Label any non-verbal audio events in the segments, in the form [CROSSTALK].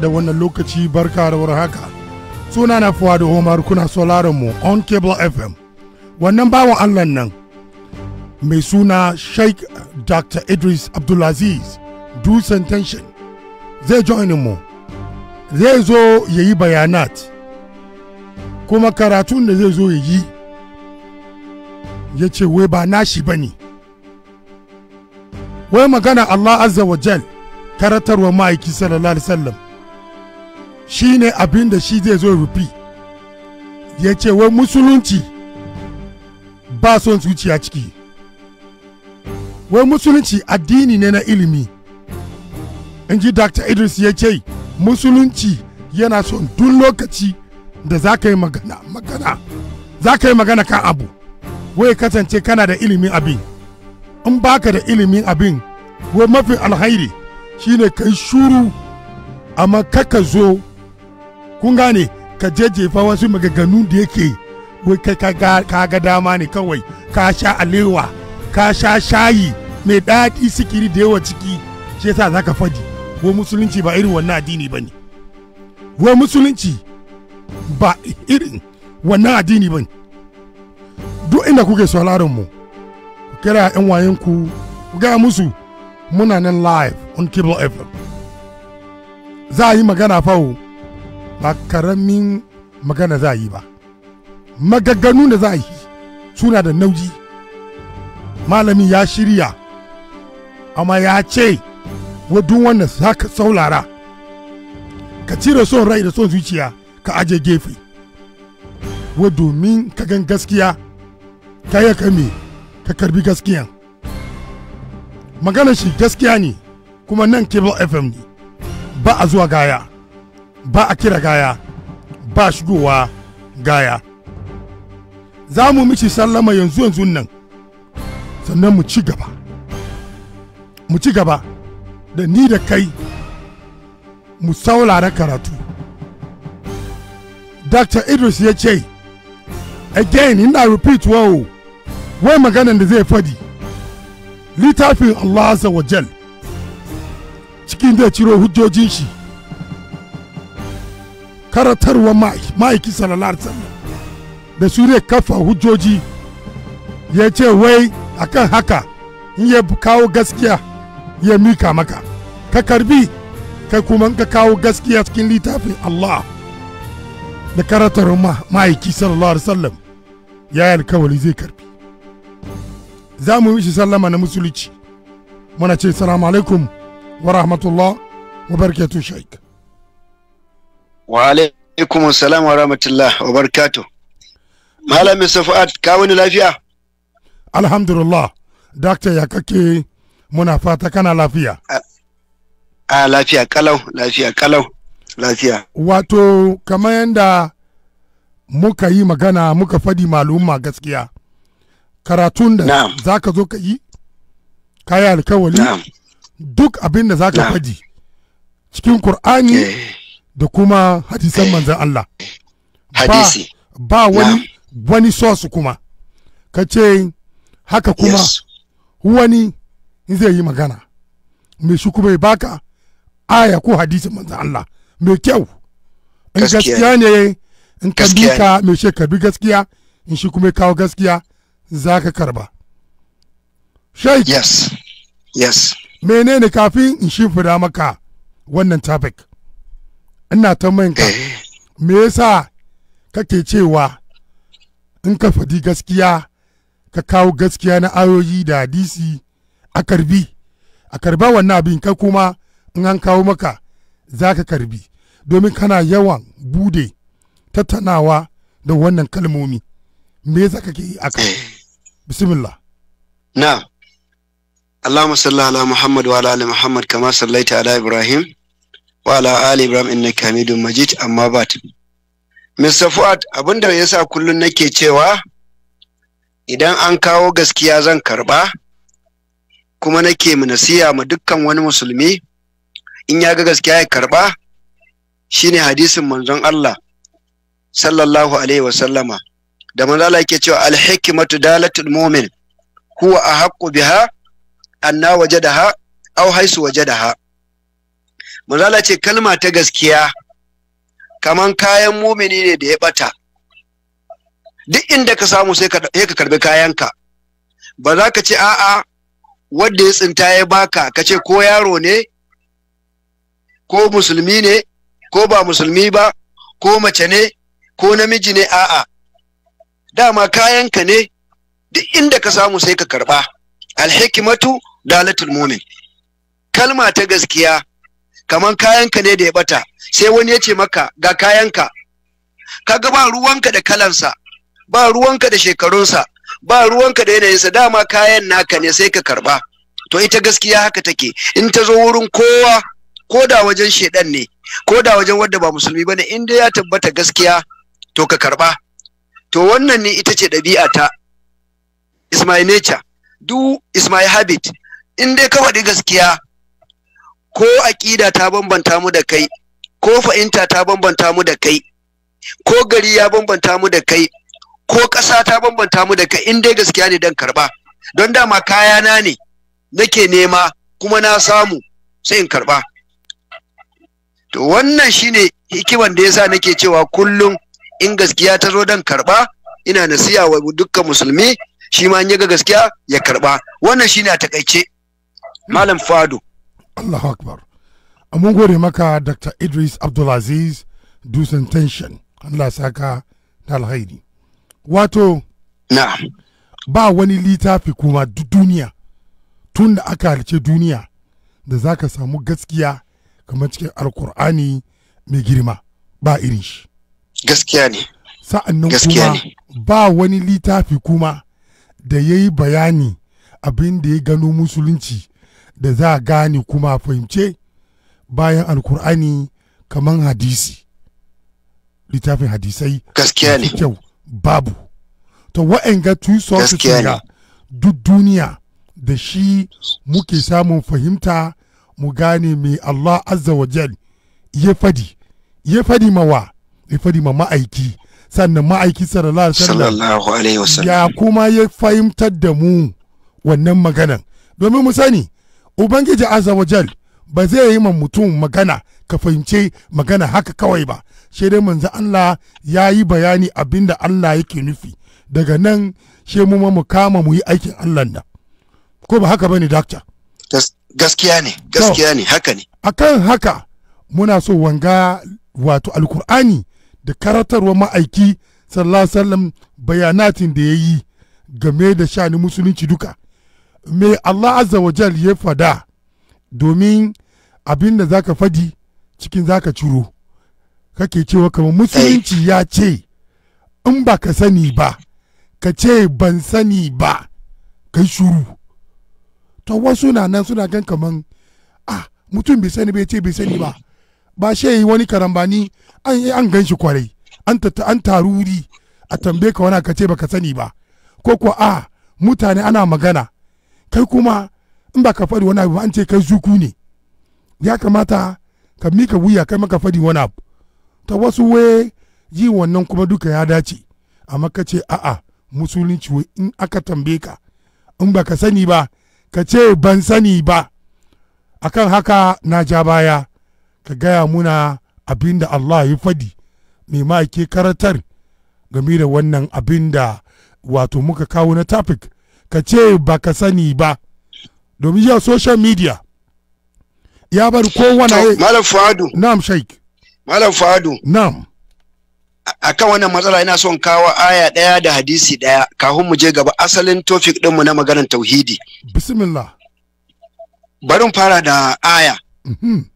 da wannan lokaci barka da haka suna na fuwa da homar kuna sauraron mu on cable fm wannan bawan allah nan mai suna sheikh dr idris abdulaziz dusan tension zai joinin mu zai zo ya yi bayanat kuma karatun da zai zo ya yi ya ce wai ba nashi ba ne wai magana allah azza wa jal karatarwa ma'aiki sallallahu alaihi wasallam shi ne abin da shi zai zo rufi ya ce wai musulunci ba son zuciya ciki wai musulunci addini ne na ilimi in ji dr idris ya ce musulunci yana son duk lokaci da za ka yi magana magana za ka yi magana kan abu wai kasance kana da ilimin abin in baka da ilimin abin wai mafi alhairi shine kai shuru amma kaka zo kun gane ka jejjefa wasu magaganu da yake wai kai ka ga dama ne kawai ka sha alewa ka sha shayi mai daɗi sikiri da yawa ciki shi yasa zaka fadi wai musulunci ba irin wannan addini bane wai musulunci ba irin wannan addini bane duk inda kuke sauraron mu kira yan wayen ku ku ga musu muna nan live on cable fm za a yi magana fawo ba karamin magana za a yi ba magagganu da za a yi suna da nauji. malami ya shirya amma ya ce duk wannan za ka saulara ka cire son rai da son zuciya ka aje gefe wa domin ka gan gaskiya ka yi kame ka karbi gaskiya magana shi gaskiya ne kuma nan cable fm ne ba a zuwa gaya ba a kira gaya ba shigowa gaya za mu mishi sallama yanzu yanzu nan sannan mu ci gaba mu ci gaba da ni da kai mu saulara karatu dr idris ya ce again ina repeat wow wai maganan da zai fadi littafin allah azza wa jal cikin zai ciro hujjojin shi karatarwa ma'aiki sallallahu da su kafa hujjoji ya ce wai akan haka in ya kawo gaskiya ya mika maka ka karbi kai kuma ka kawo gaskiya cikin littafin Allah da karatar ma'aiki sallallahu alaihi wasallam ya yi alkawari zai karbi za mu yi sallama na musulunci muna ce salamu alaikum wa rahmatullah wa barakatuh shaikh Wa alaikum salam wa rahmatullah wa barkato. Malam Mr. ka wani lafiya? Alhamdulillah, Dakta ya kake muna fata kana lafiya. A lafiya kalau, lafiya kalau, lafiya. Wato, kamar yadda muka yi magana muka fadi malumma gaskiya. Karatun da za ka zo ka yi, kayi alkawali, duk abin da za ka fadi cikin Kur'ani. Eh. da kuma hadisan manzan Allah hadisi ba, wani wani sosu kuma ka ce haka kuma wani in zai yi magana mai shi kuma ya baka aya ko hadisin manzan Allah mai kyau in gaskiya ne in ka duka ka mai shi karbi gaskiya in shi kuma kawo gaskiya za ka karba sheikh yes yes menene kafin in shimfida maka wannan topic ina ta manka me yasa kake cewa in ka faɗi gaskiya ka kawo gaskiya na ayoyi da hadisi a karbi a karba wannan abin kai kuma in an kawo maka za ka karbi domin kana yawan bude tattanawa da wannan kalmomi me yasa kake yi aka bismillah na salli ala Muhammad wa ala ali Muhammad kama sallaita ala Ibrahim wa ali ibrahim inna kamidun majid amma ba ta Mr. Fuad abinda yasa kullun nake cewa idan an kawo gaskiya zan karba kuma nake nasiya ma dukkan wani musulmi in ya ga gaskiya ya karba shine hadisin manzon Allah sallallahu alaihi wa sallama da manzo Allah yake cewa al-hikmatu dalatul mu'min huwa ahaqqu biha anna wajadaha aw haisu wajadaha Mazala ce kalma ta gaskiya kaman kayan mumini ne da ya bata duk inda ka samu sai ka karbi kayanka ba za ka ce a'a wanda ya tsinta ya baka ka ce ko yaro ne ko musulmi ne ko ba musulmi ba ko mace ne ko namiji ne a'a dama kayanka ne duk inda ka samu sai ka karba alhikimatu dalatul mumin kalma ta gaskiya kaman kayanka ne da ya bata sai wani ya ce maka ga kayanka kaga ba ruwanka da kalansa ba ruwanka da shekarunsa ba ruwanka da yanayinsa dama kayan naka ne sai ka karba to ita gaskiya haka take in ta zo wurin kowa ko da wajen shedan ne ko da wajen wanda ba musulmi bane in dai ya tabbata gaskiya to ka karba to wannan ne ita ce ɗabi'a ta is my nature do is my habit in dai ka faɗi gaskiya ko aƙida ta bambanta mu da kai ko fahimta ta bambanta mu da kai ko gari ya bambanta mu da kai ko ƙasa ta bambanta mu da kai in dai gaskiya ne dan karɓa. don dama kayana ne nake nema kuma na samu sai in karɓa. to wannan shine hikiman da yasa nake cewa kullum in gaskiya ta zo dan karɓa, ina nasiya wa dukkan musulmi shi ma in yi ga gaskiya ya karɓa. wannan shine a takaice malam fado Allahu Akbar. Mun gode maka Dr. Idris Abdulaziz Dusan Tension. Allah saka da alhaidi. Wato, na. ba wani littafi kuma duniya tun da aka halice duniya da za ka samu gaskiya kamar cikin alkur'ani mai girma ba irin shi. Gaskiya ne. Sa'annan kuma ba wani littafi kuma da ya yi bayani abin da ya gano musulunci da za a gane kuma fahimce bayan alkur'ani kamar hadisi littafin hadisai gaskiya ne kyau babu to wa'anga two sources ga duk duniya da shi muke samun fahimta mu gane mai Allah azza wa jal ya fadi ya fadi mawa ya fadi ma ma'aiki sannan ma'aiki sallallahu alaihi wasallam ya kuma ya fahimtar da mu wannan maganan domin mu sani ubangiji azza wajal ba zai yi ma mutum magana ka fahimce magana haka kawai ba shi dai manzo Allah ya yi bayani abinda Allah yake nufi daga nan shi mu mu kama mu yi aikin Allah nan ko ba haka bane doctor gaskiya ne gaskiya ne haka ne akan haka muna so wanga wato alkur'ani da karatarwa ma'aiki sallallahu alaihi bayanatin da ya yi game da shani musulunci duka me Allah azza wa jal ya fada domin abin da zaka fadi cikin za ka ciro kake cewa kamar musulunci eh. ya ce in ba ka sani ba ka ce ban sani ba kai shuru to wasu na nan suna gan kaman ah mutum bai sani bai ce bai sani ba ba shi wani karambani an yi an gan kwarai an taruri a tambaye ka wani ka ce ba ka sani ba ko kuwa a ah, mutane ana magana kai kuma in ba ka faɗi wani abu an ce kai zuku ne ya kamata ka mika wuya kai maka faɗi wani abu ta wasu wai yi wannan kuma duka ya dace amma ka ce a'a musulunci wai in aka tambaye ka in ba ka sani ba ka ce ban sani ba akan haka na ja baya ka gaya muna abin da Allah ya faɗi mai ma'aike karatar game da wannan abin da wato muka kawo na tafik. ka ce ba ka sani ba domin yau social media ya bari kowane malam fadu na'am sheik malam fadu na'am akan wannan matsala ina son kawo aya ɗaya da hadisi ɗaya kafin mu je gaba asalin tofik ɗinmu na maganar tauhidi bismillah barin fara da aya mhm.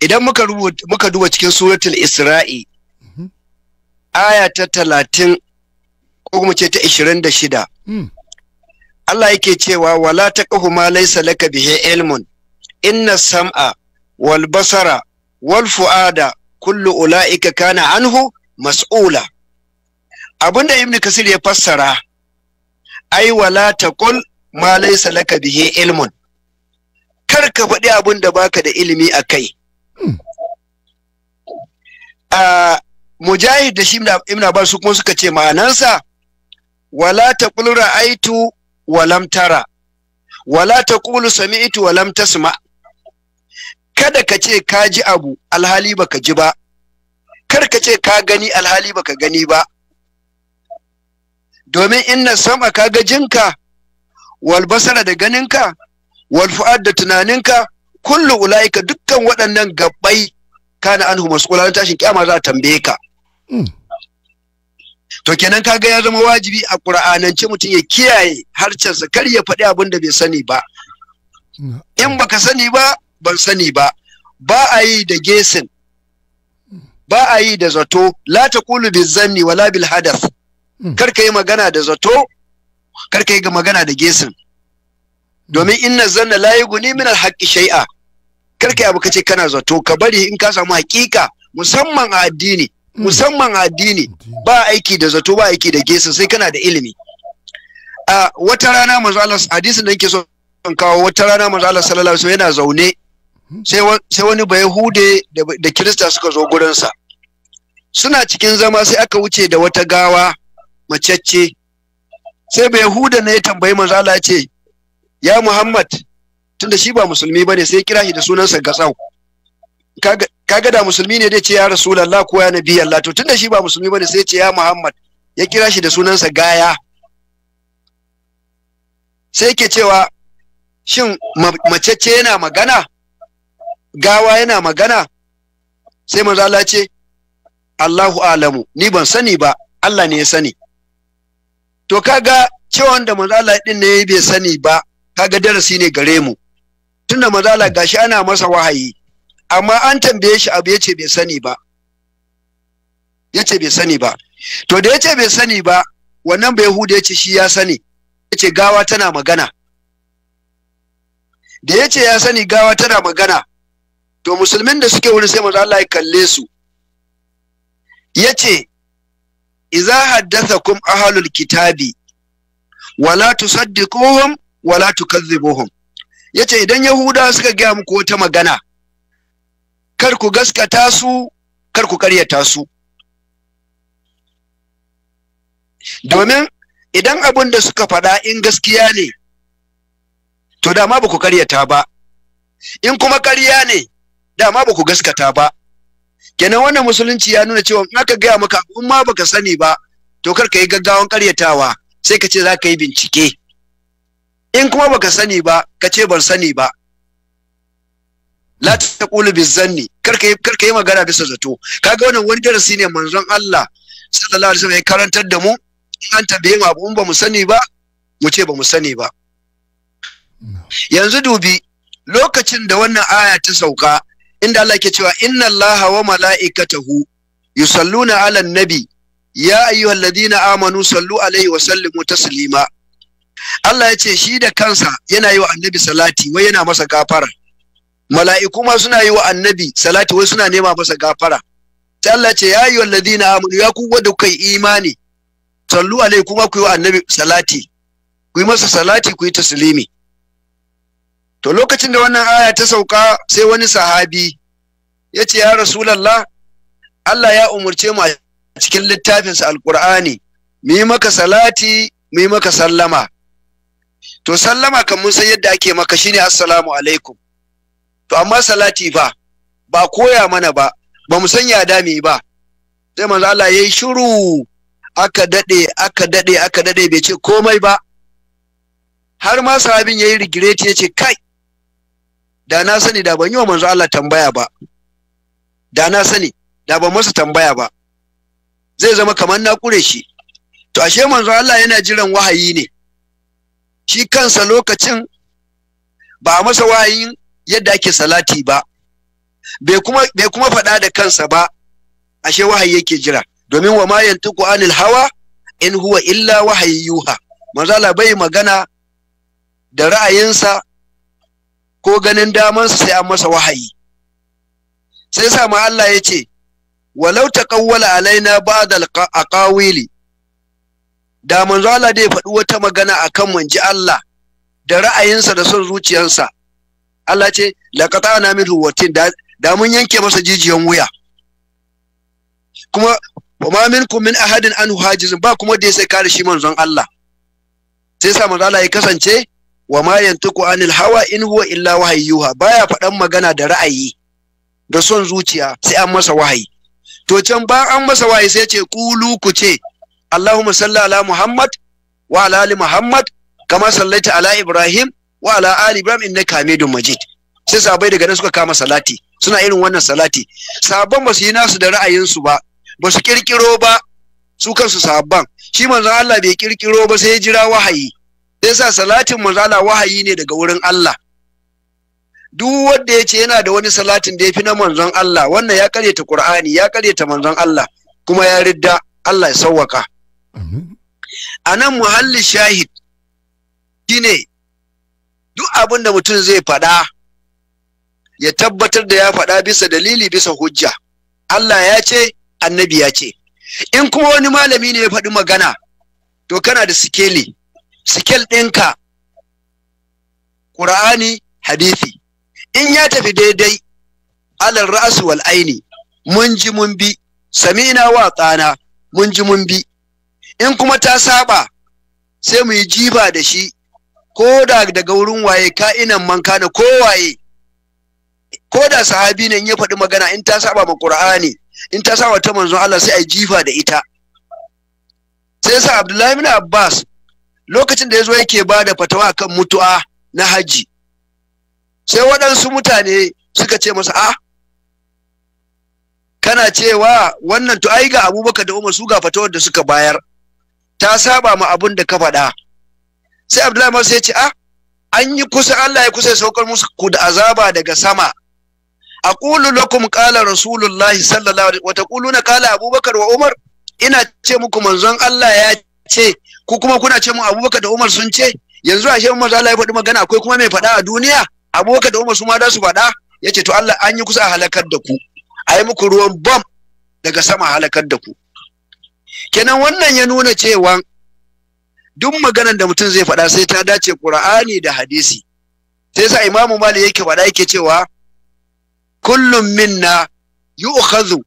idan muka muka duba cikin suratul isra'i mhm. aya ta talatin ko kuma ce ta 26 hmm. Allah yake cewa wala kahu ma laysa laka bihi ilmun inna sam'a wal basara wal fuada kullu ulaika kana anhu mas'ula abinda ibn kasir ya fassara ai wala taqul ma laysa laka bihi ilmun kar ka faɗi abinda baka da ilimi a kai hmm. ah, mujahid da shi ibn abbas kuma suka ce ma'anansa wala ta ra'aitu aitu tara wala ta ƙulu wa lam tasma kada ka ce ka ji abu alhali baka ji ba kar ka ce ka gani alhali baka gani ba domin inna sama ka ga jinka walbasara da ganinka walfu'ad da tunaninka kullu ulaika dukkan waɗannan gabbai kana anhu mas'ula tashin kyama za ta tambaye ka hmm. to kenan kaga ya zama wajibi a ƙur'anance mutum ya kiyaye harcensa kar ya faɗi abin da bai sani ba in baka sani ba ban sani ba ba a yi da gesin ba a yi da zato la taqulu zanni wala bil hadath kar ka yi magana da zato kar ka yi magana da gesin domin inna zanna la yughni min al haqqi shay'a kar ka yi abu kace kana zato ka bari in ka samu haƙiƙa musamman a addini Mm. musamman addini ba aiki da zato ba aiki da gesa, sai kana da ilimi a wata rana manzo Allah hadisin da yake so in kawo wata rana manzo Allah sallallahu alaihi wasallam yana zaune hmm? sai wani bayahude da kirista suka zo sa suna cikin zama sai aka wuce da wata gawa macecce sai bayahuda ne ya tambayi manzo Allah ya ce ya Muhammad tunda shi ba musulmi bane sai kira shi da sunansa gatsau kaga da musulmi ne dai ce ya rasulallah ko ya nabi Allah to tunda shi ba musulmi bane sai ce ya Muhammad ya kira shi da sunansa gaya sai yake cewa shin macece yana magana gawa yana magana sai manzo Allah ce Allahu alamu ni ban sani ba Allah ne ya sani to kaga cewa da manzo Allah din ne bai sani ba kaga darasi ne gare mu tunda manzo Allah gashi ana masa wahayi amma an tambaye shi abu yace bai sani ba yace bai sani ba to da yace bai sani ba wannan bai yahuda yace shi ya sani yace gawa tana magana da yace ya sani gawa tana magana to musulmin da suke wurin sai manzo Allah ya kalle su yace idza haddathakum ahlul kitabi wala tusaddiquhum wala tukazzibuhum yace idan yahuda suka gaya muku wata magana kar ku gaskata su kar ku karyata su domin idan abin da suka faɗa in gaskiya ne to dama ba ku karyata ba in kuma karya ne dama ba ku gaskata ba kenan wannan musulunci ya nuna cewa in aka gaya maka in ma baka sani ba to kar ka yi gaggawan karyatawa sai ka ce za ka yi bincike in kuma baka sani ba ka ce ban sani ba la ta bi bizanni karka karka yi magana bisa zato kaga wannan wani darasi ne manzon Allah sallallahu alaihi wasallam ya karantar da mu in an tabbe mu abu ba mu sani ba mu ce ba mu sani ba yanzu dubi lokacin da wannan aya ta sauka inda Allah ke cewa inna Allah wa mala'ikatahu yusalluna ala nabi ya ayyuhalladhina amanu sallu alaihi wa sallimu taslima Allah ya ce shi da kansa yana yi wa annabi salati wai yana masa kafara mala'iku ma suna yi wa annabi salati wai suna nema masa gafara sai Allah ce ya ayyuhal ladina amanu ya ku wanda kai imani sallu alai kuma ku yi wa annabi salati ku yi masa salati ku yi taslimi to lokacin da wannan aya ta sauka sai wani sahabi ya ce ya rasulallah Allah ya umurce mu a cikin sa alqur'ani mu yi maka salati mu yi maka sallama to sallama kan mun san yadda ake maka shine assalamu alaikum to amma salati ba, ba koya mana ba ba mu san yada dame ba sai manzo Allah yayi shiru aka dade aka dade aka dade bai ce komai ba har ma sahabin yayi regret yace kai da na sani da ban yi wa manzo Allah tambaya ba da na sani da ban masa tambaya ba zai zama kamar na kure shi to ashe manzo Allah yana jiran wahayi ne shi kansa lokacin ba masa wahayin yadda ake salati ba bai kuma bai kuma faɗa da kansa ba ashe wahayi yake jira domin wa ma yantiqu anil hawa in huwa illa wahayi yuha bai magana da ra'ayinsa ko ganin damansa sai an masa wahayi sai sa ma Allah ya ce walau taqawwala alaina ba'd al-aqawili da manzo Allah dai faɗi wata magana akan manji Allah da ra'ayinsa da son zuciyarsa Allah ce laƙata na min ruwatin da mun yanke masa jijiyan wuya kuma ma ku min ahadin an hajizin ba kuma da ya sai kare shi manzon Allah sai sa manzo Allah ya kasance wa ma yantiqu anil hawa in huwa illa wahayyuha baya faɗan magana da ra'ayi da son zuciya sai an masa wahayi to can ba an masa wahayi sai ce kulu ku ce Allahumma salli ala Muhammad wa ala ali Muhammad kama sallaita ala Ibrahim wa ala ali ibrahim inna hamidum majid sai sabai daga nan suka kama salati suna irin wannan salati Sabon ba su yi nasu da ra'ayinsu ba ba su kirkiro ba su kansu sabban shi manzon Allah bai kirkiro ba sai ya jira wahayi sai sa salatin manzon Allah wahayi ne daga wurin Allah duk wanda ya ce yana da wani salatin da ya fi na manzon Allah wannan ya karyata Qur'ani ya karyata manzon Allah kuma ya ridda Allah ya sawwaka a nan muhalli shahid shine duk abin da mutum zai faɗa ya tabbatar da ya faɗa bisa dalili bisa hujja Allah ya ce annabi ya ce in kuma wani malami ne ya faɗi magana to kana da sikeli sikel ɗinka ƙura'ani hadisi in ya tafi daidai alal ra'asu wal aini mun ji mun bi samina wa tsana mun ji mun bi in kuma ta saba sai mu yi jifa da shi ko daga wurin waye ka'inan man kana ko waye ko da sahabi ne in ya faɗi magana in ta saba ma Qur'ani in ta saba ta manzon Allah sai a jifa da ita sai sa Abdullahi bin Abbas lokacin da yazo yake bada fatawa kan mutu'a na haji sai waɗansu mutane suka ce masa a ah, kana cewa wannan to ai ga Abubakar da Umar su ga fatawar da suka bayar ta saba ma abun da ka faɗa sai abdullahi masu ya ce a ah, an yi kusa Allah ya kusa ya saukar musu ku da azaba daga sama A aqulu lakum kala rasulullah sallallahu alaihi wa na kala abubakar wa umar ina ce muku manzon Allah ya ce ku kuma kuna ce mu abubakar da umar sun ce yanzu ashe maza Allah ya faɗi magana akwai kuma mai faɗa a duniya abubakar da umar su ma za su faɗa yace to Allah an yi kusa halakar da ku a yi muku ruwan bam daga sama halakar da ku kenan wannan ya nuna cewa duk maganar da mutum zai faɗa sai ta dace Qur'ani da hadisi sai sa Imam Malik yake faɗa yake cewa kullum minna yu'khadhu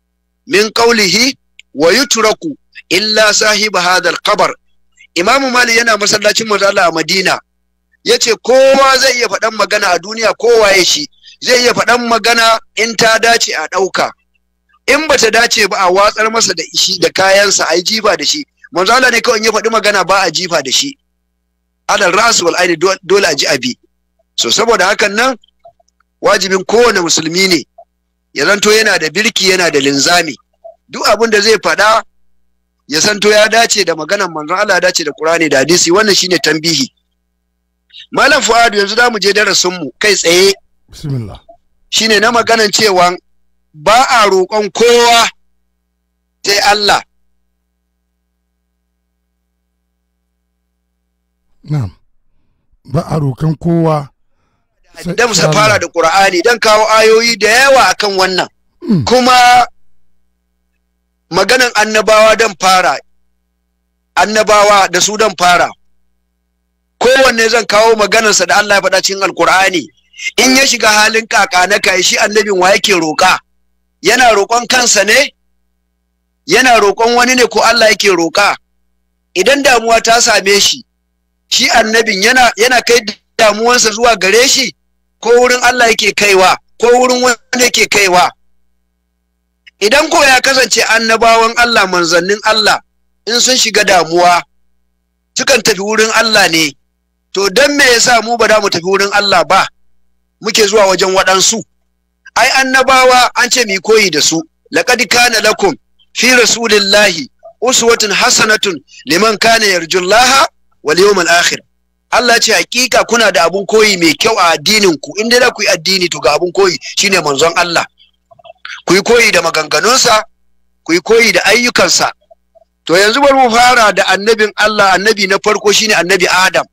min qawlihi wa yutraku illa sahib hadha al-qabr Imam Malik yana masallacin manzo Allah a Madina yace kowa zai iya faɗan magana a duniya kowa ya shi zai iya faɗan magana in ta dace a ɗauka in bata dace ba a watsar masa da shi da kayansa a yi jiba da shi manzo Allah ne kawai ya faɗi magana ba a jifa da shi alal ras wal aini dole a ji abi so saboda hakan nan wajibin kowane musulmi ne ya zanto yana da birki yana da linzami duk abin da zai faɗa ya santo ya dace da maganan manzon Allah ya dace da Qur'ani da hadisi wannan shine tambihi Malam Fuadu yanzu za mu je darasin mu kai tsaye bismillah shine na maganan cewa ba a roƙon kowa sai Allah na'am ba a rokan kowa Dan musa fara da qur'ani dan kawo ayoyi da yawa akan wannan hmm. kuma maganan annabawa dan fara annabawa da su dan fara kowanne zan kawo maganarsa da Allah ya faɗa cikin alkur'ani in ya shiga halin kaka na shi annabin wa yake roƙa yana roƙon kansa ne yana roƙon wani ne ko Allah yake roƙa idan damuwa ta same shi shi annabin yana yana kai damuwansa zuwa gare shi ko wurin Allah yake kaiwa ko wurin wani yake kaiwa idan ko ya kasance annabawan Allah manzannin Allah in sun shiga damuwa sukan tafi wurin Allah ne to dan me yasa mu ba da mu tafi wurin Allah ba muke zuwa wajen waɗansu ai annabawa an ce mi koyi da su laqad kana lakum fi rasulillahi uswatun hasanatun liman kana yarjullaha wal yawmal akhir Allah ce hakika kuna da abun koyi mai kyau a addinin ku in dai ku yi addini to ga abun koyi shine manzon Allah ku koyi da maganganunsa ku yi koyi da ayyukansa to yanzu bari mu fara da annabin Allah annabi na farko shine annabi Adam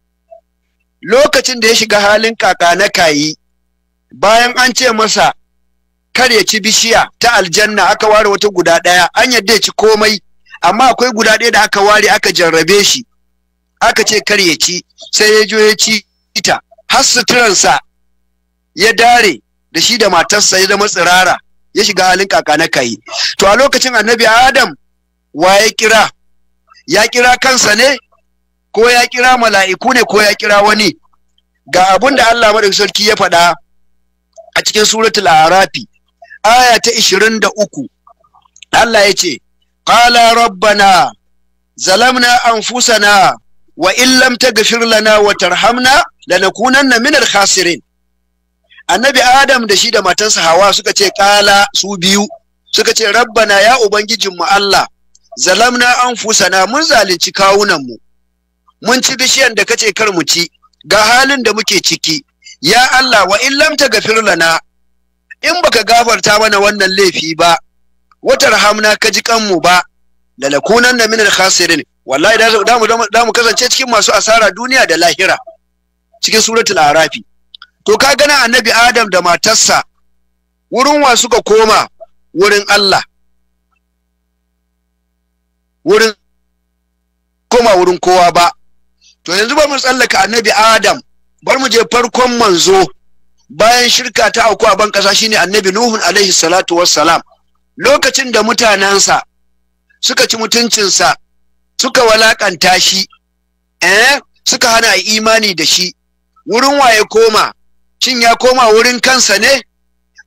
lokacin da ya shiga halin kaka na kayi bayan an ce masa kar ya ci bishiya ta aljanna aka ware wata guda ɗaya an yarda ya ci komai amma akwai guda ɗaya da aka ware aka jarrabe shi aka ce kar ya ci sai ya je ya ci ita har suturansa ya dare da shi da matarsa ya zama tsirara ya shiga halin kaka na kai to a lokacin annabi adam wa ya kira ya kira kansa ne ko ya kira mala'iku ne ko ya kira wani ga abinda da Allah madaukakin sarki ya faɗa a cikin suratul arafi aya ta 23 Allah ya ce qala rabbana zalamna anfusana wa illam taghfir lana wa tarhamna lanakunanna min al-khasirin annabi adam da shi da matansa hawa suka ce kala su biyu suka ce rabbana ya ubangijinmu Allah zalamna an anfusana mun zalunci kawunanmu mun ci bishiyan da kace kar mu ci ga halin da muke ciki ya Allah wa in lam lana in baka gafarta mana wannan laifi ba watarhamna ka ji kanmu ba lalakunanna min al-khasirin wallahi da mu kasance cikin masu asara duniya da lahira cikin suratul arafi to ka gana annabi adam da matarsa wurin wa suka koma wurin Allah wurin koma wurin kowa ba to yanzu ba mu tsallaka annabi adam bar mu je farkon manzo bayan shirka ta auku a ban kasa shine annabi Nuhu alaihi salatu wassalam lokacin da mutanansa suka ci mutuncinsa suka walakanta shi eh suka hana imani da shi wurin waye koma shin ya koma wurin kansa ne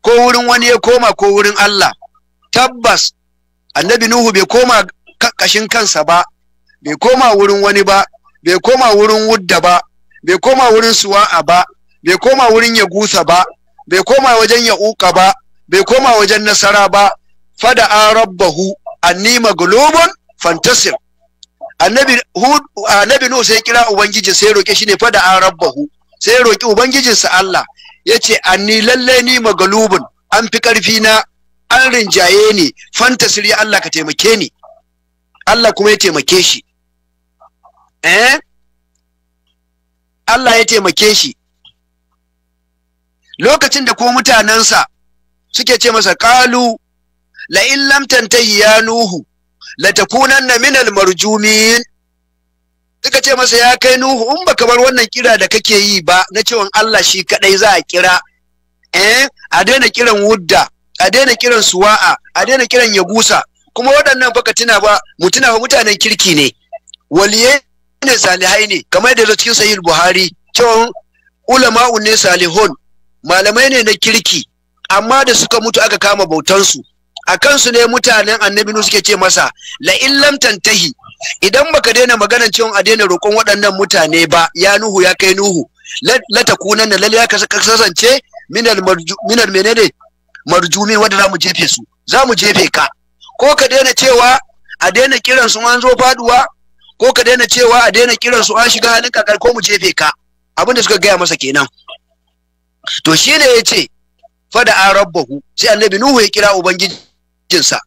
ko wurin wani ya koma ko wurin Allah tabbas annabi nuhu bai koma kashin kansa ba bai koma wurin wani ba bai koma wurin wudda ba bai koma wurin suwa'a ba bai koma wurin ya gusa ba bai koma wajen ya uka ba bai koma wajen nasara ba fada a rabbahu annima maglubun fantasir annabi hud annabi nuhu sai kira ubangijin sai roke shi ne fa da an rabbahu sai roki ubangijin sa Allah yace anni lalle ni magalubun an fi karfi na an rinjaye ni fantasiri Allah ka taimake ni Allah kuma ya taimake shi eh Allah ya taimake shi lokacin da ko mutanansa suke ce masa kalu la in lam tantahi ya nuhu latakunanna minal marjumin suka ce masa ya kai nuhu in baka bar wannan kira da kake yi ba na cewa Allah shi kadai za a kira eh a daina kiran wudda a daina kiran suwa'a a daina kiran yagusa kuma waɗannan baka tuna ba mu ba mutanen kirki ne waliye ne salihai ne kamar da zo cikin sahih buhari cewa ulama'un ne salihun malamai ne na kirki amma da suka mutu aka kama bautansu a kansu ne mutanen annabi nu suke ce masa la illam tantahi idan baka daina maganar cewa a daina roƙon waɗannan mutane ba ya nuhu ya kai nuhu la takunan na lalle ya kasance minal minal menene marjumi wanda zamu jefe su zamu jefe ka ko ka daina cewa a daina kiran su an zo faduwa ko ka daina cewa a daina kiran su an shiga halin kakar ko mu jefe ka abinda da suka gaya masa kenan to shine yace fada a rabbahu sai annabi nuhu ya kira ubangiji hakkinsa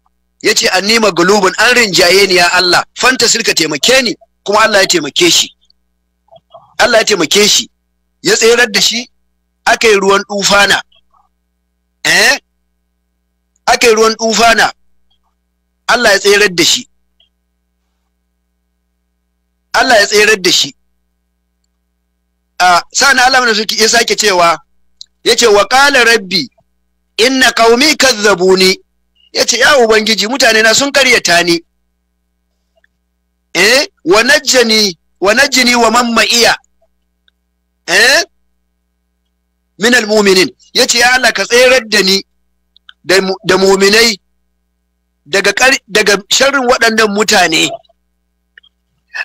ya ce an nima gulubun an rinjaye ni ya Allah fanta silka taimake ni kuma Allah ya taimake shi Allah ya taimake shi ya tserar da shi aka yi ruwan dufana eh aka yi ruwan dufana Allah ya tserar da shi Allah ya tserar da shi a sana Allah mana ya sake cewa yace wa qala rabbi inna qaumi kazzabuni ya ce ya ubangiji mutane na sun karyata ni eh wa najjani wa najjini wa man ma'iya eh min almu'minin yace ya Allah ka tserar da ni da mu'minai daga daga sharrin waɗannan mutane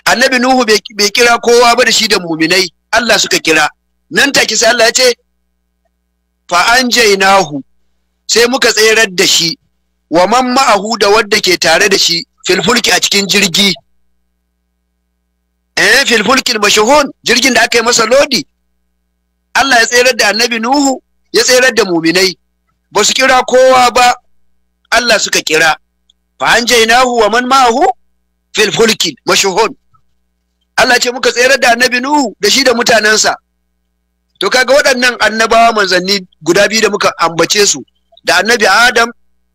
annabi nuhu bai kira kowa ba da shi da mu'minai Allah suka kira nan take sai Allah ya ce fa anjaynahu sai muka tserar da shi wa man ma'ahu da wadda ke tare da shi filfulki a cikin jirgi eh Filfulkin mashuhun jirgin da aka yi masa lodi Allah ya tsayar da annabi Nuhu ya tsayar da muminai ba su kira kowa ba Allah suka kira fa anjaynahu wa man ma'ahu Filfulkin mashuhun Allah ce muka tsayar da annabi Nuhu da shi da mutanansa. to kaga waɗannan annabawa manzanni guda biyu da muka ambace su da annabi Adam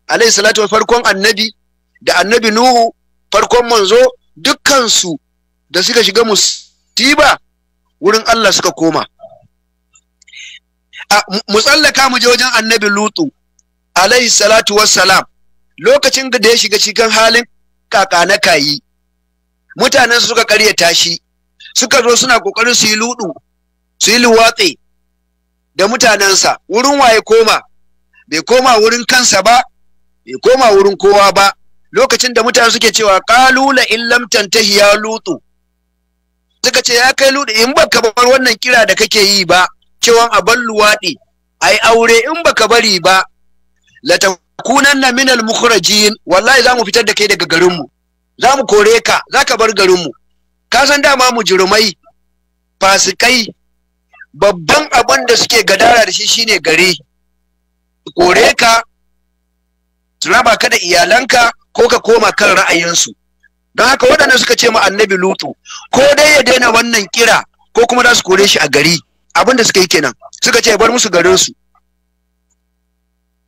alaihi salatu farkon annabi da annabi nuhu farkon manzo dukkansu da suka shiga musiba wurin Allah suka koma mu tsallaka mu je wajen annabi lutu alaihi salatu wassalam lokacin da ya shiga cikin halin kakana na kayi mutanen suka karyata shi suka zo suna kokarin su yi ludu su yi luwatse da mutanensa wurin waye koma bai koma wurin kansa ba bai koma wurin kowa ba lokacin da mutane suke cewa kalula in lam tantahi ya lutu suka ce ya kai lutu in baka bar wannan kira da kake yi ba cewa a bar luwaɗi ai aure in baka bari ba la takunanna min al mukhrajin wallahi zamu fitar da kai daga garin mu zamu kore ka zaka bar garin mu ka san dama mujurmai fasikai babban abin da suke gadara da shi shine gare. kore ka su raba ka da iyalanka ko ka koma kan ra'ayinsu don haka waɗanda suka ce ma annabi lutu ko dai ya daina wannan kira ko kuma za su kore shi a gari abin da suka yi kenan suka ce ya bar musu garinsu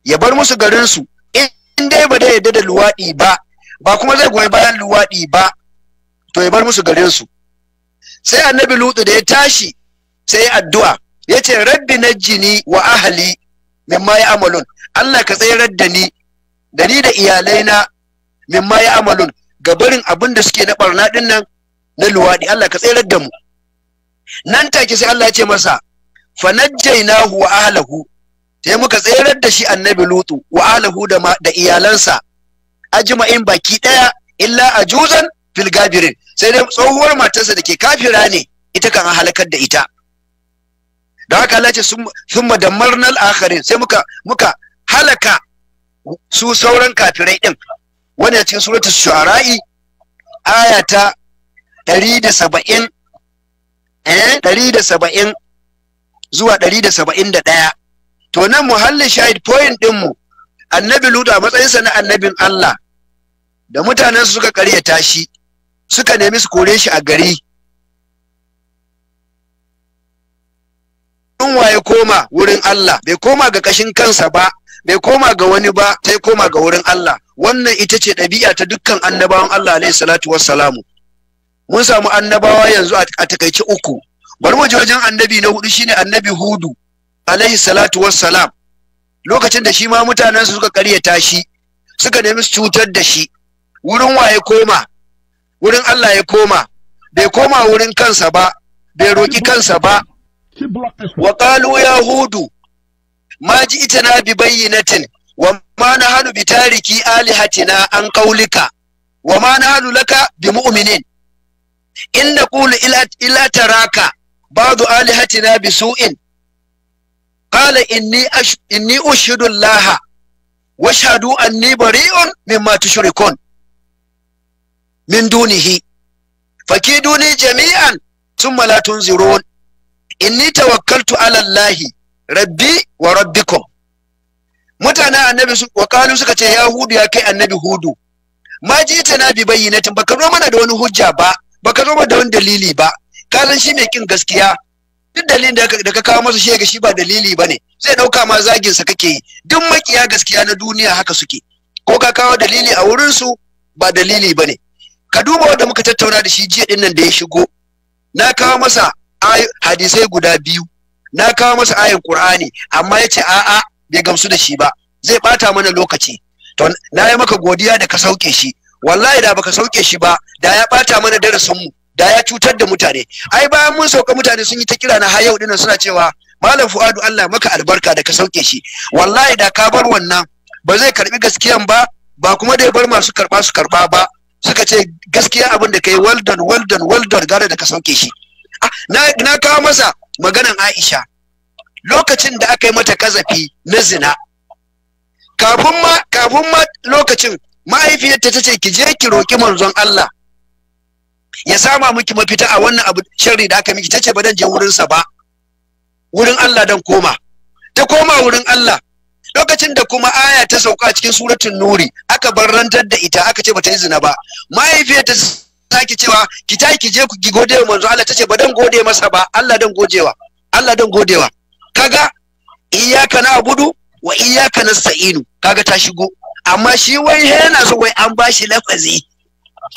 ya bar musu garinsu in dai ba dai yadda da luwaɗi ba ba kuma zai goyi bayan luwaɗi ba to ya bar musu garinsu sai annabi lutu da ya tashi sai addu'a ya ce rabbi jini wa ahali mimma ya amalun Allah ka tsayar da ni da ni da iyalaina min ma ya amalun ga barin abin da suke na barna din nan na luwaɗi Allah ka tsayar da mu nan take sai Allah ya ce masa najjaynahu wa ahlihi sai muka tsayar da shi annabi lutu wa ahlihi da da iyalansa ajma'in baki daya illa ajuzan fil gabirin sai dai tsohuwar matarsa da ke kafira ne ita kan halakar da ita da haka Allah ce summa dammarnal akharin sai muka muka halaka su sauran kafirai din wanda cikin suratu shu'ara'i aya ta saba'in? eh saba'in. zuwa ɗaya. to nan muhallin shahid point din mu annabi lutu matsayinsa na annabin Allah da mutanen suka karyata shi suka nemi su kore shi a gari in waye koma wurin Allah bai koma ga kashin kansa ba bai koma ga wani ba sai koma ga wurin Allah wannan ita ce ɗabi'a ta dukkan annabawan Allah alaihi salatu wassalamu mun samu annabawa yanzu a takaice uku bari mu wajen annabi na hudu shine annabi hudu alaihi salatu wassalam lokacin da shi ma mutanen su suka karyata shi suka nemi su cutar da shi wurin waye koma wurin Allah ya koma bai koma wurin kansa ba bai roki kansa ba wa qalu ya hudu ma ji ita na bi bayyinatin wa ma na hannu bi tariki alihatina an kaulika wa ma na hannu laka bi mu'minin in na kulu ila taraka ba'du alihatina bi su'in Kala inni ash inni ushhidu Allah wa ashhadu anni bari'un mimma tushrikun min dunihi fakiduni jami'an thumma la tunzirun inni tawakkaltu ala Allahi rabbi wa rabbikum mutanen annabi su kalu suka ce ya hudu ya kai annabi hudu ma ji ta na bi bayyinatin baka zo mana da wani hujja ba baka zo mana da wani dalili ba ka san shi mai kin gaskiya duk dalilin da ka kawo masa shi ga shi ba dalili bane zai ɗauka ma zagin sa kake yi duk makiya gaskiya na duniya haka suke ko ka kawo dalili a wurin su ba dalili bane ka duba wanda muka tattauna da shi jiya din da ya shigo na kawo masa hadisai guda biyu na kawo masa ayin qur'ani amma ya ce a'a bai gamsu da shi ba zai bata mana lokaci to na yi maka godiya da ka sauke shi wallahi da baka sauke shi ba da ya bata mana darasin mu da ya cutar da mutane ai bayan mun sauka mutane sun yi ta kira na har yau dinnan suna cewa malam fuadu Allah maka albarka da ka sauke shi wallahi da ka bar wannan ba zai karbi gaskiyan ba ba kuma dai bar masu karba su karba ba suka ce gaskiya abin da kai well done well done well done gare da ka sauke shi na kawo masa maganan Aisha lokacin da aka yi mata kazafi na zina kafin ma kafin ma lokacin mahaifiyarta ta ce ki je ki roki manzon Allah ya sama miki mafita a wannan abu sharri da aka miki ta ce ba dan je wurin sa ba wurin Allah dan koma ta koma wurin Allah lokacin da kuma aya ta sauka cikin suratul nuri aka barrantar da ita aka ce bata yi zina ba mahaifiyarta sake cewa ki tayi ki je ki gode wa manzo Allah tace ba dan gode masa ba Allah dan godewa Allah dan godewa kaga iyyaka na'budu wa iyyaka nasta'inu kaga ta shigo amma shi wai yana so wai an bashi lafazi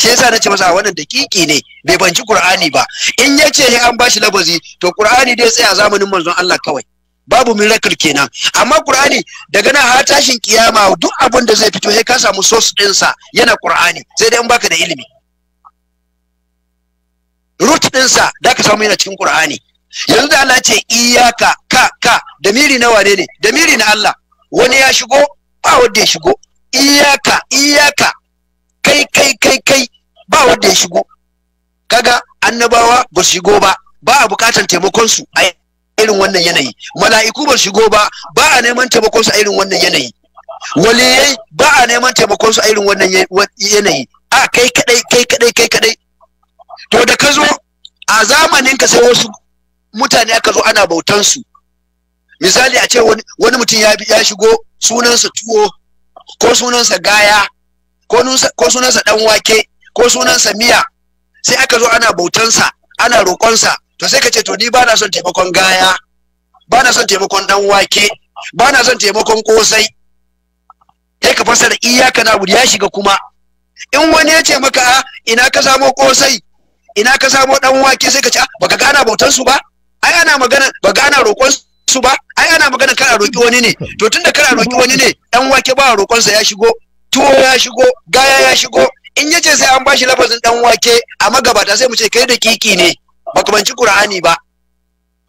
shi yasa nace masa wannan dakiki ne bai banci Qur'ani ba in yace ne an bashi lafazi to Qur'ani dai tsaya zamanin manzon Allah kawai babu miracle kenan amma Qur'ani daga nan har tashin kiyama duk abin da zai fito sai ka samu source sa yana Qur'ani sai dai in baka da ilimi root ɗinsa da ka samu yana cikin Qur'ani yanzu da Allah ce iyaka ka ka damiri na wane ne damiri na Allah wani ya shigo ba wanda ya shigo iyaka iyaka kai kai kai kai ba wanda ya shigo kaga annabawa ba su shigo ba ba a buƙatar taimakon su a irin wannan yanayi mala'iku ba su shigo ba ba a neman taimakon su a irin wannan yanayi waliyai ba a neman taimakon su a irin wannan yanayi a kai kadai kai kadai kai kadai to da ka zo a zamanin ka sai wasu mutane aka zo ana bautan su misali a ce wani mutum ya ya shigo sunansa tuwo ko sunansa gaya ko sunansa dan wake ko sunansa miya sai aka zo ana bautansa ana roƙonsa to sai ka ce to ni ba na son taimakon gaya ba na son taimakon dan wake ba na son taimakon kosai sai ka fasara iyaka na ya shiga kuma in wani ya ce maka a ah, ina ka samo kosai ina ka samo dan wake sai ka ce ah, baka gana bautan su ba ai ana magana ba gana roƙon su ba ai ana magana kana roƙi wani ne to tunda kana roƙi wani ne dan wake ba roƙon sa ya shigo tuwo ya shigo gaya ya shigo in yace sai an bashi lafazin dan wake a magabata sai mu ce kai da kiki ne baka banci qur'ani ba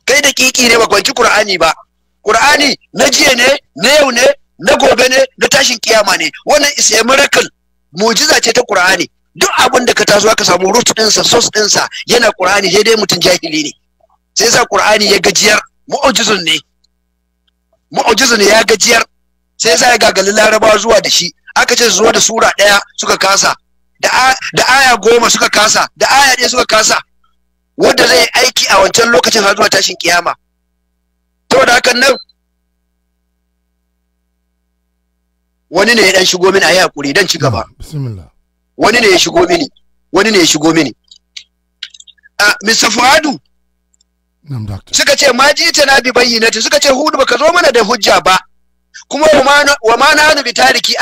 kai da kiki ne baka banci qur'ani ba qur'ani na jiya ne na yau ne na gobe ne na tashin kiyama ne wannan is a miracle mu'jiza ce ta qur'ani duk abin da ka taso aka samu root ɗinsa source ɗinsa yana qur'ani sai dai mutum jahili ne sai sa qur'ani ya gajiyar mu'jizun ne mu'jizun ya gajiyar sai sa ya gagali laraba zuwa da shi aka ce zuwa da sura ɗaya suka kasa da aya goma suka kasa da aya ɗaya suka kasa wanda zai aiki a wancan lokacin har zuwa tashin kiyama da hakan nan wani ne ya dan shigo min a yi hakuri dan ci gaba bismillah wani ne ya shigo mini wani ne ya shigo mini a ah, Mr. Fuadu suka ce ma ji ta na bi ta suka ce hudu baka zo mana da hujja ba kuma wa ma na bi tariki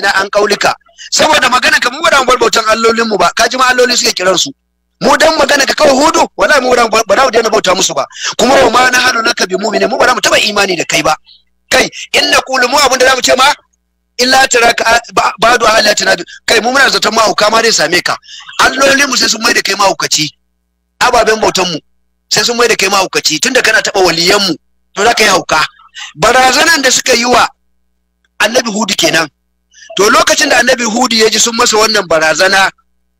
na an kaulika saboda magana ka mu ba bar bautan allolin mu ba ka ji ma alloli suke kiran su mu dan magana ka kawai hudu wala mu ba ba za daina bauta musu ba kuma wa ma na hadu naka bi mu'mini mu ba za mu taba imani da kai ba kai in na kulu mu abin da za mu ce ma illa taraka badu ala tanabi kai mu muna zaton mahauka ma zai same ka alloli mu sai sun mai da kai mahaukaci ababen bautan mu sai sun mai da kai mahaukaci tunda kana taba waliyan mu to za ka yi hauka barazanan da suka yi wa annabi hudu kenan to lokacin da annabi hudu ya ji sun masa wannan barazana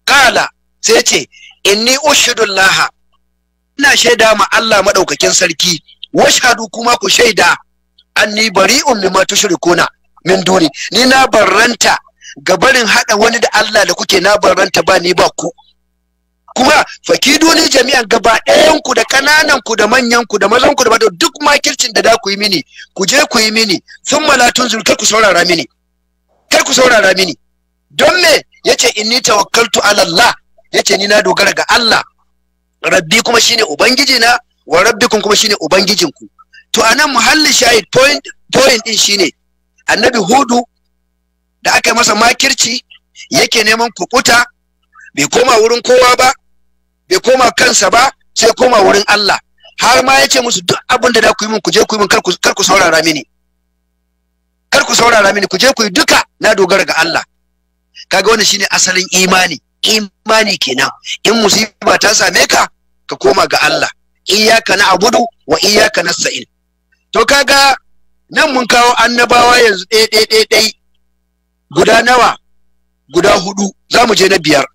kala sai ya ce inni ushidullaha ina shaida ma Allah madaukakin sarki washhadu kuma ku shaida anni bari'un mimma tushrikuna min duni ni na barranta ga barin hada wani da Allah da kuke na baranta ba ni ba ku kuma fakiduni jami'an gaba ɗayan ku da kananan ku da manyan ku da mazan ku da mata duk makircin da da ku yi mini ku je ku yi mini sun malatun zul kar ku saurara mini kar ku saurara mini don me yace inni tawakkaltu ala Allah yace ni na dogara ga Allah rabbi kuma shine ubangiji na wa rabbikum kuma shine ubangijinku to anan muhallin shahid point point din shine annabi hudu da aka yi masa makirci yake neman kukuta bai koma wurin kowa ba bai koma kansa ba sai koma wurin Allah har ma yace musu duk abin da ku yi min ku je ku yi min kar ku saurara mini kar ku saurara mini ku je ku yi duka na dogara ga Allah kaga wannan shine asalin imani imani kenan in musiba ta same ka ka koma ga Allah iyyaka na'budu wa iyyaka nasta'in to kaga nan mun kawo annabawa yanzu ɗai guda nawa guda hudu za mu je na biyar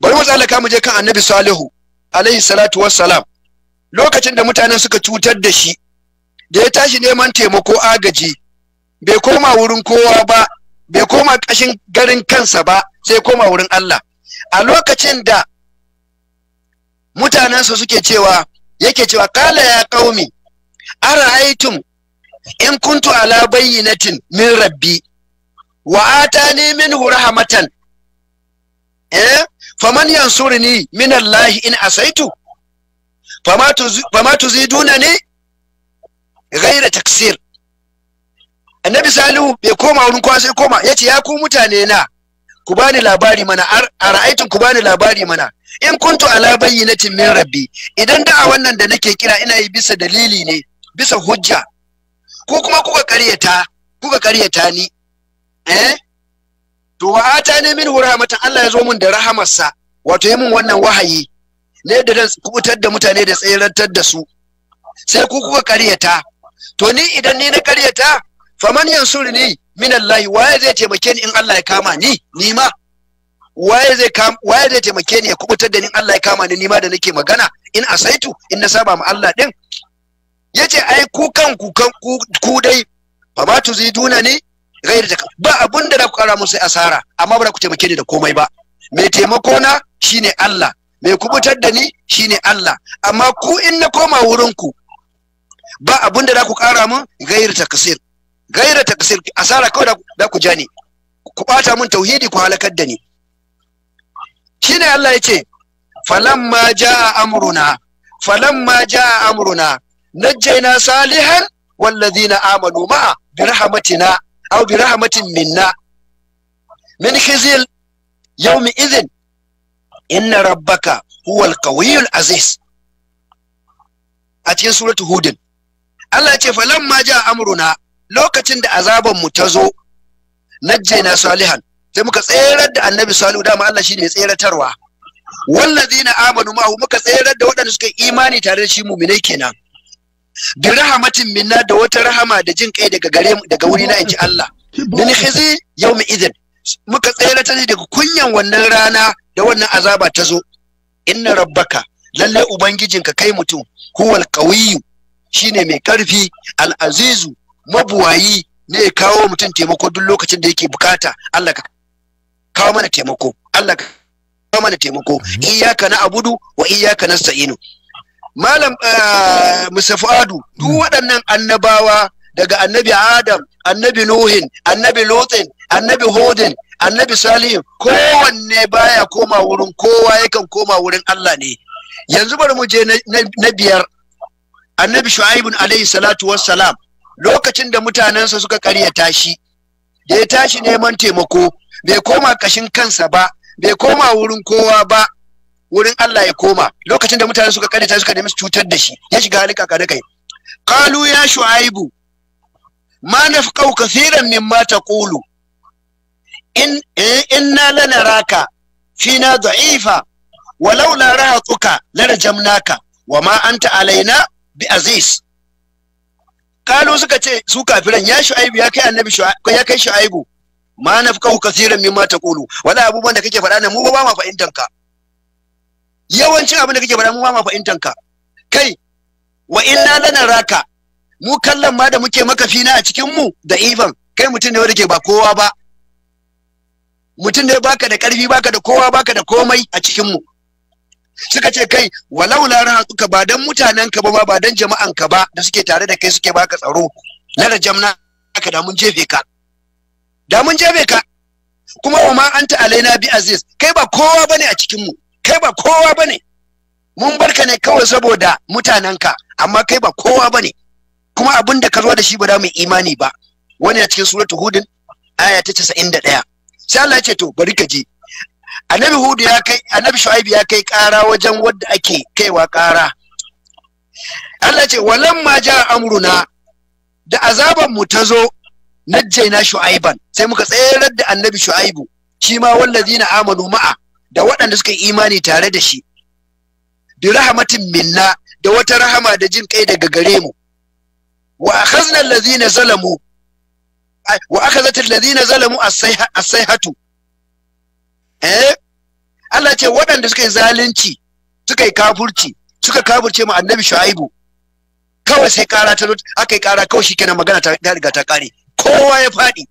bari mu tsallaka mu je kan annabi salihu alaihi salatu wassalam lokacin da mutanen suka cutar da shi da ya tashi neman taimako agaji bai koma wurin kowa ba bai koma ƙashin garin kansa ba sai koma wurin Allah a lokacin da mutanensa suke cewa yake cewa kala ya qaumi ara'aytum in kuntu ala bayyinatin min rabbi wa atani minhu rahmatan eh faman yansurni min allah in asaitu fama tuzi, tuziduna ne ghaira taksir annabi salihu bai koma wurin kowa sai koma yace ya ku mutane na ku bani labari mana a ku bani labari mana in kuntu ala bayyinatin min rabbi idan da'a wannan da nake kira ina yi bisa dalili ne bisa hujja ko kuma kuka karyata kuka karyata ni eh to wa ne min rahmatan Allah ya zo mun da rahamarsa wato yi mun wannan wahayi ne da dan kubutar da mutane da tsirantar da su sai ku kuka karyata to ni idan ni na karyata faman ni min Allah waye zai taimake ni in Allah ya kama ni ni ma waye zai kam waye zai taimake ni ya kubutar da ni Allah ya kama ni ni ma da nake magana in asaitu in na saba ma Allah din yace ai ku kan ku kan ku dai fa ma tuziduna ne gairi da ba abun da na kara musu asara amma ba ku taimake ni da komai ba mai taimako na shine Allah mai kubutar da ni shine Allah amma ku in na koma wurin ku ba abun da za ku kara mun gairi takasir gairi kasir asara kawai da ku ja ni ku bata mun tauhidi ku halakar da ni shine Allah yace falamma jaa amruna falamma jaa amruna najjayna salihan wallazina amanu ma'a bi rahmatina aw bi rahmatin minna min khizyil yawmi idhin inna rabbaka huwal qawiyyul aziz a cikin suratu hudin Allah ya ce fa falamma ja amruna lokacin da azaban mu ta zo najjayna salihan sai muka tserar da annabi salihu dama Allah shi ne tseratarwa wallazina amanu ma muka tserar da waɗanda suka yi imani tare da shi muminai kenan bi rahmatin minna da wata rahama da jin kai daga gare daga wuri na inji Allah min khizi yawmi idin muka tsere ta daga kunyan wannan rana da wannan azaba ta zo inna rabbaka lalle ka kai mutum huwal qawiyyu shine mai karfi al azizu mabuwayi ne ya kawo mutum taimako duk lokacin da yake bukata Allah ka kawo mana taimako Allah ka kawo mana taimako iyyaka na abudu wa iyyaka nasta'inu malam eh, musafu'adu duk hmm. waɗannan annabawa daga annabi adam annabi nuhin annabi lotin annabi hodin annabi salihin kowanne baya koma wurin kowa yakan koma wurin allah ne yanzu bari mu je na biyar annabi shu'aibun alaihi salatu wassalam lokacin da mutanensa suka karya tashi, da ya tashi neman taimako bai koma kashin kansa ba bai koma wurin kowa ba wurin Allah ya koma lokacin da mutane suka ta suka nemi cutar da shi ya shiga halika kaka kai qalu ya shu'aibu ma nafqau kaseeran mimma taqulu in eh, inna lanaraka fina da'ifa walau la rahatuka larjamnaka wama anta alaina bi aziz kalu suka ce su kafiran ya shu'aibu ya kai annabi shu'aibu ya kai shu'aibu ma nafqau kaseeran mimma taqulu wala abubuwan da kake faɗa ne mu ba ma fahimtanka yawancin abin da kake faɗa mu ma fahimtan ka kai wa inna lana raka mu kallon ma da muke maka fina a cikin mu da ifan kai mutum ne wanda ke ba kowa ba mutum ne baka da karfi baka da kowa baka da komai a cikin mu suka ce kai walau la suka ba dan mutanen ka ba ba dan jama'an ka ba da suke tare da kai suke baka tsaro na da jamna ka da mun jefe ka da mun jefe ka kuma wa ma anta alaina bi aziz kai ba kowa bane a cikin mu kai ba kowa bane mun barka ne kawai saboda mutanenka amma kai ba kowa bane kuma abin da ka zo da shi ba za mu imani ba wani a cikin suratul hudin aya ta 91 sai Allah ya ce to bari ka je annabi hudu ya kai annabi shu'aibu ya kai kara wajen wadda ake kaiwa kara Allah ya ce ma ja amruna da azaban mu ta zo najjaina shu'aiban sai muka tsayar da annabi shu'aibu shima ma wallazina amanu ma'a da waɗanda suka yi imani tare da shi bi rahmatin minna da wata rahama da jin kai daga gare mu wa akhazna allazina zalamu wa akhazat allazina zalamu as-sayhatu eh Allah ce waɗanda suka yi zalunci suka yi kafurci suka kafurce mu annabi shu'aibu kawai sai kara ta aka yi kara kawai shikenan magana ta riga ta kare kowa ya faɗi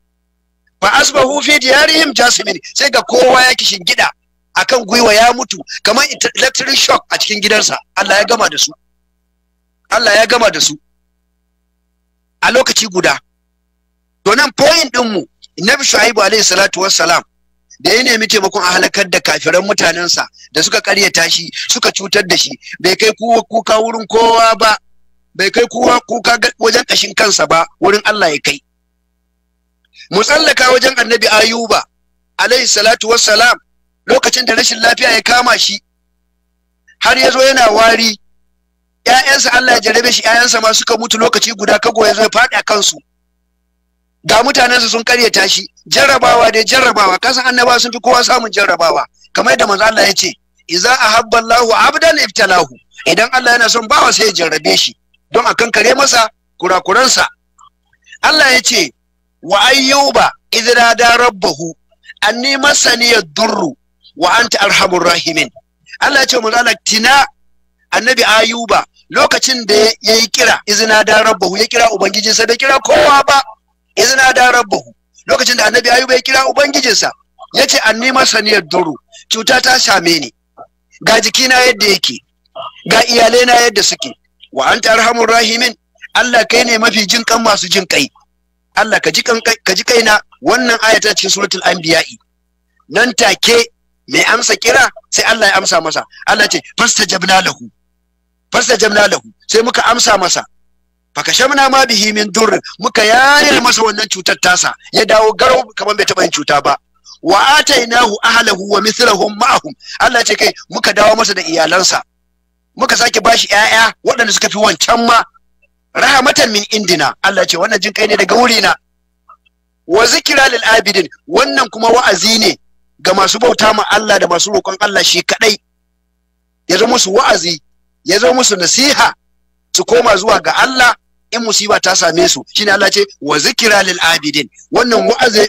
fa asbahu fi diyarihim jasimin sai ga kowa ya kishin gida akan gwiwa ya mutu kamar electric shock a cikin gidansa Allah ya gama da su Allah ya gama da su a lokaci guda to nan point din mu Nabi Shu'aibu alayhi salatu wassalam da ya nemi taimakon a halakar da kafiran mutanensa da suka karyata shi suka cutar da shi bai kai kuka wurin kowa ba bai kai kuwa kuka wajen kashin kansa ba wurin Allah ya kai mu tsallaka wajen annabi ayuba alayhi salatu wassalam lokacin da rashin lafiya ya kama shi har ya zo yana wari ‘ya'yansa Allah ya jarabe shi ‘ya'yansa ma suka mutu lokaci guda kago ya zo ya faɗi a kansu ga mutanensa sun karyata shi jarrabawa dai jarrabawa kasan annaba sun fi kowa samun jarrabawa kamar yadda manzo Allah ya ce idza ahabba Allahu abdan ibtalahu idan Allah yana son bawa sai ya jarrabe shi don akan kare masa kurakuransa Allah ya ce wa ayyuba idza da rabbahu anni masani yadurru wa anta arhamur rahimin Allah ya ce mu Allah tina annabi ayuba lokacin da ya kira izina da rabbahu ya kira ubangijinsa bai kira kowa ba izina da rabbahu lokacin da annabi ayuba ya kira ubangijinsa ya ce an nima saniyar duru cuta ta same ni ga jikina yadda yake ga iyalaina yadda suke wa anta arhamur rahimin Allah kai ne mafi jin kan masu jin kai Allah ka ji kaina wannan ayata cikin suratul anbiya'i nan take mai amsa kira sai Allah ya amsa masa Allah ce fastajabna lahu fastajabna lahu sai muka amsa masa fakashamna ma bihi min dur muka yayar masa wannan cutar tasa ya dawo garau kamar bai taba yin cuta ba wa atainahu ahlahu wa mithluhum ma'ahum Allah ce kai muka dawo masa da iyalansa muka sake bashi 'ya'ya waɗanda suka fi wancan ma rahmatan min indina Allah ce wannan jin kai ne daga wurina wa zikira lil abidin wannan kuma wa'azi ne ga masu bauta ma Allah da masu roƙon Allah shi kaɗai ya zama musu wa'azi ya zama musu nasiha su koma zuwa ga Allah in musiba ta same su shine Allah ce wa zikira lil abidin wannan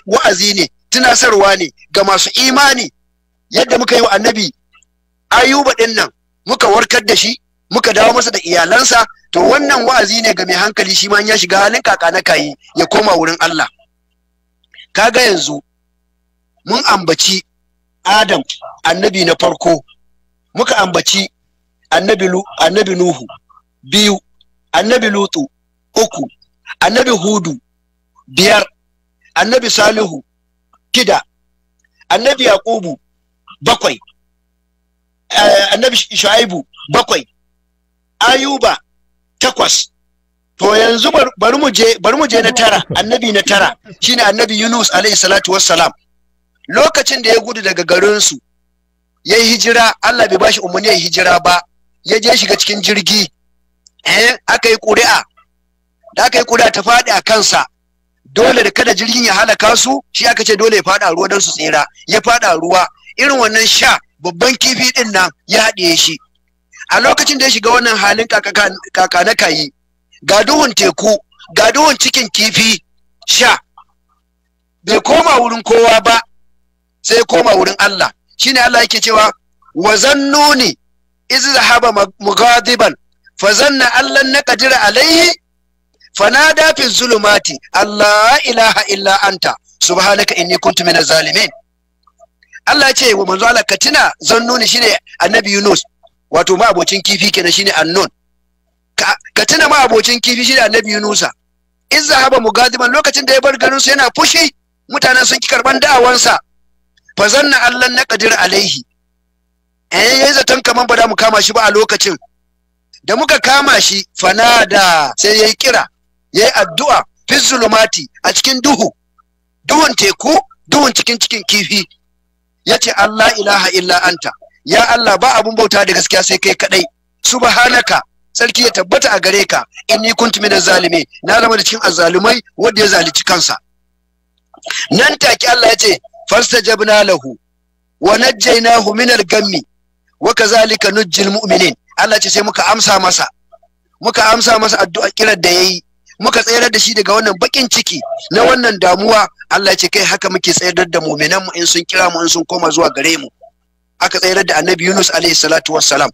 wa'azi ne tunasarwa ne ga masu imani yadda muka yi wa annabi ayuba din nan muka warkar da shi muka dawo masa da iyalansa to wannan wa'azi ne ga mai hankali shi ma ya shiga halin kaka na kayi ya koma wurin Allah kaga yanzu mun ambaci Adam annabi na farko muka ambaci annabi annabi Nuhu biyu annabi Lutu uku annabi Hudu biyar annabi Salihu shida annabi Yaqubu bakwai eh, annabi Shu'aibu bakwai Ayuba takwas to yanzu bari mu je mu je na tara annabi na tara shine annabi Yunus alayhi salatu wassalam lokacin da ya gudu daga garinsu ya yi hijira Allah bai bashi umarni ya yi hijira ba ya je shiga cikin jirgi eh aka yi da aka yi ƙuri'a ta faɗi a kansa dole da kada jirgin ya halaka su shi aka ce dole ya faɗa ruwa don su tsira ya faɗa ruwa irin wannan sha babban kifi din nan ya haɗiye shi a lokacin da ya shiga wannan halin kaka kayi ga duhun teku ga duhun cikin kifi sha bai koma wurin kowa ba sai koma wurin Allah shine Allah yake cewa wa zannuni iz zahaba mughadiban fa zanna na naqdira alaihi fanada fi zulumati Allah ilaha illa anta subhanaka inni kuntu minaz zalimin Allah ce wa manzo Allah katina zannuni shine annabi Yunus wato ma abocin kifi kenan shine annun katina ma abocin kifi shine annabi Yunusa Iz zahaba mugadiman lokacin da ya bar garin su yana fushi mutanen sun ki karban da'awansa fa zanna na qadir alaihi eh yayi zaton kaman ba da mu kama shi ba a lokacin da muka kama shi fanada sai yayi kira yayi addu'a fi zulumati a cikin duhu duhun teku duhun cikin cikin kifi yace allah ilaha illa anta ya allah ba abun bauta da gaskiya sai kai kadai subhanaka sarki ya tabbata a gare ka inni kuntu minaz zalimi na zama da cikin azzalumai wanda ya zalici kansa nan take allah ya ce. fastajabna lahu wa najjaynahu min al-gammi wa kazalika nujjil mu'minin Allah ce sai muka amsa masa muka amsa masa addu'a kiran da yayi muka tsayar da shi daga wannan bakin ciki na wannan damuwa Allah ce kai haka muke tsayar da mu'minan mu in sun kira mu in sun koma zuwa gare mu aka tsayar da Annabi Yunus alaihi salatu wassalam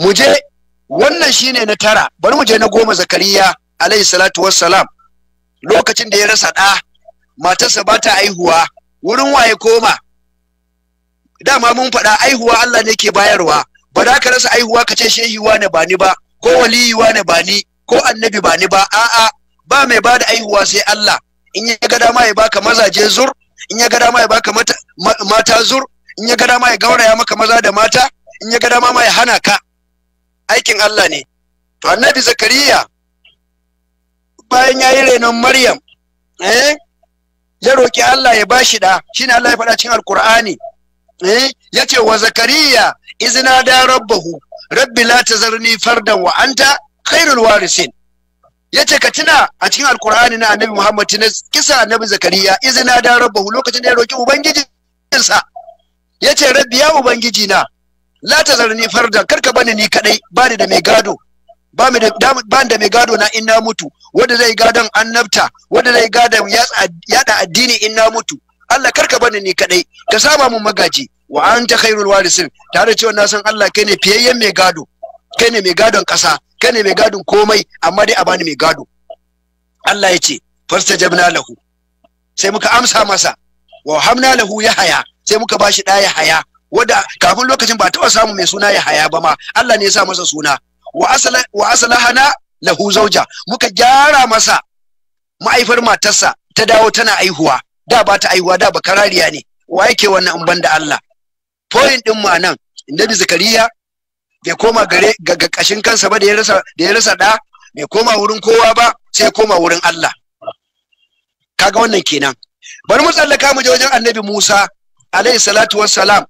mu je wannan shine na tara bari mu je na goma Zakariya alaihi salatu wassalam lokacin da ya rasa ɗa matarsa ba ta aihuwa wurin waye koma dama mun faɗa aihuwa Allah ne ke bayarwa ba za ka rasa aihuwa ka ce wa ne ba ni ba ko wa ne ba ni ko annabi ba ni ba a'a ba mai ba da aihuwa sai Allah in ya ga dama ya baka mazaje zur in ya ga dama ya baka mata, mata zur in ya ga dama ya gauraya maka maza da mata in ya ga dama ma ya hana ka aikin Allah ne to annabi zakariya bayan ya yi renon maryam eh ya roki Allah ya bashi da shi ne Allah ya faɗa cikin Alƙur'ani eh ce wa zakariya izina da rabbahu rabbi la tazarni fardan wa anta khairul warisin yace ka tuna a cikin Alƙur'ani na annabi Muhammad na kisa annabi zakariya izina da rabbahu lokacin da ya roki ubangijinsa yace rabbi ya ubangijina la tazarni fardan karka bani ni kadai bani da mai gado ba mu da ba da mai gado na inna mutu wanda zai gadon annabta wanda zai gadon yada addini in mutu Allah karka bani ni kadai ka saba mu magaji wa anta khairul warisin tare cewa na san Allah kai ne fiyayyen mai gado kai ne mai gadon kasa kai ne mai gadon komai amma dai a bani mai gado Allah ya ce jabna lahu sai muka amsa masa wa hamna lahu yahaya sai muka bashi da yahaya wanda kafin lokacin ba taba samu mai suna yahaya ba ma Allah ne ya sa masa suna wa aslahana lahu zauja muka gyara masa ma'aifar matarsa ta dawo tana aihuwa da ba ta aihuwa da bakarariya ne wa yake wannan in banda Allah point din mu anan, Nabi Zakariya bai koma gare ga kashin kansa ba da ya rasa da ya rasa da koma wurin kowa ba sai koma wurin Allah kaga wannan kenan bari mu tsallaka mu je wajen Annabi Musa alayhi salatu wassalam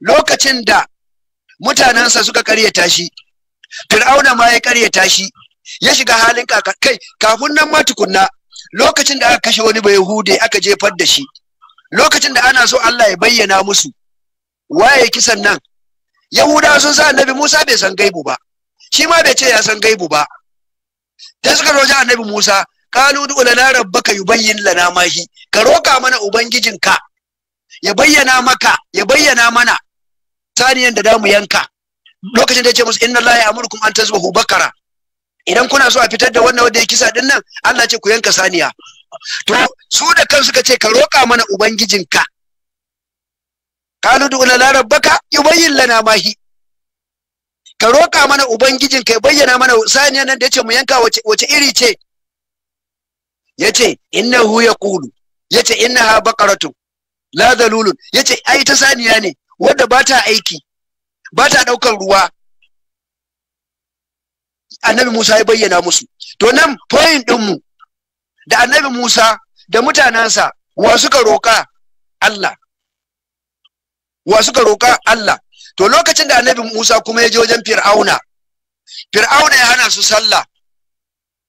lokacin da mutanensa suka karyata shi fir'auna ma ya karyata shi ya shiga halin kaka kai kafin nan ma tukunna lokacin da aka kashe wani bai hude aka jefar da shi lokacin da ana so Allah ya bayyana musu waye kisan nan yahudawa sun sa annabi Musa bai san gaibu ba shi ma bai ce ya san gaibu ba da suka roji annabi Musa qalu du lana rabbaka yubayyin lana ma shi ka roka mana ubangijinka ya bayyana maka ya bayyana mana saniyan da damu yanka lokacin da ya ce musu inna allaha ya'murukum an tazbahu bakara idan kuna so a fitar da wannan wanda ya kisa din nan Allah ce ku yanka saniya to su da kansu suka ce ka roƙa mana ubangijinka kalu du'una la rabbaka yubayyin lana ma hi ka roƙa mana ubangijinka ya bayyana mana saniya nan da ya ce mu yanka wace wace iri ce yace innahu yaqulu yace innaha baqaratun la dalulun yace ai ta saniya ne wadda ba ta aiki ba ta ɗaukar ruwa annabi Musa ya bayyana musu to nan point ɗinmu da annabi Musa da mutanensa wa suka roƙa Allah wa suka roƙa Allah to lokacin da annabi Musa kuma ya je wajen Fir'auna Fir'auna ya hana su sallah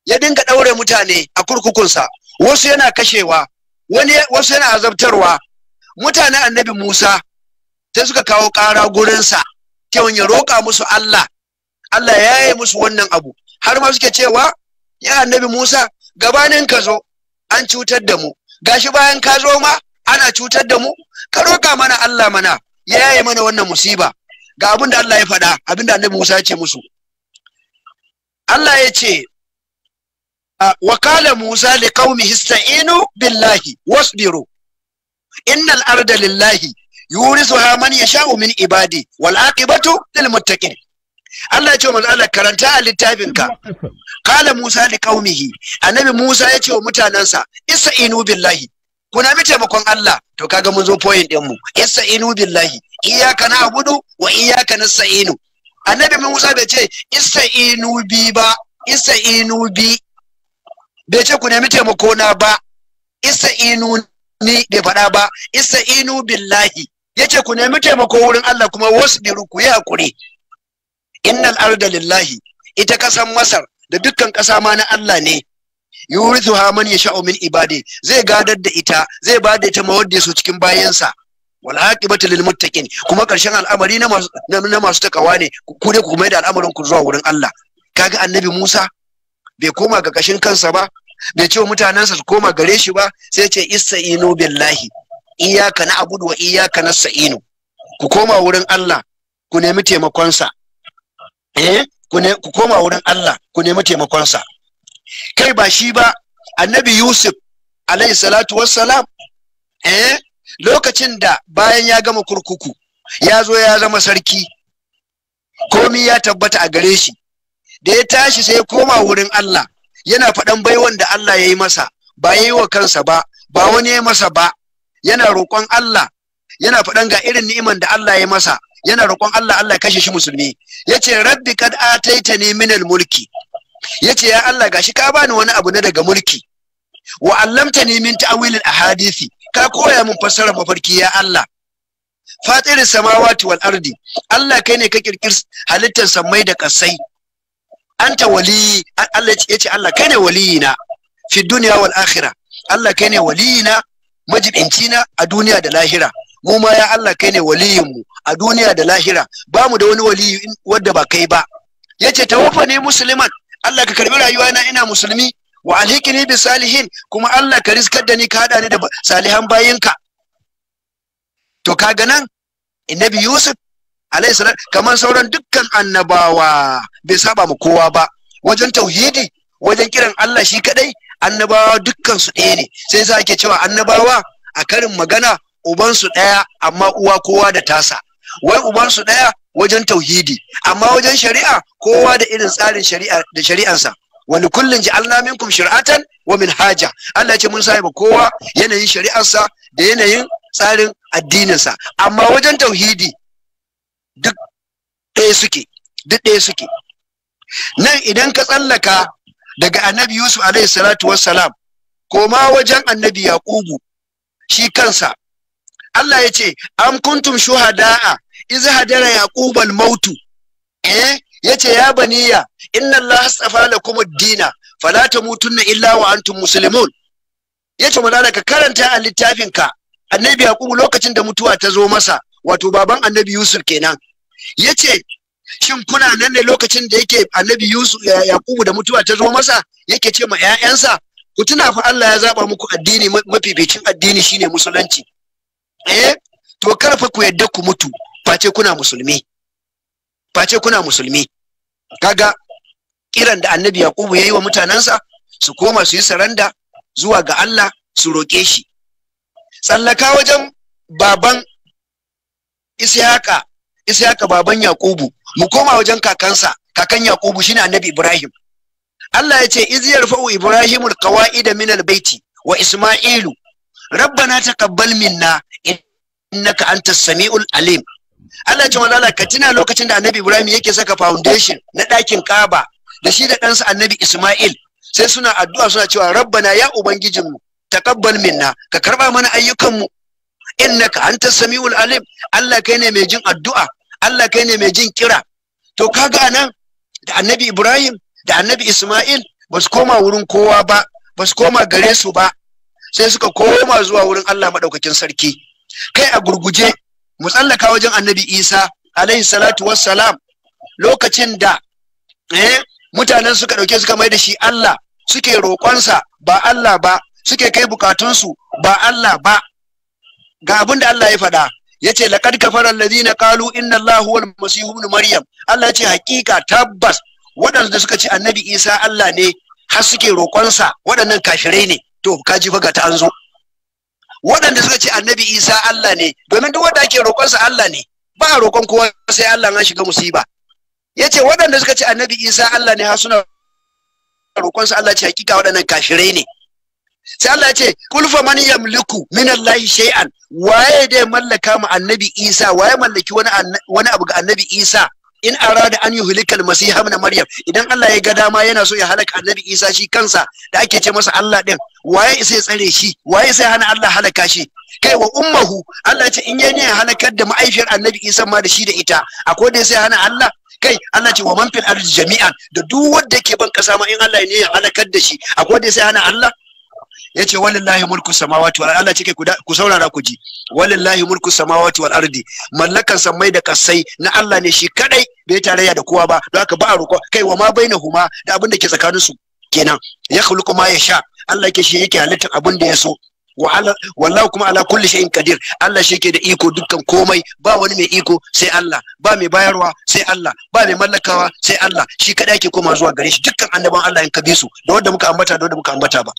ya dinga ɗaure mutane a kurkukunsa wasu yana kashewa wani wasu yana azabtarwa mutanen annabi Musa sai suka kawo ƙara sa. cewa ya roƙa musu Allah Allah ya yi musu wannan abu har ma suke cewa ya annabi Musa gabanin ka zo an cutar da mu gashi bayan ka zo ma ana cutar da mu ka roƙa mana Allah mana ya yi mana wannan musiba ga abin da Allah ya faɗa abin da annabi Musa ya ce musu Allah ya ce wakala Musa li qaumi ista'inu billahi wasbiru innal arda lillahi yurisuha man yasha'u min ibadi wal aqibatu lil muttaqin Allah ya ce manzo Allah karanta a littafinka qala Musa li qaumihi annabi Musa ya ce wa mutanansa inu billahi kuna mi taimakon Allah to kaga mun zo point din mu inu billahi iyyaka na'budu wa iyyaka nasta'inu annabi Musa bai ce inu bi ba inu bi bai ce ku nemi taimako na ba inu ni bai faɗa ba inu billahi yace ku nemi taimako wurin Allah kuma wasbiru ku yi hakuri innal arda lillahi ita kasan masar da dukkan kasa ma na Allah ne ha man yasha'u min ibadi zai gadar da ita zai ba da ita mawadda su cikin bayansa wal aqibatu lil muttaqin kuma karshen al'amari na masu na masu takawa ne ku dai ku mai da al'amarin ku zuwa wurin Allah kaga annabi Musa bai koma ga kashin kansa ba bai ce mutanansa su koma gare shi ba sai ce istainu billahi Iyaka na abudu wa iyaka na Sa'inu. ku koma wurin Allah ku nemi taimakonsa eh ku koma wurin Allah ku nemi taimakonsa kai ba shi ba annabi Yusuf alayhi salatu wassalam eh lokacin da bayan ya gama kurkuku ya zo ya zama sarki komi ya tabbata a gare shi da ya tashi sai ya koma wurin Allah yana faɗan baiwan da Allah ya yi masa ba ya yi wa kansa ba ba wani ya masa ba yana roƙon Allah yana faɗan ga irin ni'iman da Allah ya masa yana roƙon Allah Allah kashe shi musulmi yace rabbi kad ataitani minal mulki yace ya Allah gashi ka bani wani abu na daga mulki wa allamtani min ta'wilil ahadisi ka koya min fassara mafarki ya Allah fatirin samawati wal ardi Allah kai ne ka kirkir halittar samai da kasai anta wali Allah yace Allah kai ne waliyina fi dunya wal akhirah Allah kai ne waliyina majibinci na a duniya da lahira mu ma ya Allah kai ne waliyinmu a duniya da lahira ba mu da wani waliyi wanda ba kai ba yace tawaffani musliman Allah ka karbi rayuwa na ina musulmi wa alhikini bi salihin kuma Allah ka riskar da ni ka hada ni da salihan bayinka to kaga nan annabi Yusuf alayhi salam kamar sauran dukkan annabawa bai saba mu kowa ba wajen tauhidi wajen kiran Allah shi kadai annabawa dukkansu ɗaya ne sai sa ake cewa annabawa a karin magana uban ɗaya amma uwa kowa da tasa wai ubansu ɗaya wajen tauhidi amma wajen shari'a kowa da irin tsarin shari'a da shari'ansa wani kullun ja'alna minkum shir'atan wa minhaja Allah ce mun sai kowa yanayin shari'arsa da yanayin tsarin addininsa amma wajen tauhidi duk ɗaya suke duk ɗaya suke nan idan ka tsallaka daga annabi yusuf alaihi salatu wassalam koma wajen annabi yaqubu shi kansa Allah ya ce am kuntum shuhada'a iz hadara al mautu eh yace ya baniya inna allaha astafa lakum ad-dina fala tamutunna illa wa antum muslimun yace malala ka karanta a littafin ka annabi yaqubu lokacin da mutuwa ta zo masa wato baban annabi yusuf kenan yace shin kuna nan ne lokacin da yake annabi Yusuf Yakubu da mutuwa ta zo masa yake ce ma ƴaƴansa ku tuna fa Allah ya zaba muku addini mafificin addini shine musulunci eh to karfa ku yadda ku mutu face kuna musulmi face kuna musulmi kaga kiran da annabi Yakubu yayi wa mutanansa su koma su yi saranda zuwa ga Allah su roƙe shi tsallaka wajen baban Isyaka Isyaka baban Yakubu mu koma wajen kakansa kakan yakubu shine annabi ibrahim Allah ya ce iz yarfa'u ibrahimu alqawaida min albayti wa isma'ilu rabbana taqabbal minna innaka antas samiul alim Allah ce wala ka tuna lokacin da annabi ibrahim yake saka foundation na ɗakin kaba da shi da ɗansa annabi isma'il sai suna addu'a suna cewa rabbana ya ubangijinmu taqabbal minna ka karba mana ayyukanmu innaka antas samiul alim Allah kai ne mai jin addu'a Allah kai ne mai jin kira to kaga anan da annabi Ibrahim da annabi Ismail ba su koma wurin kowa ba ba su koma gare su ba sai suka koma zuwa wurin Allah madaukakin sarki kai a gurguje mu tsallaka wajen annabi Isa alaihi salatu wassalam lokacin da eh mutanen suka dauke suka mai da shi Allah suke roƙonsa ba Allah ba suke kai bukatunsu ba Allah ba ga abin da Allah ya faɗa yace laqad kafara alladhina qalu inna allaha huwal masih ibn maryam Allah yace hakika tabbas waɗanda suka ce annabi Isa Allah ne har suke roƙonsa waɗannan kafirai ne to ka ji ga ta an zo waɗanda suka ce annabi Isa Allah ne domin duk wanda ake roƙonsa Allah ne ba a roƙon kowa sai Allah ya shiga musiba yace waɗanda suka ce annabi Isa Allah ne har suna roƙonsa Allah ce hakika waɗannan kafirai ne sai Allah ya ce kul fa man yamliku min Allah shay'an waye da mallaka mu annabi Isa waye mallaki wani wani abu ga annabi Isa in arada an yuhlika al-masih ibn maryam idan Allah ya ga dama yana so ya halaka annabi Isa shi kansa da ake ce masa Allah din waye sai ya tsare shi waye sai hana Allah halaka shi kai wa ummuhu Allah ya ce in yayin ne halakar da ma'aifiyar annabi Isa ma da shi da ita akwai dai sai hana Allah kai Allah ce wa man fil ardi jami'an da duk wanda yake ban kasa ma in Allah ne ya halakar da shi akwai dai sai hana Allah yace walillahi mulku samawati wal ardi Allah ce ku saurara ku ji walillahi mulku samawati wal ardi mallakan sammai da kasai na Allah ne shi kadai bai tarayya da kowa ba don haka ba a roƙo kai wa ma huma da abin da ke tsakanin su kenan ya khuluqu ma yasha Allah yake shi yake halittar abin da ya so wallahu kuma ala kulli shay'in qadir Allah shi ke da iko dukkan komai ba wani mai iko sai Allah ba mai bayarwa sai Allah ba mai mallakawa sai Allah shi kadai ke koma zuwa gare shi dukkan annaban Allah in ka bi su da wanda muka ambata da wanda muka ambata ba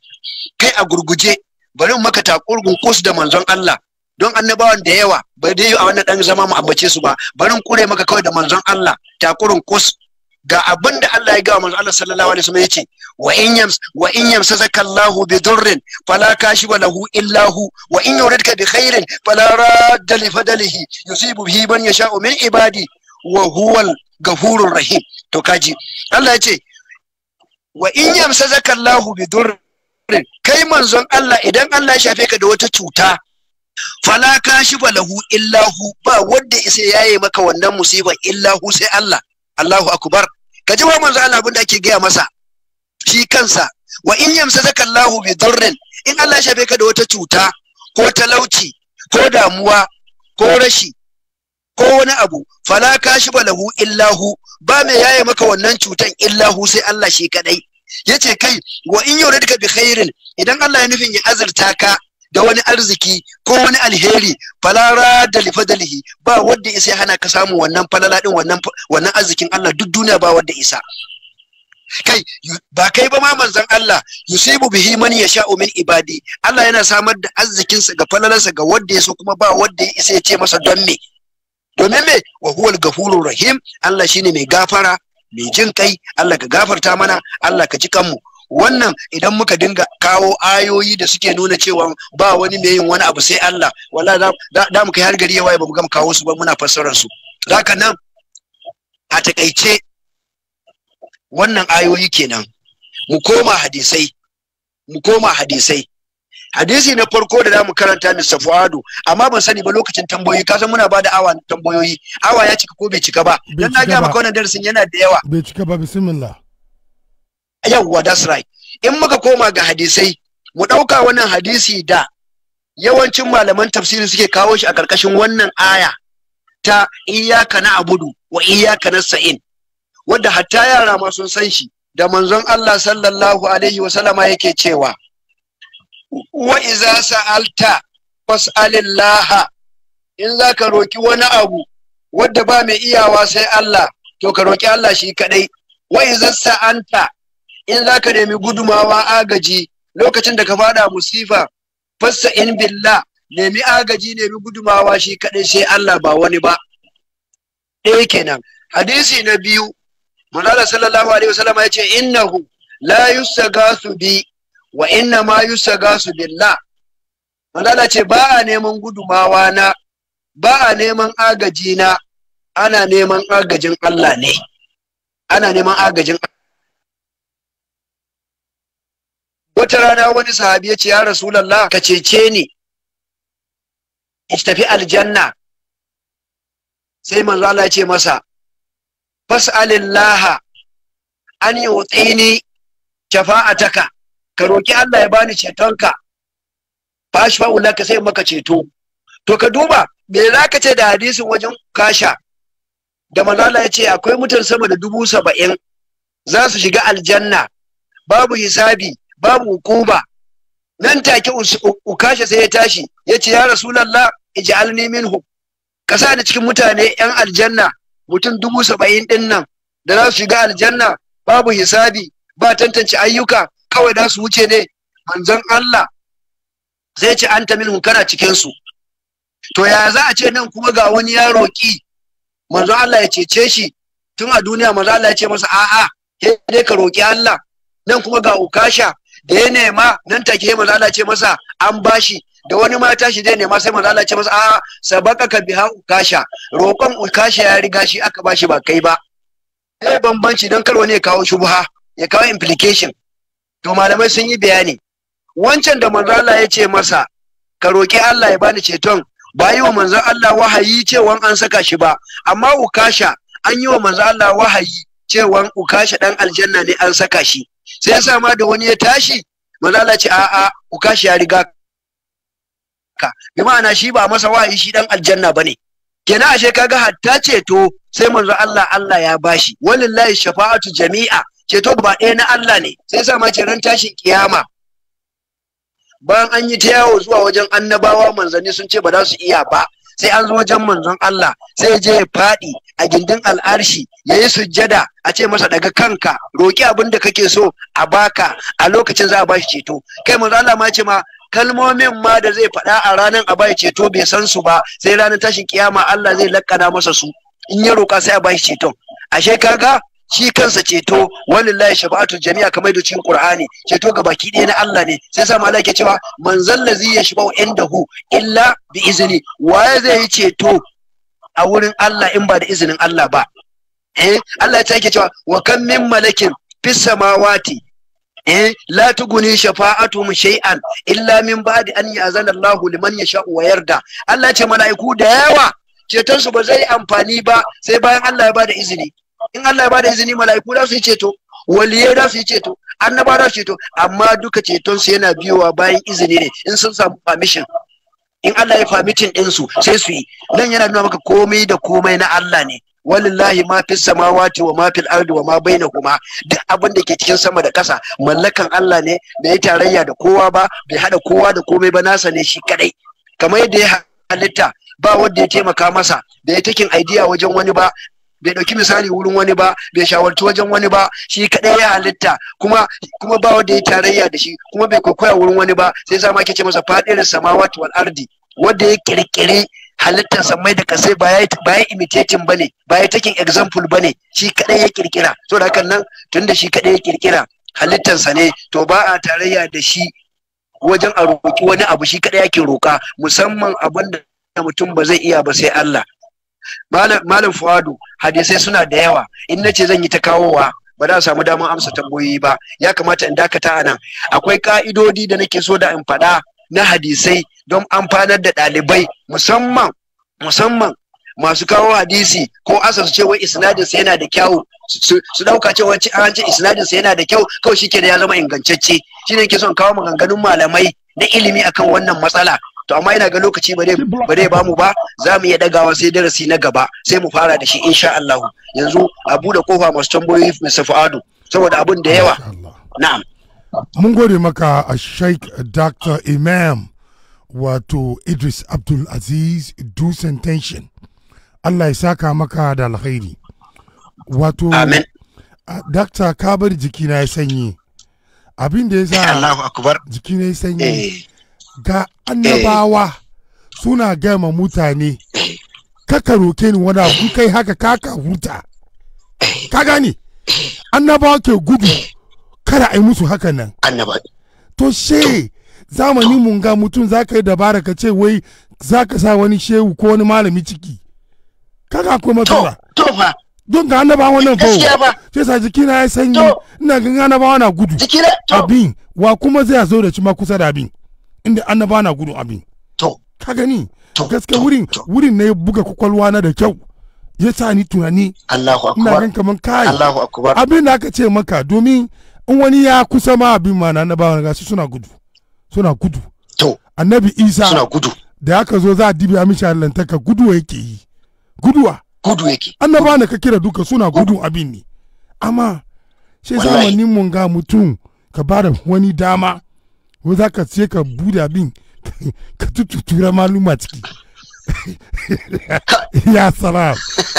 kai a gurguje bari maka takurgun kus da manzon Allah don annabawan da yawa ba dai a wannan dan zama mu ambace su ba barin kure maka kawai da manzon Allah takurin kus ga abin da Allah ya ga manzo Allah sallallahu alaihi wasallam yace wa in yams wa in yamsaka zakallahu bi durrin fala kashifa lahu illa hu wa in yuridka bi khairin fala radda li fadlihi yusibu bihi man yasha'u min ibadi wa huwal ghafurur rahim to kaji Allah yace wa in yamsa zakallahu bi durrin kai manzon Allah idan Allah ya shafe ka da wata cuta fala kashifa lahu illa hu ba wanda isa yaye maka wannan musiba illa hu sai Allah Allahu akbar ka ji manzo Allah abin da ake gaya masa shi kansa wa in zaka Allahu bi darrin in Allah ya shafe ka da wata cuta ko talauci ko damuwa ko rashi ko wani abu fala shi balahu, illahu ba mai yaye maka wannan cutan illahu sai Allah shi kadai yace kai wa in yuridka bi khairin idan Allah ya nufin ya azurta ka da wani arziki ko wani alheri falara da lifadalihi ba wanda isa ya hana ka samu wannan falala din wannan wannan arzikin Allah duk duniya ba wanda isa kai ba kai ba ma manzon Allah yusibu bihi man yasha'u min ibadi Allah yana samar da arzikin sa ga falalarsa ga wanda yaso kuma ba wanda ya isa ya ce masa don me domin me wa huwal gafurur rahim Allah shine mai gafara mai jin kai Allah ka gafarta mana Allah ka ji kanmu wannan idan muka dinga kawo ayoyi da suke nuna cewa ba wani mai yin wani abu sai Allah wala da mu kai har gari ya waye ba mu gama kawo su ba muna fassarar su haka nan a takaice wannan ayoyi kenan mu koma hadisai mu koma hadisai hadisi na farko da zamu karanta Mr. Fuadu amma ban sani ba lokacin tambayoyi kasan muna bada awa tambayoyi awa ya cika ko bai cika ba dan na ga maka wannan darasin yana da yawa bai cika ba bismillah yawwa that's right in muka koma ga hadisai mu ɗauka wannan hadisi da yawancin malaman tafsiri suke kawo shi a ƙarƙashin wannan aya ta iyaka na abudu wa iyaka na sa'in wadda hatta yara ma sun san shi da manzon Allah sallallahu alaihi wa sallama yake cewa wa iza sa'alta fas'alillah in zaka roki wani abu wadda ba mai iyawa sai Allah to ka roki Allah shi kadai wa iza sa'anta in za ka nemi gudumawa agaji lokacin da ka fada musifa fassa in billah nemi agaji nemi gudumawa shi kaɗai sai Allah ba wani ba ɗaya kenan hadisi na biyu manala sallallahu alaihi wasallam ya ce innahu la gasu bi wa inna ma gasu billah manala ce ba a neman gudumawa na ba a neman agaji na ana neman agajin Allah ne ana neman agajin Allah wata rana wani sahabi ya ce ya rasulallah ka cece ni in tafi aljanna sai manzo Allah ya ce masa fas'alillaha an yu'tini shafa'ataka ka roki Allah ya bani cetonka fashfa'u laka sai maka ceto to ka duba me za ce da hadisin wajen kasha da manzala ya ce akwai mutan sama da dubu saba'in za su shiga aljanna babu hisabi babu hukuma nan take ukasha sai ya tashi ya ce ya rasulallah ij'alni minhu ka sa ni cikin mutane yan aljanna mutum dubu saba'in din nan da za su shiga aljanna babu hisabi ba tantance ayyuka kawai da su wuce ne manzon Allah zai ce anta minhu kana cikin su to ya za a ce nan kuma ga wani ya roki manzon Allah ya cece shi tun a duniya manzon Allah ya ce masa a'a dai ka roki Allah nan kuma ga ukasha da ya nema nan take manzo Allah ce masa an bashi da wani mata shi zai nema sai ma lalace masa a sabaka ka biha ukasha roƙon ukasha ya riga shi aka bashi ba kai ba sai bambanci dan kar wani ya kawo shubha ya kawo implication to malamai sun yi bayani wancan da manzo Allah ya ce masa ka roƙi Allah ya bani ceton ba yi wa manzo Allah wahayi cewa an saka shi ba amma ukasha an yi wa manzo Allah wahayi cewa ukasha dan aljanna ne an saka shi sai yasa ma da wani ya tashi manzala ce a'a ku kashi ya riga ka bi ma'ana shi ba masa wai shi dan aljanna bane kenan ashe kaga hatta ceto sai manzo Allah Allah ya bashi walillahi shafa'atu jami'a ceto ba ɗaya na Allah ne sai yasa ma ce ran tashi kiyama bayan an yi ta yawo zuwa wajen annabawa manzanni sun ce ba za su iya ba sai an zo wajen manzon Allah sai je ya faɗi a gindin al'arshi ya yi sujjada a ce masa daga kanka roƙi abin da kake so a baka a lokacin za a bashi ceto kai manzon Allah ma ce ma kalmomin ma da zai faɗa a ranar a bashi ceto bai san su ba sai ranar tashin kiyama Allah zai lakkana masa su in ya roƙa sai a bashi ceto ashe kaga shi kansa ceto walillahi shafa'atul jami'a kamar da cikin qur'ani ceto ga baki ɗaya na Allah ne sai sa malaka ke cewa manzal ya yashfa'u indahu illa bi izni waye zai yi ceto a wurin Allah in ba da izinin Allah ba eh Allah ya yake cewa wa kam min malakin fis samawati eh la tuguni shafa'atuhum shay'an illa min ba'di an ya'zana Allah liman yasha'u wa yarda Allah ya ce mala'iku da yawa cetonsu ba zai amfani ba sai bayan Allah ya ba da izini in Allah ya bada izini mala'iku da su yi ceto waliye da su yi ceto annaba da su ceto amma duka ceton su yana biyowa bayan izini ne in sun samu permission in Allah ya permission din su sai su yi nan yana nuna maka komai da komai na Allah ne walillahi ma fi samawati wa ma fil ardi wa ma bainahuma duk abin da ke cikin sama da kasa mallakan Allah ne da bai tarayya da kowa ba bai hada kowa da komai ba nasa ne shi kadai kamar yadda ya halitta ba wanda ya taimaka masa da ya takin aidiya wajen wani ba bai dauki misali wurin wani ba bai shawarci wajen wani ba shi kadai ya halitta kuma kuma ba wanda ya tarayya da shi kuma bai kokoya wurin wani ba sai sa ke ce masa fadir samawati wal ardi wanda ya kirkire halittar samai da kasai ba ya imitating bane ba ya taking example bane shi kadai ya kirkira so da hakan nan tunda shi kadai ya kirkira halittarsa ne to ba a tarayya da shi wajen a roƙi wani abu shi kadai yake roƙa musamman abin da mutum ba zai iya ba sai Allah malam fuadu hadisai suna da yawa in na ce zan yi ta kawowa ba za samu damar amsa tambayoyi ba ya kamata in dakata anan. akwai ka'idodi da nake so da in faɗa na hadisai don amfanar da ɗalibai musamman musamman masu kawo hadisi ko asa su ce wai isnadin sa yana da kyau su dauka cewa an ce isnadin sa yana da kyau kawai shike da ya zama ingantacce shine yake son kawo maganganun malamai na ilimi akan wannan matsala to amma ina ga lokaci ba bare ba mu ba za mu iya dagawa sai darasi na gaba sai mu fara da shi insha Allah yanzu a bude kofa masu tambayoyi Mr. Fuadu saboda abun da yawa na'am mun gode maka a Sheikh Dr. Imam wato Idris Abdul Aziz do Tension Allah ya saka maka da alkhairi wato amen Dr. ka jikina ya sanyi abin da ya sa jikina ya sanyi eh. ga annabawa eh. suna gama mutane kaka roke ni wani abu kai haka kaka huta ka gane annabawa ke gudu kada a yi musu haka nan to she zamani mun ga mutum za ka yi dabara ka ce wai za ka sa wani shehu ko wani malami ciki kaka akwai matsala don ga annabawa nan fa sai sa jikina ya sanyi ina ganin annabawa na gudu abin wa kuma zai zo da ci ma kusa da abin inda an na gudun abin ka gani gaske wurin wurin ne buga kwakwalwa na da kyau ya sa ni tunani allahu ina gan kaman kai abin da aka ce maka domin in wani ya kusa ma abin ma na annabawa ga su suna gudu suna gudu annabi isa suna gudu da aka zo za a dibiya mishi allantaka guduwa yake yi guduwa gudu yake annabawa da ka kira duka suna gudun abin ne amma shi zamanin mun ga mutum ka da wani dama ko za ka ce ka bude abin [LAUGHS] ka tutura maluma ciki [LAUGHS] ya salam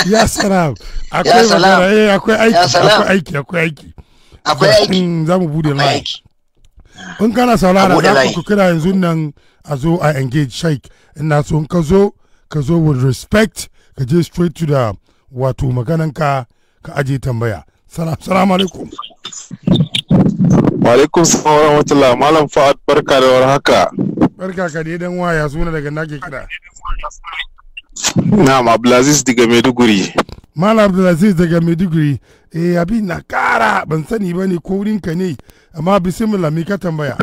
ya salam akwai magana eh akwai aiki akwai aiki akwai aiki akwai aiki za mu bude lai in kana saurara za ku kira yanzu nan a zo a engage sheik ina so in ka zo ka zo with respect ka je straight to the wato magananka ka aje tambaya salam alaikum Walaikum salam wa rahmatullah Malam Fa'ad barka da war haka. Barka ka dai dan waya suna daga nake kada. Na'am Abdulaziz daga Maiduguri. Malam Abdulaziz daga Maiduguri eh abin na kara ban sani ba ne ko ka ne amma bismillah me ka tambaya.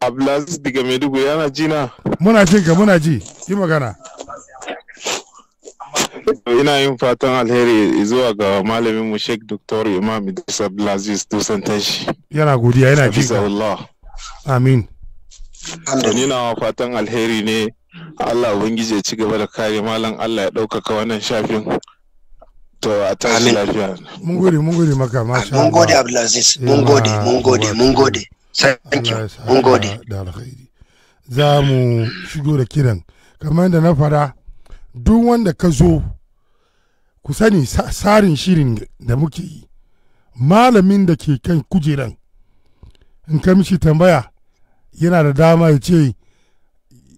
Abdulaziz daga Maiduguri yana jina. Muna jin ka muna ji yi magana. ina yin fatan alheri zuwa ga malamin mu Sheikh Dr. Imam Idris Abdulaziz Dusan tashi. Yana godiya yana ji Allah. Amin. Ni na fatan alheri ne Allah ubangiji ya ci gaba da kare malam Allah ya dauka wannan shafin. To a tashi lafiya. Mun gode mun gode maka masha Allah. Mun gode Abdulaziz mun gode mun gode mun gode. Thank you mun gode. Da alkhairi. Za mu shigo da kiran kamar da na fara duk wanda ka zo ku sani tsarin shirin da muke yi malamin da ke kan kujeran in ka mishi tambaya yana da dama ya ce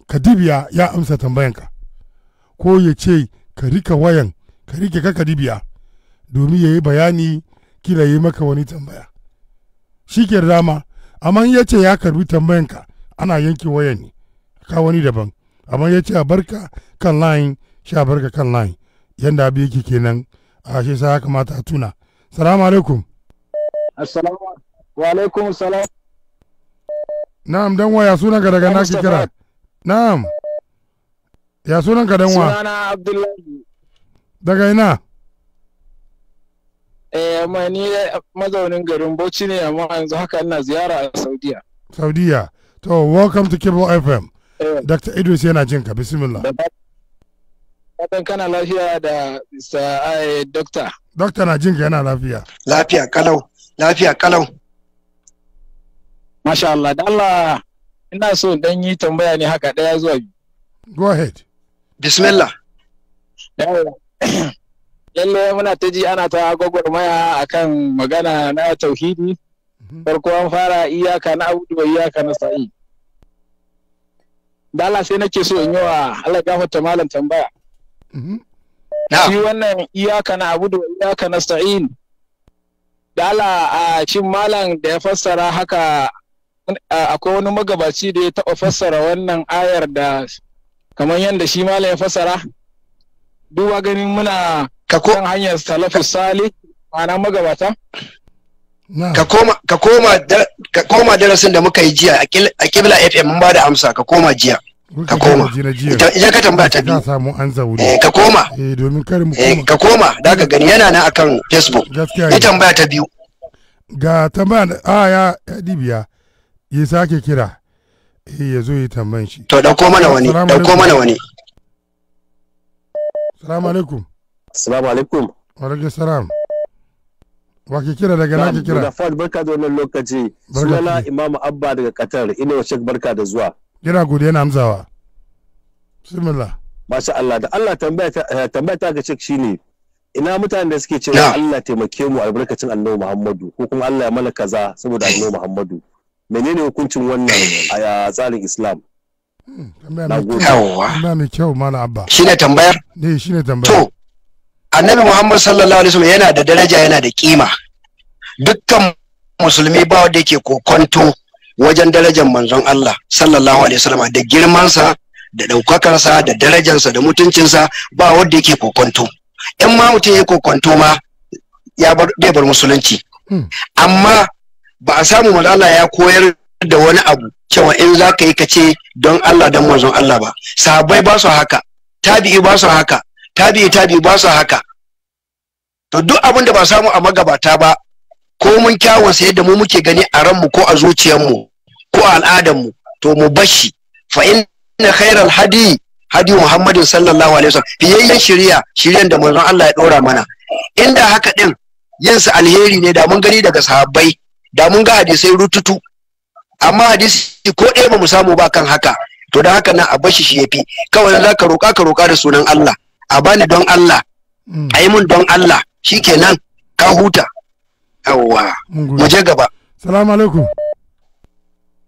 kadibiya ya amsa tambayanka ko ya ce ka rika wayan ka rike ka kadibiya domin ya yi bayani kila yi maka wani tambaya shi ke dama amma ya ce ya karbi tambayanka ana yanke wayan ne ka wani daban amma ya ce a barka kan layin sha barka kan layin yanda abu yake kenan a shi sa ya kamata a tuna salamu alaikum assalamu wa alaikum salam na'am dan waya sunan ka daga naki kira na'am ya sunan ka dan wa sunana abdullahi daga ina eh amma ni mazaunin garin Bauchi ne amma yanzu haka ina ziyara a Saudiya Saudiya to welcome to Cable FM eh. Dr. Idris yana jinka bismillah Fatan kana lafiya da Mr. Dokta. Dokta na jinka yana lafiya. Lafiya kalau, lafiya kalau. Masha Allah, da Allah ina so dan yi tambaya ne haka ɗaya zuwa biyu. Go ahead. Bismillah. Yalle [CLEARS THROAT] muna ta ji ana ta gwagwarmaya kan magana na tauhidi. Mhm. Farko an fara iyaka na abudu da iyaka na sa'i. Da Allah sai nake so in yi wa Allah gafarta malam tambaya. Shi wannan iyaka na abu da iyaka na sa'in. Dala a cin malam da ya fassara haka akwai wani magabaci da ya taɓa fassara wannan ayar da kamar yadda shi malam ya fassara. Duba ganin muna kan hanyar salafus sali ma'ana magabata. Ka koma darasin da muka yi jiya a Kibla FM mun ba da amsa ka koma jiya. ka koma idan ka tambaya ta biyu eh, ka eh, eh, koma ka koma da ka gani yana nan akan facebook Ya tambaya ta biyu ga tambaya a ah, ya dibiya ya sake kira ya zo ya tambayan shi to dauko mana wani dauko mana wani salamu alaikum salamu alaikum alaikum salam wa ke kira daga nake kira barka da wannan lokaci sunana imamu abba daga qatar ina wa shek barka da zuwa yana gode yana amsawa bismillah masha Allah da Allah tambaya ta eh, ga cik shine ina mutanen da suke cewa Allah taimake mu albarkacin Annabi Muhammadu ko kuma Allah ya mana kaza saboda Annabi Muhammadu menene hukuncin wannan a tsarin Islam hmm, Yawwa. mai kyau Abba. Shi ne tambayar? Eh, ne tambayar. To, Annabi Muhammad sallallahu alaihi wasallam yana da daraja yana da kima. Dukkan musulmi ba wanda yake kokonto wajen darajar manzon Allah sallallahu alaihi wasallam da girmansa da ɗaukakarsa da darajarsa da mutuncinsa ba wanda yake kokonto in ma mutum ya kokonto ma ya bar bar musulunci hmm. amma ba a samu manzon ya koyar da wani abu cewa in za ka yi ka ce don Allah don manzon Allah ba sahabbai ba su haka tabi'i ba su haka tabi'i tabi'i ba su haka to duk abin da ba samu a magabata ba ko mun kyawun sa yadda mu muke gani a ran mu ko a mu ko a al'adarmu to mu bashi fa inna khairal hadi hadi muhammadin sallallahu alaihi wasallam fiyayyen shiriya Shiryan da manzon Allah ya dora mana inda haka din yin sa alheri ne da mun gani daga sahabbai da mun ga hadisai rututu amma hadisi ko ɗaya ba mu samu ba kan haka to da haka nan a bashi shi yafi kawai za ka roƙa ka roƙa da sunan Allah a bani don Allah mm. Ayi mun don Allah shikenan ka huta yawwa mu je gaba salamu alaikum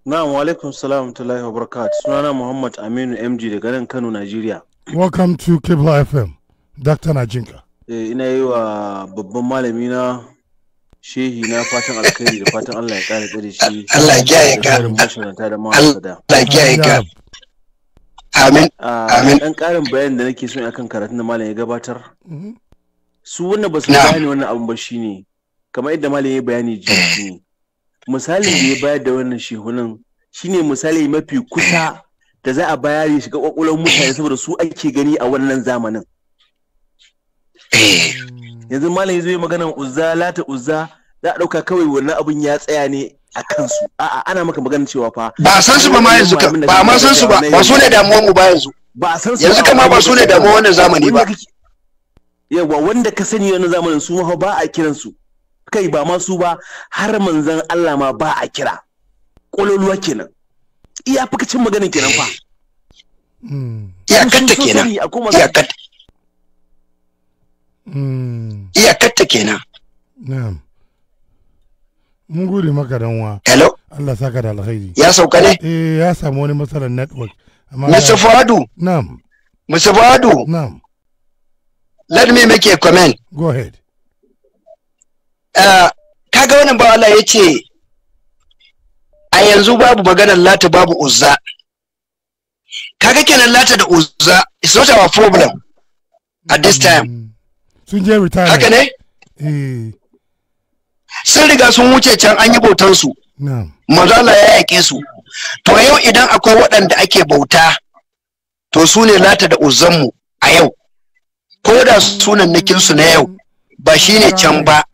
na'am wa alaikum salam tulahi wa barakat sunana muhammad aminu mg daga nan kano nigeria welcome to kibla fm dr najinka eh, ina yi wa babban malami na shehi na fatan alkhairi da fatan allah ya kare tsare shi allah ya kiyaye ka allah ya kiyaye ka Amin. Amin. Dan ah, karin bayanin da nake so akan karatun da malam ya gabatar. Mm-hmm. Su wannan ba su gane wannan abun ba shine kamar yadda malam ya bayani jiki eh. misalin da ya eh. bayar da wannan shehunan shine misali mafi kusa eh. da za a bayar shiga kwakwalwar mutane saboda su ake gani a wannan zamanin yanzu malam ya zo magana uzza lata uzza za a ɗauka kawai wannan abun ya tsaya ne a kansu a'a ana maka magana cewa fa ba san su ba ma yanzu ba ma san su ba ba su ne damuwar mu ba yanzu ba san su yanzu kama ba su ne damuwar wannan zamani ba yawa wanda ka sani wannan zamanin su ma ba a kiransu kai ba masu ba har manzan Allah ma ba a kira ƙololuwa kenan iya fi cin maganin kenan fa hmm. iyakatta kenan iyakatta iyakatta hmm. kenan na'am mun gode maka danwa hello Allah saka da alkhairi ya sauka ne eh ya samu wani matsalar network amma Mr. Fadu na'am Mr. Fadu na'am let me make a comment go ahead Eh, kaga wannan ba Allah ya ce a yanzu babu maganar lata babu uzza kaga kenan lata da uzza is not our problem at this mm. time sun je retire haka ne eh. sun riga sun wuce can an yi bautan su manzo Allah ya yaƙe su to yau idan akwai waɗanda ake bauta to su ne lata da uzzan mu a yau ko da sunan nikin su na yau ba shine can ba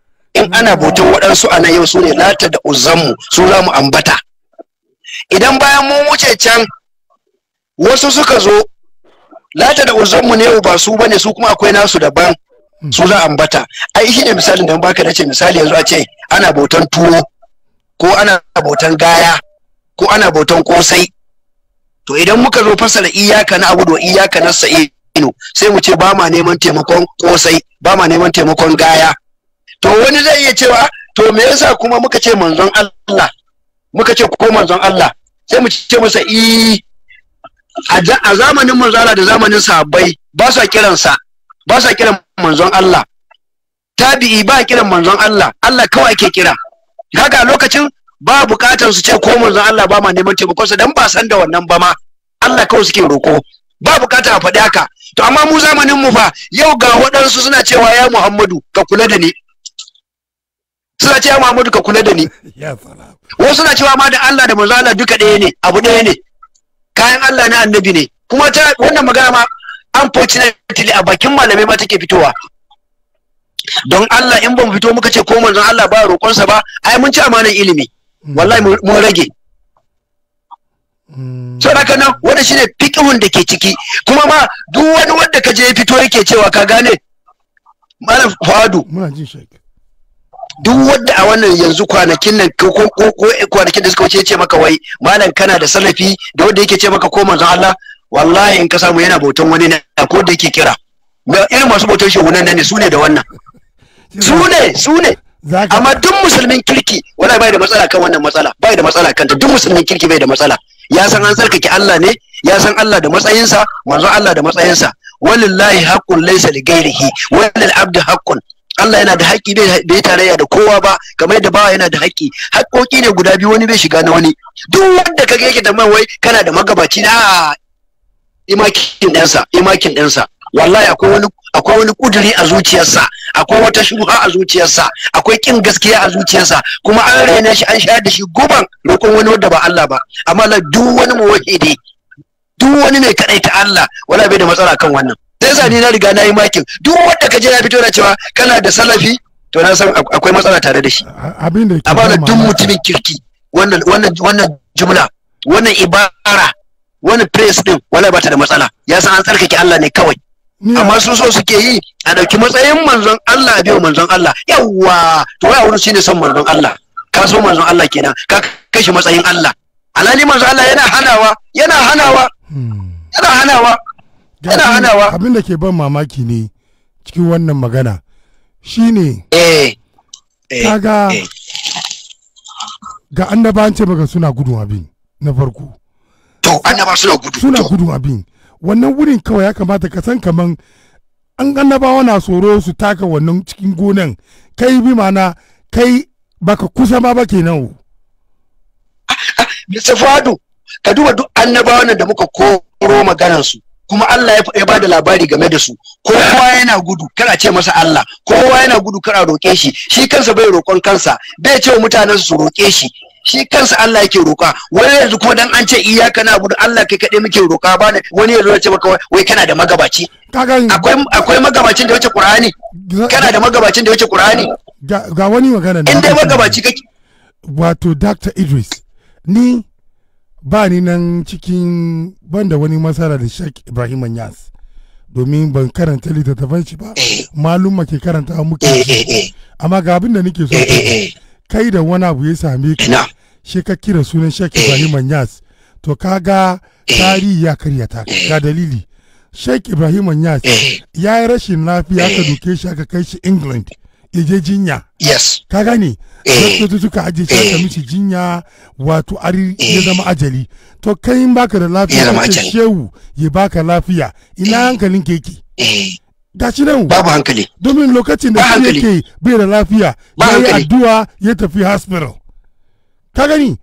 in ana bautan waɗansu a nan yau su ne lata da uzanmu su za mu ambata idan bayan mu wuce can wasu suka zo lata da uzanmu ne ba su bane su kuma akwai nasu daban su za ambata ai shi ne misalin da baka nace misali yanzu a ce ana bautan tuwo ko ana bautan gaya ko ana bautan kosai to idan muka zo fasara iyaka na abu da iyaka na sa'inu sai mu ce ba ma neman taimakon kosai ba ma neman taimakon gaya to wani zai iya cewa to me yasa kuma muka ce manzon Allah muka ce ko manzon Allah sai mu ce masa i eh, a zamanin manzon Allah da zamanin sahabbai ba sa kiransa ba sa kiran manzon Allah tabi'i ba kiran manzon Allah Allah kawai ke kira kaga lokacin ba bukatar su ce ko manzon Allah ba ma neman taimakon sa dan ba san da wannan ba ma Allah kawai suke roko ba bukata a faɗi haka to amma mu zamanin mu fa yau ga waɗansu suna cewa ya Muhammadu ka kula da ni suna cewa Muhammadu ka kula da ni wasu suna cewa ma da Allah da manzala duka ɗaya ne abu ɗaya ne kayan Allah na annabi ne kuma ta wannan magana ma unfortunately a bakin malamai ma take fitowa don Allah in ban fito muka ce ko manzon Allah ba roƙonsa ba ai mun ci amanan ilimi wallahi mun rage hmm. so haka nan wanda shine fiqhun da ke ciki kuma ma duk wani wanda ka je fito yake cewa ka gane malam Fadu muna jin shekara duk wanda a wannan yanzu kwanakin nan ko kwanakin da suka wuce ce maka wai malam kana da salafi da wanda yake ce maka ko manzon Allah wallahi in ka samu yana bautan wani na ko da yake kira ga irin masu bautan shi wannan ne sune da wannan sune sune amma duk musulmin kirki wallahi bai da matsala kan wannan matsala bai da matsala ta duk musulmin kirki bai da matsala ya san an tsarkake Allah ne ya san Allah da matsayinsa manzon Allah da matsayinsa walillahi haqqun laysa li ghairihi walil abdu haqqun Allah yana da haƙƙi bai tarayya da kowa ba kamar da bawa yana da haƙƙi haƙƙoƙi ne guda biyu wani bai shiga na wani duk wanda kaga yake mai wai kana da magabaci na ah, imakin ɗansa imakin ɗansa wallahi akwai wani akwai wani kuduri a zuciyarsa akwai wata shubha a zuciyarsa akwai kin gaskiya a zuciyarsa kuma an raina shi an shayar da shi guban lokacin wani wanda ba Allah ba amma duk wani muwahhidi duk wani mai kadaita Allah wala bai da matsala kan wannan sai zani na riga na yi makin duk wanda ka ya fito na cewa kana da salafi to na san akwai matsala tare da shi abin da amma duk mutumin kirki wannan wannan wannan jumla wannan ibara wannan praise din wala ba ta da matsala ya san an tsarkake Allah ne kawai amma su so suke yi a dauki matsayin manzon Allah biyo manzon Allah yawa to wai wani shine son manzon Allah ka so manzon Allah kenan ka kashi matsayin Allah alali manzon Allah yana hanawa yana hanawa hmm. yana hanawa yana abin da ke ban mamaki ne cikin wannan magana shine eh. eh. kaga eh. ga ga an ce maka suna gudun abin na farko to annaba suna gudu suna gudun abin wannan wurin kawai ya kamata ka san kaman an annabawa na tsoro su taka wannan cikin gonan kai bi mana kai baka kusa ma ba kenan ah, ah, Mr. Fado, ka duba duk annabawan da muka koro maganar su kuma Allah ya ba da labari game da su kowa yana gudu kana ce masa Allah kowa yana gudu kana roƙe shi shi kansa bai roƙon kansa bai ce wa mutanen su roƙe shi shi kansa Allah yake roƙa wani yanzu kuma dan an ce iyaka na gudu Allah kai kaɗai muke roƙa ba ne wani yanzu ya ce maka wai kana da magabaci akwai akwai magabacin da ya wuce Qur'ani kana da magabacin da ya wuce Qur'ani ga wani magana in dai magabaci kake wato Dr Idris ni ba ni nan cikin ban da wani masara da Sheikh Ibrahim Anyas domin ban karanta littattafan shi ba eh. maluma ke karanta muke eh, eh, amma ga abin da nake so kai da wani abu ya same ka shi ka kira sunan Sheikh Ibrahim Anyas to ka ga tarihi ya karyata ta ga dalili Sheikh Ibrahim Anyas ya yi rashin lafiya ka duke shi aka kai shi England ya je jinya yes ka gane doctor suka aje shi ka eh. mishi jinya wato ari eh. ya zama ajali to kai in baka da lafiya ya zama ajali. shehu ya baka lafiya ina eh. hankalin ke yake ga nan babu hankali domin lokacin da kake ke bai da lafiya ya yi addu'a ya tafi hospital ka gani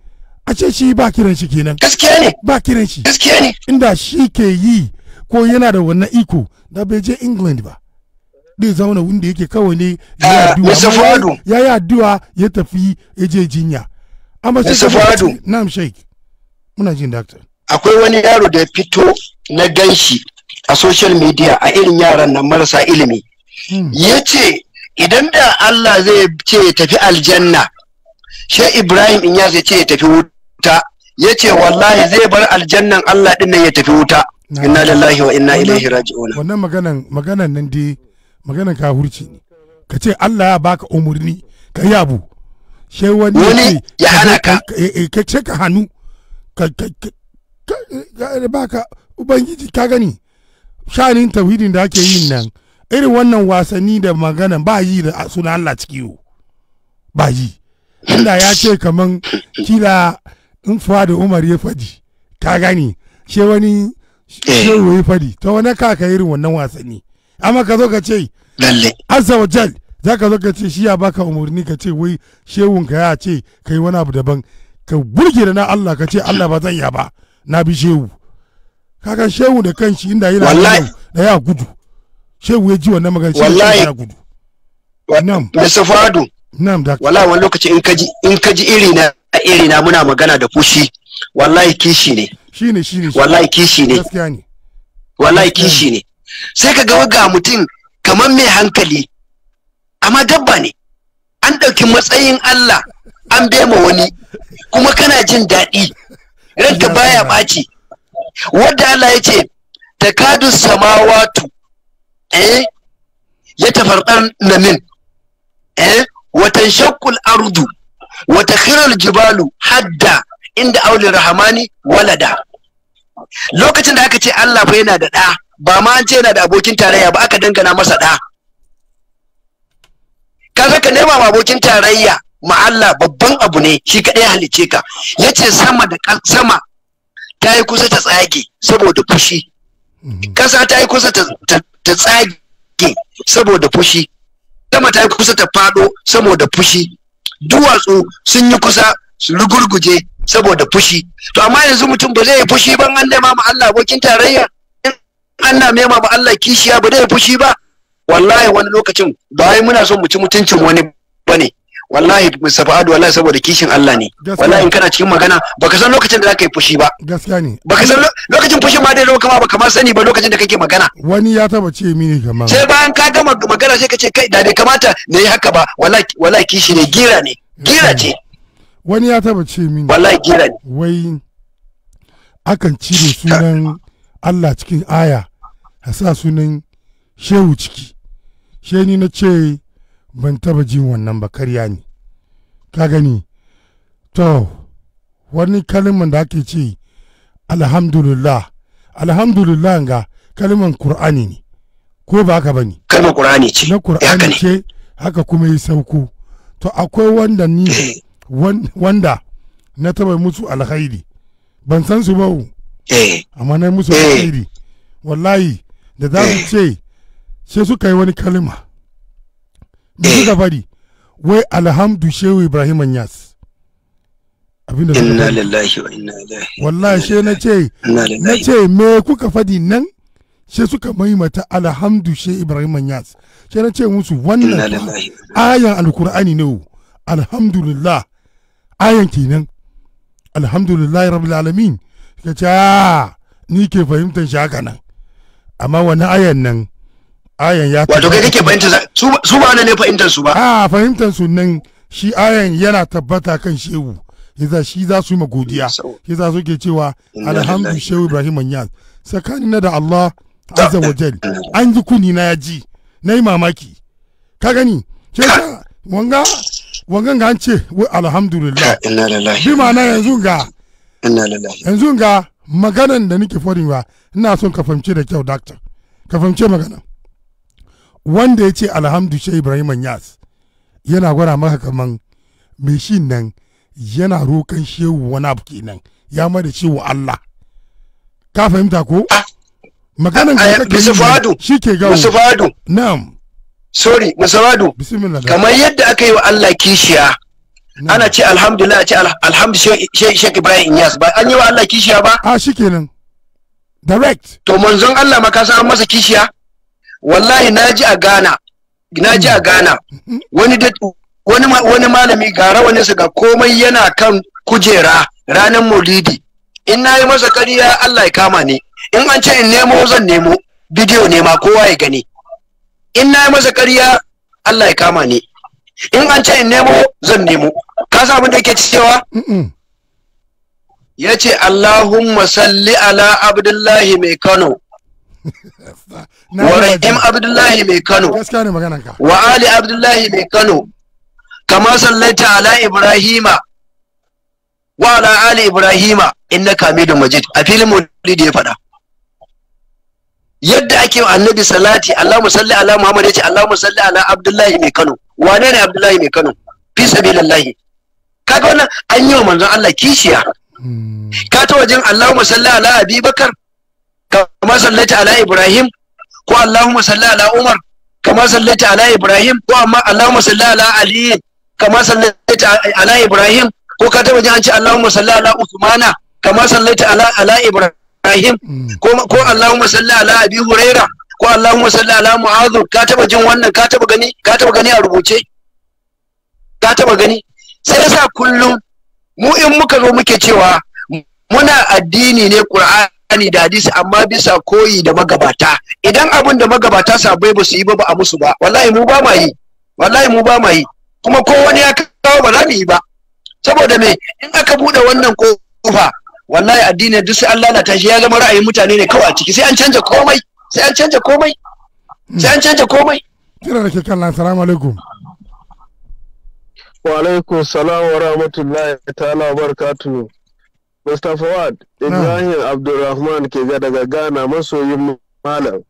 a ce shi ba kiran shi kenan gaskiya ne ba kiran shi gaskiya ne inda shi ke yi ko yana da wannan iko da bai je england ba dai zauna wanda yake kawai ne eh, ya yi addu'a ya tafi ya je jinya amma sai na'am sheik muna jin doctor akwai wani yaro da ya fito na ganshi a social media a irin yaran nan marasa ilimi hmm. ya ce idan da Allah zai ce ya tafi aljanna she Ibrahim in ya ce ya tafi wuta ya ce wallahi zai bar aljannan Allah ɗin ya tafi wuta inna lillahi wa inna ilaihi raji'un wannan maganan maganan nan dai maganan ka hurci ka ce Allah ya baka umarni ka yi abu sai wani ya hana eh, eh, ka ce ka hannu ka baka ubangiji ka gani shanin tauhidin da ake yin nan irin wannan wasanni da magana ba yi da suna Allah ciki ba yi Allah ya ce kaman kila in fa da Umar ya fadi ka gani she wani eh. shehu ya fadi ta wani kaka irin wannan wasanni amma ka zo ka ce lalle azza wa jal za ka zo ka ce shi ya baka umarni ka ce wai shehun ka ya ce kai wani abu daban ka burge da na Allah ka ce Allah ba zan ya ba na bi shehu kaga shehu da kanshi inda yana da ya gudu shehu ya ji wannan magana wallahi ya gudu na'am Mr. Fadu na'am da wallahi wani lokaci in kaji in kaji iri na iri na muna magana da fushi wallahi kishi ne shine shine wallahi kishi ne gaskiya ne wallahi kishi ne sai ka ga ga mutum kamar mai hankali amma dabba ne an ɗauki matsayin Allah an bema wani kuma kana jin daɗi ranka baya ɓaci wadda Allah ya ce takadu samawatu eh ya tafarɗar namin eh watan shakkul ardu wata hirar jibalu hadda inda aulin rahamani walada lokacin da aka ce Allah fa yana da ɗa ba ma an ce yana da abokin tarayya ba aka na masa ɗa ka ka nema ma abokin tarayya ma Allah babban abu ne shi kaɗai halice ka yace sama da sama ta yi kusa ta tsage saboda fushi kasa mhm. ta yi kusa ta tsage saboda fushi sama ta yi kusa ta faɗo saboda fushi duwatsu sun yi kusa su rugurguje saboda fushi to amma yanzu mutum ba zai yi fushi ban an nema ma Allah abokin tarayya Allah mai ma Allah kishiya ba zai fushi ba wallahi wani lokacin ba wai muna son mu ci mutuncin wani bane wallahi Mustapha Adu wallahi saboda kishin Allah ne wallahi in kana cikin magana baka san lokacin da zaka yi fushi ba gaskiya ne baka san lokacin fushi ma dai lokacin ba kamar ma sani ba lokacin da kake magana wani ya taba ce mini kamar sai bayan ka gama magana sai ka ce kai da dai kamata ne yi haka ba wallahi wallahi kishi ne gira ne gira ce wani ya taba ce mini wallahi gira ne wai akan cire sunan [LAUGHS] Allah cikin aya a sa sunan shehu ciki she ni na ce ban taba jin wannan ba karya ne ka gani to wani kalman da ake ce alhamdulillah alhamdulillah ga kalman qur'ani ne ko ba haka bane kalmar qur'ani ce na qur'ani ce haka kuma yi sauko to akwai wanda ni eh. wanda na taba musu alhaidi ban san su ba eh. amma na musu eh. alhaidi wallahi da za su ce sai suka yi wani kalima me suka faɗi wai alhamdu shehu ibrahim anyas abinda su ka lillahi wa inna ilaihi wallahi she na ce na ce me kuka faɗi nan Sai suka maimata alhamdu she ibrahim anyas she na ce musu wannan ayan alkur'ani ne alhamdulillah ayan kenan alhamdulillah rabbil alamin ka ce ah, ni ke fahimtar shi haka nan amma wani ayan nan ayan ya wato kai kake fahimtar su ba ne fahimtar su ba a fahimtar su nan shi ayan yana tabbata kan shehu yanzu shi za su yi ma godiya su ke cewa alhamdu shehu ibrahim anyas tsakanin na da allah azza wa jal an ji kuni na ya ji na yi mamaki ka gani ce ta wanga wangan ga an ce wai alhamdulillah bi ma na yanzu ga yanzu ga maganan da nake fadin ina son ka fahimce da kyau doctor ka fahimce magana wanda ya ce alhamdu shai ibrahim yas yana gwada maka kaman mai shi nan yana rokan shehu wani abu kenan ya mada shehu allah ka fahimta ko maganan ka kake yi shi ke gawo na'am sorry musafadu kamar yadda aka yi wa allah kishiya ana ce alhamdulillah a ce alhamdu shek ibrahim inyas ba an yi wa allah kishiya ba a ah, kenan direct to manzon allah maka san an masa kishiya wallahi na ji a ghana na ji a ghana mm-hmm. wani wani wani malami ga rawaninsa ga komai yana kan kujera ranar maulidi in na yi masa kariya allah ya kama ni in an ce in nemo zan nemo bidiyo ne ma kowa ya gani in na yi masa kariya allah ya kama ni in an ce in nemo zan nemo ka san abin da yake cewa ya ce Allahumma salli ala abdullahi mai Kano wa rahim abdullahi mai Kano wa ali abdullahi mai Kano kama sallaita ala ibrahima wa ala ali ibrahima innaka hamidum majid a filin maulid ya faɗa yadda ake annabi salati Allahumma salli ala muhammad yace Allahumma salli ala abdullahi mai Kano wane ne abdullahi mai kano fi lallahi kaga wannan an yi wa manzon Allah kishiya ka ta wajen Allahumma salli ala Abi Bakar kama sallaita ala Ibrahim ko Allahumma salli ala Umar kama sallaita ala Ibrahim ko amma Allahumma salli ala Ali kama sallaita ala Ibrahim ko ka ta wajen an ce Allahumma salli ala usmana kama sallaita ala ala Ibrahim ko ko Allahumma salli ala Abi Hurairah ko Allahumma salli ala mu'adhu ka taba jin wannan ka taba gani ka taba gani a rubuce ka taba gani sai yasa kullum mu in muka zo muke cewa muna addini ne Qur'ani da hadisi amma bisa koyi da magabata idan abin da magabata sabai ba su yi ba ba a musu ba wallahi mu ba ma yi wallahi mu ba ma yi kuma ko wani ya kawo ba za mu yi ba saboda me in aka bude wannan kofa wallahi addini duk sai Allah na tashi ya zama ra'ayin mutane ne kawai a ciki sai an canja komai sai an canja komai sai an canja komai kira da ke kallon assalamu alaikum wa alaikum salam wa rahmatullahi ta'ala barakatuhu Mr. Fawad Ibrahim Abdulrahman ke ga daga Ghana masoyin malam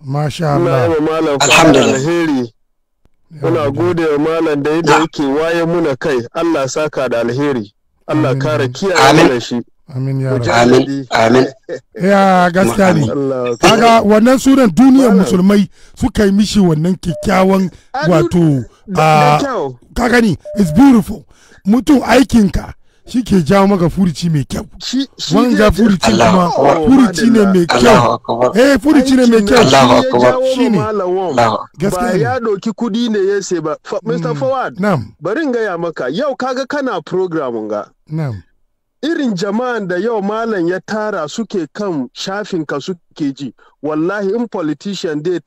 Masha Allah. Ina yi malam fara alheri. Muna gode wa malam da yadda yake waye muna kai. Allah saka da alheri. Allah kare kiyaye mana shi. amin ya amin amin [LAUGHS] ya gaskiya ne kaga wannan sunan duniyar musulmai suka yi mishi wannan kyakkyawan wato ah, kaga gani it's beautiful mutum aikinka shi ke jawo maka furici mai kyau wanga furici kuma furici ne mai kyau eh furici ne mai kyau shi ne gaskiya ya doki kudi ne ya ba mr mm. forward na'am ga ya maka yau kaga kana program ga na'am irin jama'an da yau malam ya tara suke kan shafinka suke ji wallahi in politician dai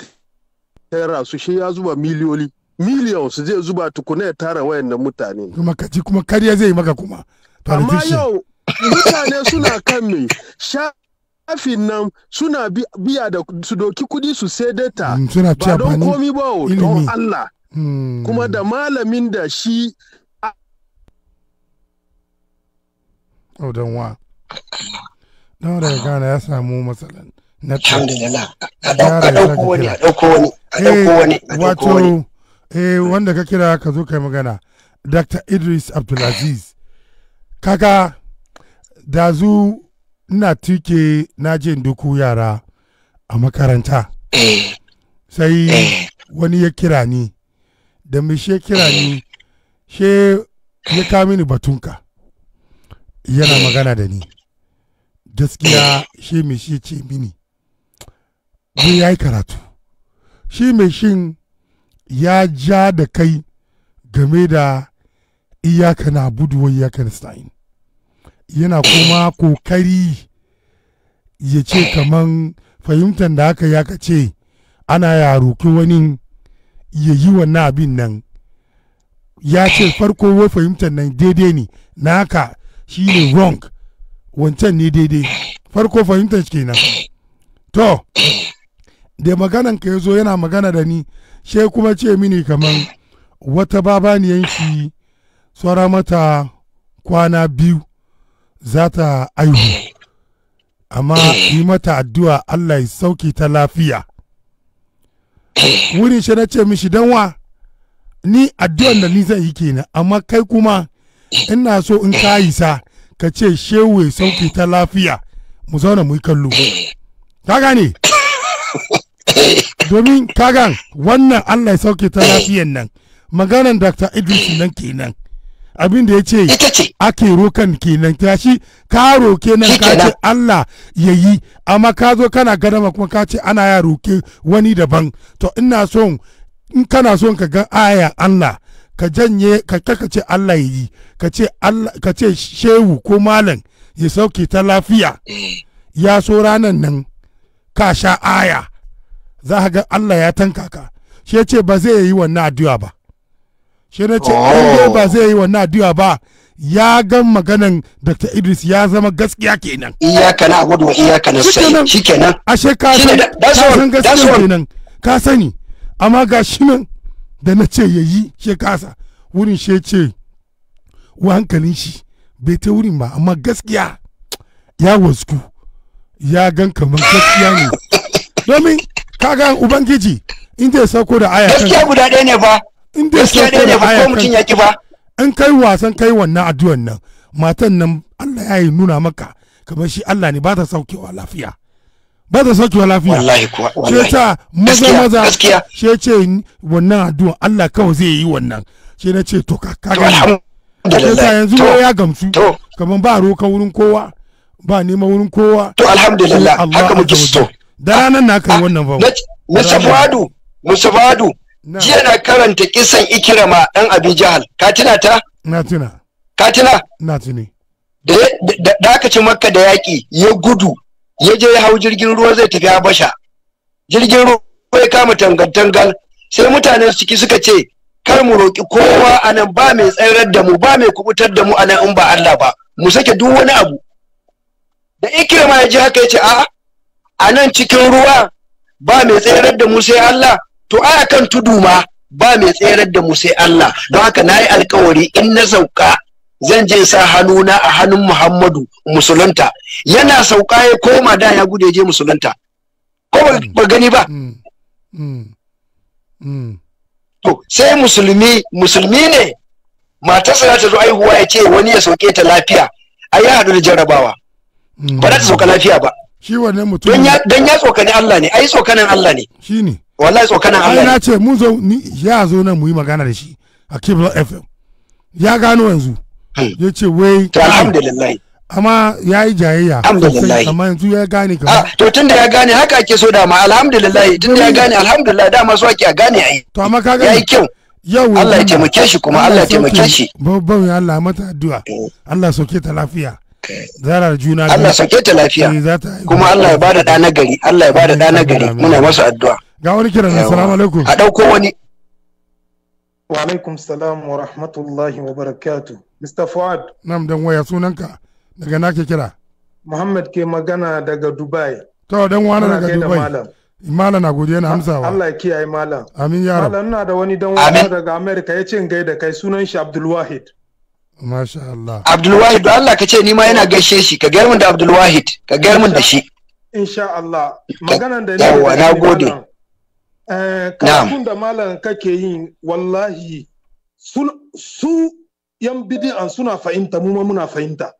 tara su shi ya zuba miliyoli millions zai zuba tukuna ya tara da mutane kuma ji kuma kariya zai maka kuma amma yau mutane suna kan me shafin nan suna biya da su doki kudi su sai data mm, ba don komi ba don Allah mm. kuma da malamin da shi Oh, don daga Ghana ya samu matsalan. Na Alhamdulillah. A wanda ka kira ka zo kai magana. Dr. Idris Abdulaziz. Kaka, dazu na tuke na duku yara a makaranta. Eh. Sai eh. wani ya kira ni, da mai she kira ni, eh. she ya kamini batunka. yana magana da ni gaskiya shi mai shi ce mini bai ya yi karatu shi mai shin ya ja da kai game da iyaka na buduwa iyaka na yana kuma kokari ya ce kaman fahimtar da aka yaka ce ana ya roƙi wani ya yi wannan abin nan ya ce farko wai fahimtar nan daidai ne na haka shi ne wrong wancan ne daidai farko fahimtar kenan to da maganan ka ya zo yana magana da ni she kuma ce mini kaman wata babaniyan yanki tsara mata kwana biyu za ta aihu amma yi mata addu'a Allah ya sauke ta lafiya wurin shi na ce mishi danwa ni addu'an da ni zai yi kenan amma kai kuma ina so in ka isa ka ce shehu ya sauke ta lafiya mu zauna mu yi kallo ka gane domin ka gan wannan allah ya sauke ta lafiyan nan maganan dr idris nan kenan abin da ya ce ake rokan kenan ta shi ka roke nan ka ce Allah ya yi amma ka zo kana gadama kuma ka ce ana ya roke wani daban to ina son in kana son ka ga aya Allah ka janye ka ce Allah ya yi ka ce ka ce shehu ko malam ya sauke ta lafiya ya so ranan nan ka sha aya za ka ga Allah ya tanka ka shi ya ce ba zai yi wannan addu'a ba shi na ce ba zai yi wannan addu'a ba ya gan maganan Dr. Idris ya zama gaskiya kenan. Iyaka na gudu iyaka na sai shi a Ashe ka san gaskiya kenan ka sani amma ga shi nan da na ce ya yi shi kasa wurin shi ce wa hankalin shi bai ta wurin ba amma gaskiya ya wasku ya gan kamar gaskiya ne domin kaga ubangiji in dai sauko da aya gaskiya guda ɗaya ne ba in dai sauko da aya kan ya ki ba in kai wasan kai wannan addu'an nan matan nan Allah ya yi nuna maka kamar shi Allah ne ba ta saukewa lafiya ba ta sauke lafiya wallahi kuwa wallahi ta maza maza she ce wannan addu'a Allah kawai zai yi wannan she na ce to ka kaga she ta yanzu ya gamsu kamar ba roka wurin kowa ba nema wurin kowa to alhamdulillah haka muke so da ranan na kai ah, wannan ba musafadu musafadu jiya na karanta kisan ikirama dan abijahal jahal ka tuna ta na tuna ka tuna na tuni da aka ci makka da yaƙi ya gudu ya je ya hau jirgin ruwa zai tafi habasha jirgin ruwa ya kama tangal-tangal sai mutanen ciki suka ce kar mu roƙi kowa a nan ba mai tsayar da mu ba mai kubutar da mu a nan in ba Allah ba mu sake duk wani abu da ikirma ya ji haka ya ce a a nan cikin ruwa ba mai tsayar da mu sai Allah to a kan tudu ma ba mai tsayar da mu sai Allah don haka na yi alkawari in na sauka zan je sa hannuna a hannun Muhammadu musulunta yana sauka ya koma da ya gude je musulunta ko ba gani ba mm, mm, mm. to sai musulmi musulmi ne Mata za ta zo aihuwa ya ce wani ya sauke ta lafiya a ya haɗu da jarabawa ba za ta sauka lafiya ba shi wannan mutum don ya tsokani Allah ne ai tsokanin Allah ne shi ne wallahi tsokanin Allah ne ai na ce mun zo ya zo nan mu yi magana da shi a Kibla FM ya gano yanzu Hmm. ya ce wai alhamdulillah amma ya yi jayayya alhamdulillah amma yanzu ya gane ka ah, to tun da ya gane haka ake so dama alhamdulillah tun da ya gane alhamdulillah dama so ake a gane ai to amma ka gane yayi kyau yau Allah ya taimake shi kuma Allah ya taimake shi babban ya Allah mata addu'a eh. Allah sauke ta lafiya zarar juna Allah sauke ta lafiya eh, kuma Allah ya bada da nagari Allah ya bada da nagari muna masa addu'a ga wani kiran assalamu alaikum a dauko wani wa alaikum salam wa rahmatullahi wa barakatuh Mr. Fuad. Nam dan waya sunanka daga na ke kira. Muhammad ke magana daga Dubai. To dan wani daga Dubai. Malam na gode na amsawa. Allah ya kiyaye malam. Amin ya Malam ina da wani dan wani daga America ya ce in gaida kai sunan shi Abdul Wahid. Masha Allah. Abdul Wahid Allah ka ce ni ma yana gaishe shi ka gayar da Abdul Wahid ka gayar mun da shi. Insha Allah. Maganan da ni. Yawwa na gode. Eh, karatun da malam kake yin wallahi su yan bid'an suna fahimta mu ma muna fahimta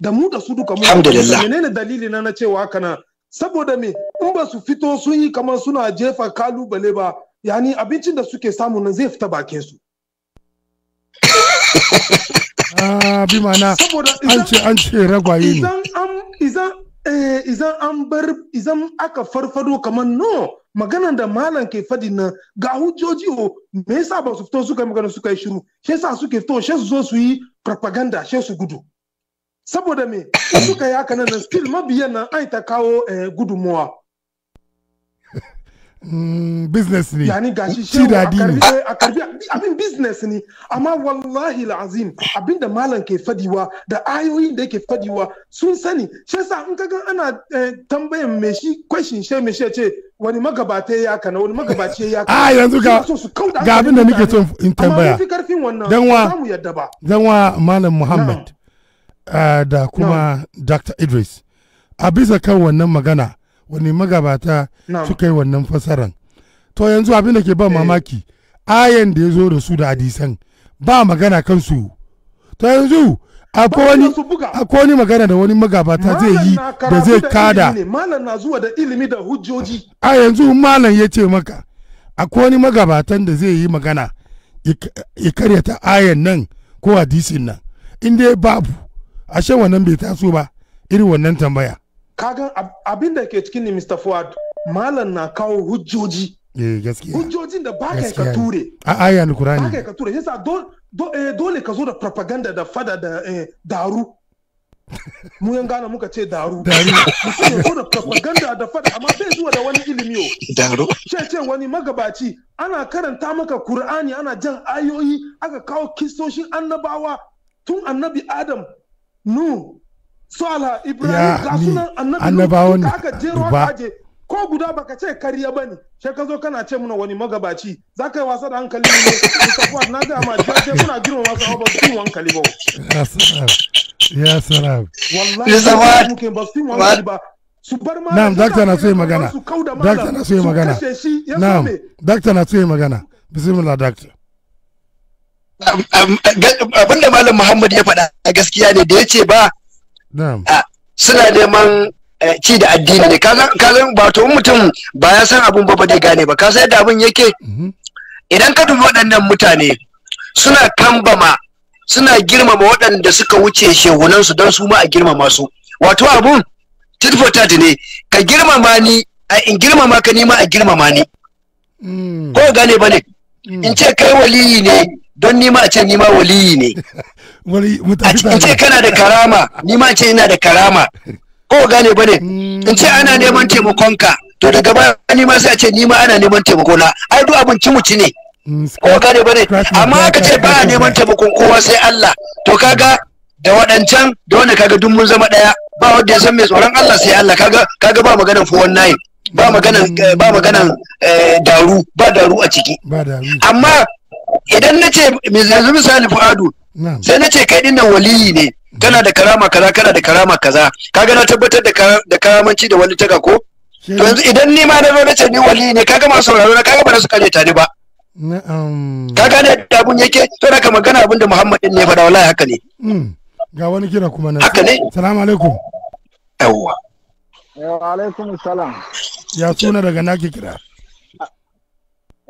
da mu da su duka mu alhamdulillah menene dalili na na cewa na saboda me in ba su fito sun yi kamar suna jefa kalubale ba yani abincin da suke samu nan zai fita bakin su ah bi mana an ce an ce ragwaye ne idan an idan eh idan an bar idan aka farfado kamar no maganan da malam ke fadi nan ga hujjoji o me yasa ba su fito suka magana suka yi shiru shi yasa suke fito shi su zo su yi propaganda shi su gudu saboda me suka yi haka nan skill mabiyan nan an ta kawo eh, gudunmuwa Mm, business ne yani gashi shi a karbi a karbi abin business ne amma wallahi abin abinda malam ke fadiwa da ayoyin da yake fadiwa sun sani shi yasa in kaga ana eh, tambayan me shi question shi me shi ce wani magabata ya kana wani magabaci ya kana a [LAUGHS] ah, yanzu ga ga abin da nake son in tambaya dan wa dan wa malam muhammad ah, da kuma dr idris a bisa kan wannan magana wani magabata suka yi wannan fasaran to yanzu abin da ke ban eh. mamaki ayan da ya zo da su da hadisan ba magana kansu to yanzu akwai wani magana da wani magabata zai yi da zai kada a yanzu malam ya ce maka akwai wani magabatan da zai yi magana ya karyata ayan nan ko hadisin nan inda ya babu ashe wannan bai taso ba irin wannan tambaya kagan abin da ke cikin ni Mr. Fuad malam na kawo hujjoji eh, hujjojin da ba kai ka ture a ayan kurani ba kai ka ture yasa eh, dole ka zo da propaganda da fada da eh, daru mu yan gana muka ce daru daru mutum ya zo da propaganda da fada amma bai zuwa da wani ilimi o daru ce ce wani magabaci ana karanta maka Qur'ani ana jan ayoyi aka kawo kistoshin annabawa tun annabi Adam nu Sola ibrahim ko guda baka ce kariya ba ne kana ce muna wani magabaci za ka yi wasa da ya salam wallahi na'am dakta na so magana dakta na so dakta na so yi magana bismillah dakta abinda malam muhammad ya faɗa gaskiya ne da ya ce ba Ah, suna neman eh, ci da addini ne kazan ba to mutum ba ya san abun ba bade gane ba ka yadda abun yake mm-hmm. idan ka dubi waɗannan mutane suna kambama suna girmama waɗanda suka wuce shehunansu don su ma a girmama su wato abun tit ne ka girmama ni a in girmama ka ni ma a girmama ni mm. ko gane ba ne mm. in ce kai waliyi ne don nima a ce nima waliyi ne [LAUGHS] in ce kana da karama nima a ce ina da karama ko gane ba ne hmm. in ce ana neman taimakonka to daga baya nima sai a ce nima ana neman taimakona ai duk abinci mu ci ne hmm, ko gane ba ne amma aka ce ba a neman taimakon kowa sai Allah to kaga da waɗancan da wanda kaga duk mun zama ɗaya ba wanda ya san mai tsoron Allah sai Allah kaga kaga ba maganar 419 ba maganan ba maganan eh, eh, daru ba daru a ciki amma idan na ce yanzu misali fu'adu sai na ce kai dinnan waliyi ne kana da karama kaza kana da karama kaza kaga na tabbatar da karamanci da wani taga ko to yanzu idan ni ma na zo na ce ni waliyi ne kaga masu sauraro na kaga ba su kare ta ni ba kaga ne da abun yake to da ka magana abin da Muhammad din ne fada, wallahi haka ne mm. ga wani kira kuma na haka ne salamu alaikum yawwa wa alaikum salam ya suna daga naki kira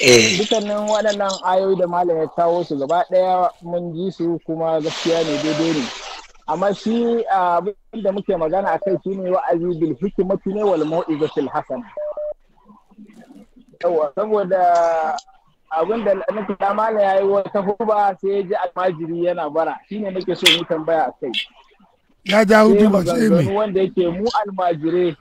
Eh. dukkanin waɗannan ayoyi da malam ya kawo su gaba ɗaya mun ji su kuma gaskiya ne daidai ne amma shi ah, abin da muke magana akai shi ne wa'azi bil hikimati ne wal mau'izatil hasana yawa saboda abin da nake da malam yayi wata huba sai ya ji almajiri yana bara shine nake so mu tambaya akai ya ja hudu ba sai me wanda yake mu almajire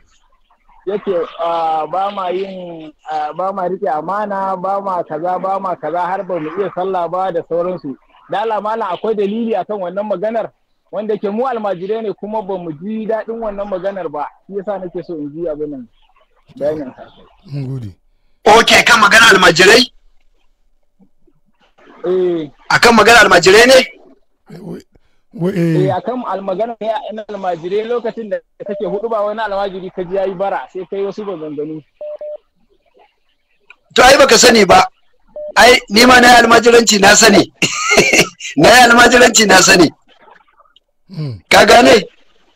yake ah, ba ma yin ah, ba ma rike amana ba ma kaza ba ma kaza har ba mu iya sallah ba da sauransu da malam akwai dalili akan wannan maganar wanda ke mu almajirai ne kuma ba mu ji daɗin wannan maganar ba shi yasa nake so in ji abin nan bayanin gode okay kan magana almajirai eh akan magana almajirai ne eh, Eh. eh akan almagana ne a yan almajirai lokacin da kake hudu ba wani almajiri ka ji yi bara sai kai wasu maganganu. To ai baka sani ba. Ai ni ma na almajiranci na sani. [LAUGHS] na yi almajiranci na sani. Hmm. Ka gane?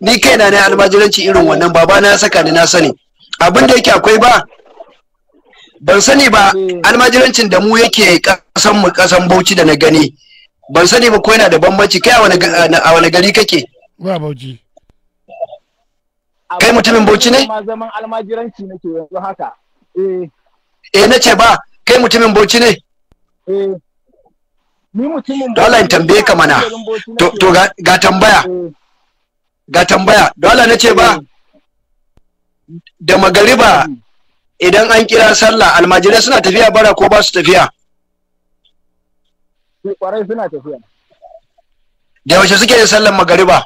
Ni kaina na almajiranci irin wannan baba na saka ni na sani. Abin da yake akwai ba ban sani ba eh. almajirancin da mu yake kasan mu kasan Bauchi da na gani. ban sani ba ko yana da bambanci kai a wani gari kake ba bauchi kai mutumin bauchi ne zaman almajiranci nake yanzu haka eh eh nace ba kai mutumin bauchi ne eh ni mutumin bauchi dole in tambaye ka mana to ga tambaya eh. ga tambaya dole nace ba eh. da magariba idan an kira sallah almajirai suna tafiya bara ko ba su tafiya kwarai suna tafiya da yaushe suke yin sallar magariba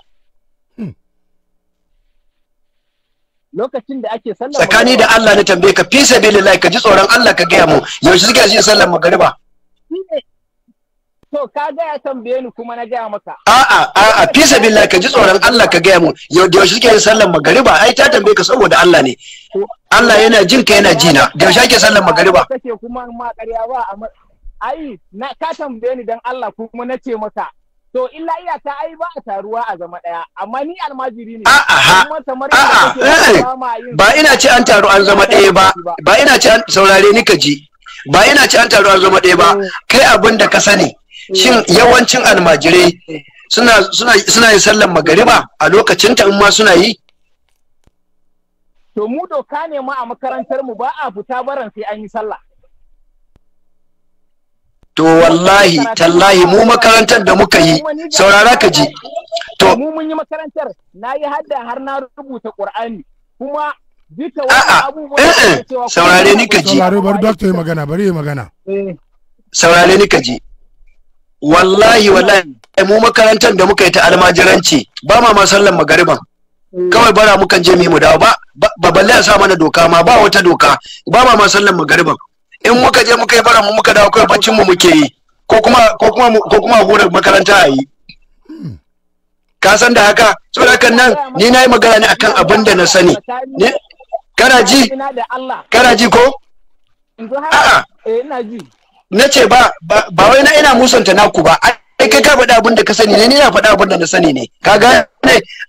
lokacin da ake sallar tsakani da Allah ne tambaye ka fi lillahi ka ji tsoron Allah ka gaya mu yaushe suke yin sallar magariba to ka gaya tambaye ni kuma na gaya maka a'a a'a fi lillahi ka ji tsoron Allah ka gaya mu yaushe suke yin sallar magariba ai ta tambaye ka saboda Allah ne Allah yana jin ka yana jina yaushe ake sallar magariba kake kuma ma ƙarya ba ai na ka tambaye ni dan Allah kuma na ce maka to illa iyaka ai ba a taruwa a zama daya amma ni almajiri ne a'a eh, ba ina ce an taru an zama daya ba ba ina ce an saurare ni ka ji ba ina ce an taru an zama daya ba eh. kai abin da ka sani eh. shin yawancin almajirai suna suna suna yin sallar magariba a lokacin ta in ma suna yi to mu doka ne ma a makarantar mu ba a fita baran sai an yi sallah to wallahi tallahi mu makarantar da muka yi saurara ka ji to mu mun yi makarantar na yi hadda har na rubuta qur'ani kuma duka wani eh, eh, cewa saurare ni ka ji saurare bar doctor yi magana bari yi magana eh. saurare ni ka ji wallahi wallahi mu makarantar da muka yi ta almajiranci ba ma masallan magariban kawai bara mukan je mu dawo ba ba balle a sa mana doka ma ba wata doka ba ma masallan magariban in muka je muka yi bara mu muka dawo kawai baccin mu muke yi ko kuma ko kuma ko kuma hura makaranta a yi ka san da haka saboda kan nan ni na yi magana ne akan abin da na sani kana ji kana ji ko a'a na ce ba ba wai na ina musanta naku ba ai kai ka faɗa abin da ka sani ne ni na faɗa abin da na sani ne ka gane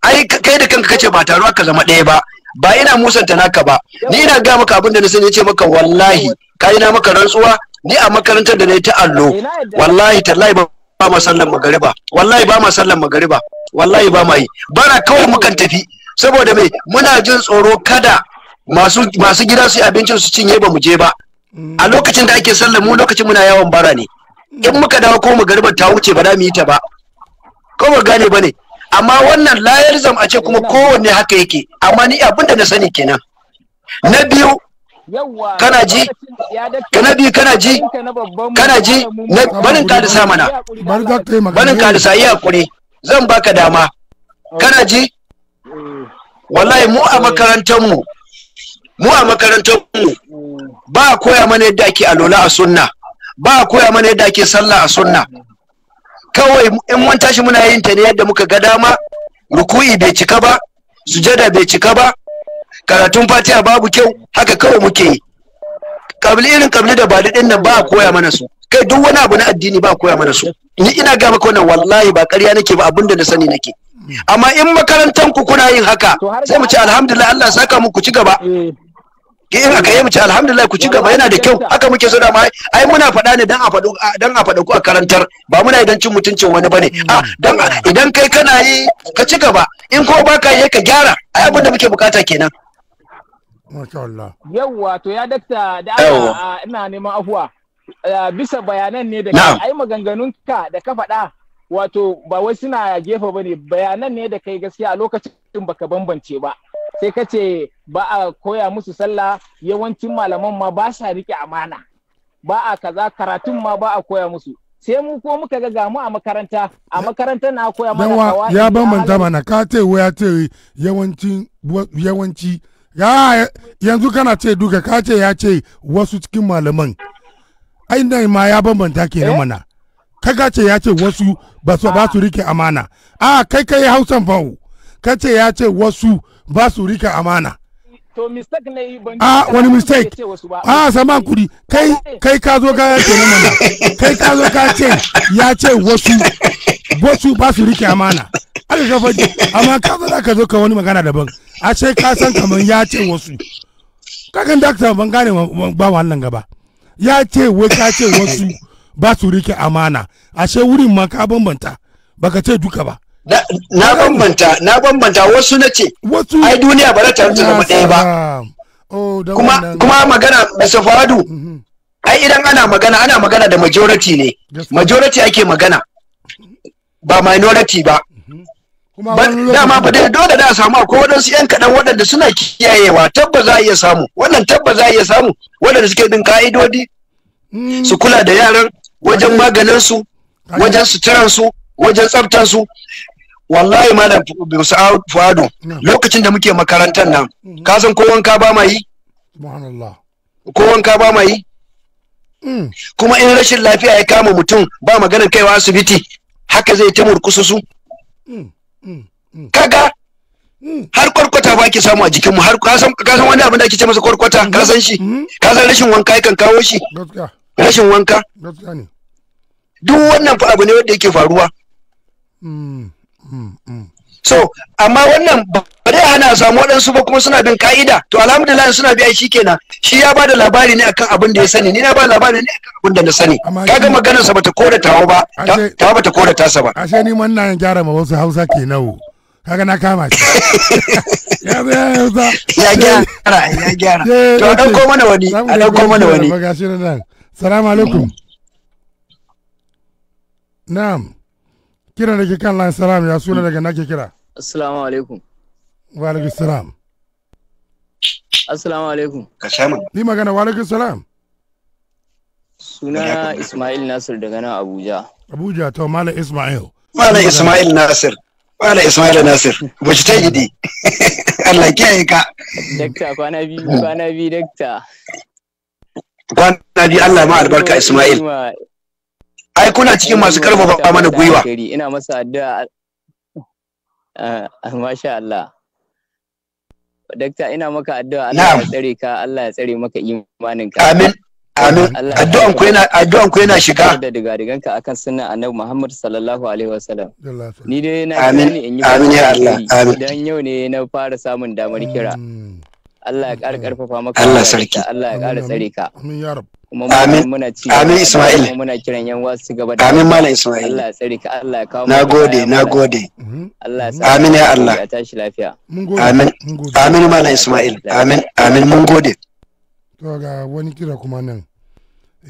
ai kai da kanka kace ba taruwa ka zama ɗaya ba ba ina musanta naka ba ni ina ga maka abin da na sani ce maka wallahi kai na maka rantsuwa ni a makarantar da na yi ta allo wallahi tallahi ba ma sallan magariba wallahi ba ma sallan magariba wallahi ba ma yi bara kawai mukan tafi saboda me muna jin tsoro kada masu masu gida su abincin su cinye ba mu je ba a mm. lokacin da ake sallan mu lokacin muna yawan bara ne in mm. muka dawo ko magariba ta wuce ba za mu yi ta ba ko ba gane ba ne amma wannan layar zam a ce kuma kowanne haka yake amma ni abinda na sani kenan na biyu kana ji kana bi kana ji kana ji barin ka da sa mana barin ka da sa iya hakuri zan baka dama kana ji wallahi mu a makarantar mu mu a makarantar mu ba koya mana yadda ake alola a sunna ba koya mana yadda ake sallah a sunna kawai in mun tashi muna yin ta ne yadda muka ga dama ruku'i bai cika ba sujada bai cika ba karatun fatiha babu kyau haka kawai muke yi kabili irin kabili da ba din nan ba a koya mana su kai duk wani abu na addini ba a koya mana su ni ina ga maka wannan wallahi ba ƙarya nake ba abinda na sani nake amma in makarantan ku kuna yin haka sai mu ce alhamdulillah Allah saka mu ku ci gaba eh. ke in aka yi mu ce alhamdulillah ku ci gaba yana da kyau haka muke so da mai ai muna faɗa ne dan a faɗo dan a faɗo ku a karantar ba muna idan cin mutuncin wani bane mm. ah, a dan idan kai kana yi ka ci gaba in ko baka yi ka gyara ai abin da muke bukata kenan Allah. Yawwa to ya dakta da aka ina neman afuwa. Bisa bayanan ne da ai maganganun ka da ka faɗa wato ba wai suna gefe ba ne bayanan ne da kai gaskiya a lokacin baka bambance ba. Sai ka ce ba a koya musu sallah yawancin malaman ma ba sa rike amana. Ba a kaza karatun ma ba a koya musu. sai mu ko muka ga gamu a makaranta a makaranta na koya mana kawai ya bambanta mana ka ce ya ce yawanci yawanci ya yanzu kana ce duka ka ce ya ce wasu cikin malaman ai nan ma ya bambanta ke na eh? mana kai ka ce ya ce wasu ba su ba su rike amana a kai kai hausan fawo ka ce ya ce wasu ba su rike amana to mistake ne ban a wani mistake a saman kudi kai kai ka zo ka ce na mana kai ka zo ka ce ya ce wasu wasu ba su rike amana aka ka faɗi amma ka ba za ka zo ka wani magana daban a sai ka san kamar ya ce wasu kakan dakta ban gane ba wannan gaba ya ce wai ka ce wasu ba su rike amana ashe wurin ma ka bambanta baka ce duka ba na bambanta na bambanta wasu na ce ai duniya ba ta rantsa gaba ɗaya ba oh, kuma kuma magana da Fadu mm-hmm. ai idan ana magana ana magana da majority ne majority ake magana ba minority ba dama ba dai dole da a samu akwai waɗansu yan kaɗan waɗanda suna kiyayewa tabba za a iya samu wannan tabba za a iya samu waɗanda suke bin ka'idodi mm. su kula da yaran wajen maganin su wajen suturan su wajen tsaftar su wallahi malam Musa Fuado lokacin da muke makarantar nan mm. ka san ko wanka ba ma yi ko wanka ba ma yi mm. kuma in rashin lafiya ya kama mutum ba maganar kaiwa asibiti haka zai ta murkusu su kaga har kwarkwata ba ke samu a jikinmu har ka san wani abin da ake ce masa kwarkwata ka san shi hmm? ka san rashin wanka yakan kawo shi rashin wanka duk wannan abu ne wanda yake faruwa hmm, hmm, so amma wannan ba dai hana samu waɗansu ba kuma suna bin ka'ida to alhamdulillah suna biya shi kenan shi ya bada labari ne akan abin da ya sani ni na ba labari ne akan abin da na sani kaga maganar sa bata kore tawo ba ta bata kore tasa ba ashe ni man nan gyara ma wasu Hausa ke nawo kaga na kama shi [LAUGHS] ya ya gyara ya gyara to dan ko mana wani dan ko mana wani assalamu alaikum na'am kira da ke kan lan salam ya suna daga hmm. nake kira assalamu alaikum wa alaikum salam assalamu alaikum ka shama ni magana wa alaikum salam suna ismail nasir daga nan abuja abuja to mala ismail mala ismail nasir mala ismail nasir bashi ta idi [LAUGHS] Allah yi ka dakta kwana biyu kwana biyu dakta kwana biyu Allah ma albarka ismail ai kuna cikin masu karfafa mana gwiwa ina masa addu'a a ah, masha Allah dakta ina maka addu'a Allah ya tsare ka Allah ya tsare maka imanin ka amin amin addu'an ku yana addu'an ku yana shiga da digadigan ka akan sunna annabi Muhammad sallallahu alaihi wasallam ni dai na ni in yi amin ya Allah amin dan yau ne na fara samun damar kira Allah ya ƙara ƙarfafa maka Allah sarki Allah ya ƙara tsare ka amin ya rab kuma muna ci amin isma'il muna kiran yan wasu gaba da amin malam isma'il Allah tsare ka Allah ya kawo nagode nagode mhm. Allah amin ya Allah ya tashi lafiya amin amin malam isma'il amin amin mun gode to ga wani kira kuma nan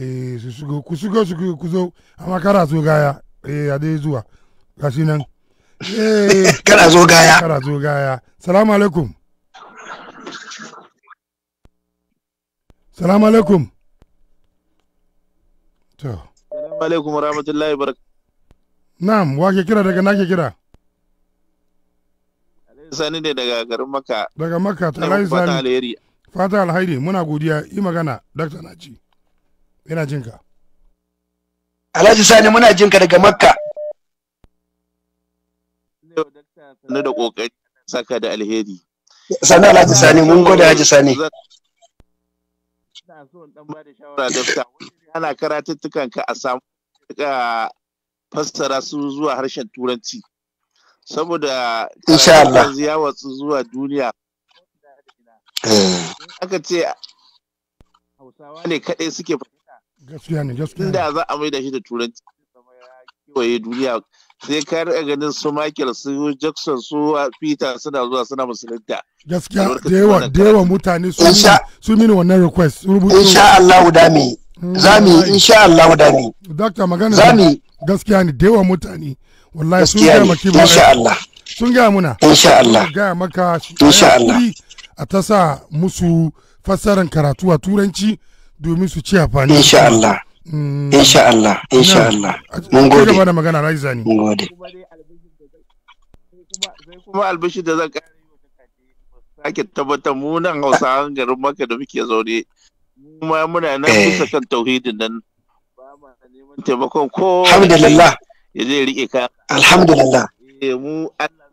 eh su shigo ku shigo su ku zo amma kara zo gaya eh ya dai zuwa gashi nan eh [LAUGHS] kara zo gaya kara zo gaya salamu alaikum salamu alaikum To. Assalamu alaikum wa rahmatullahi wa Na'am, wa ke kira daga kira? Sani ne daga garin Makka. Daga Makka, Talai Sani. Fata alheri. Fata alheri, muna godiya, yi magana, Dakta Naci. Ina jinka. Alhaji Sani muna jinka daga Makka. Sannu da saka da alheri. Alhaji Sani, mun gode Alhaji Sani. Ina so in ba da shawara, ana karatuttukan ka a samu fassara su zuwa harshen turanci saboda karatuttukan ya watsu zuwa duniya eh. aka ce hausawa ne kaɗai suke fahimta gaskiya ne gaskiya inda za a mai da shi da turanci kewaye duniya sai ka riga ganin su Michael su Jackson su Peter suna zuwa suna musulunta. Gaskiya da yawa da yawa mutane su mini wannan request. Insha Allah dami za mu yi insha Allah da mu dakta magana za mu gaskiya ne da mutane wallahi sun gaya maki ba insha Allah sun gaya muna insha Allah Sun gaya maka insha Allah a ta sa musu fassarar karatu a turanci domin su ci amfani insha Allah mm. insha Allah insha Allah mun gode gaba da magana Raiza ne mun gode kuma albishi da zan sake tabbatar mu nan Hausawan [LAUGHS] garin maka da muke zaune kuma muna nan kusa eh. kan tauhidin nan ba ma neman taimakon ko alhamdulillah ya zai rike ka alhamdulillah eh mu Allah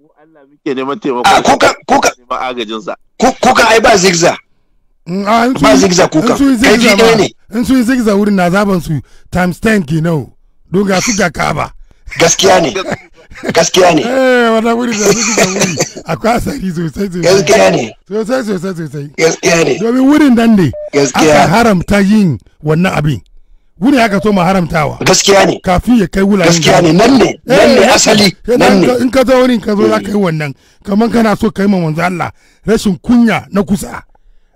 mu Allah muke neman taimakon ah, kuka kuka ba agajin sa kuka ai ba zigza mm, ah, ba zigza kuka kai ji ne in su zigza wurin na zaban su times 10 kenan don ga su ga kaba gaskiya ne gaskiya ne eh, wata wuri da suke da wuri akwai asari sosai sosai gaskiya ne sosai sosai sosai gaskiya ne domin wurin nan ne aka haramta yin wannan abin Wurin aka so ma haramtawa gaskiya ne kafin ya kai wulayen gaskiya ne nan ne eh, nan ne asali nan ne in ka zo wurin ka zo za ka yi wannan kamar kana so ka yi ma manzo Allah rashin kunya na kusa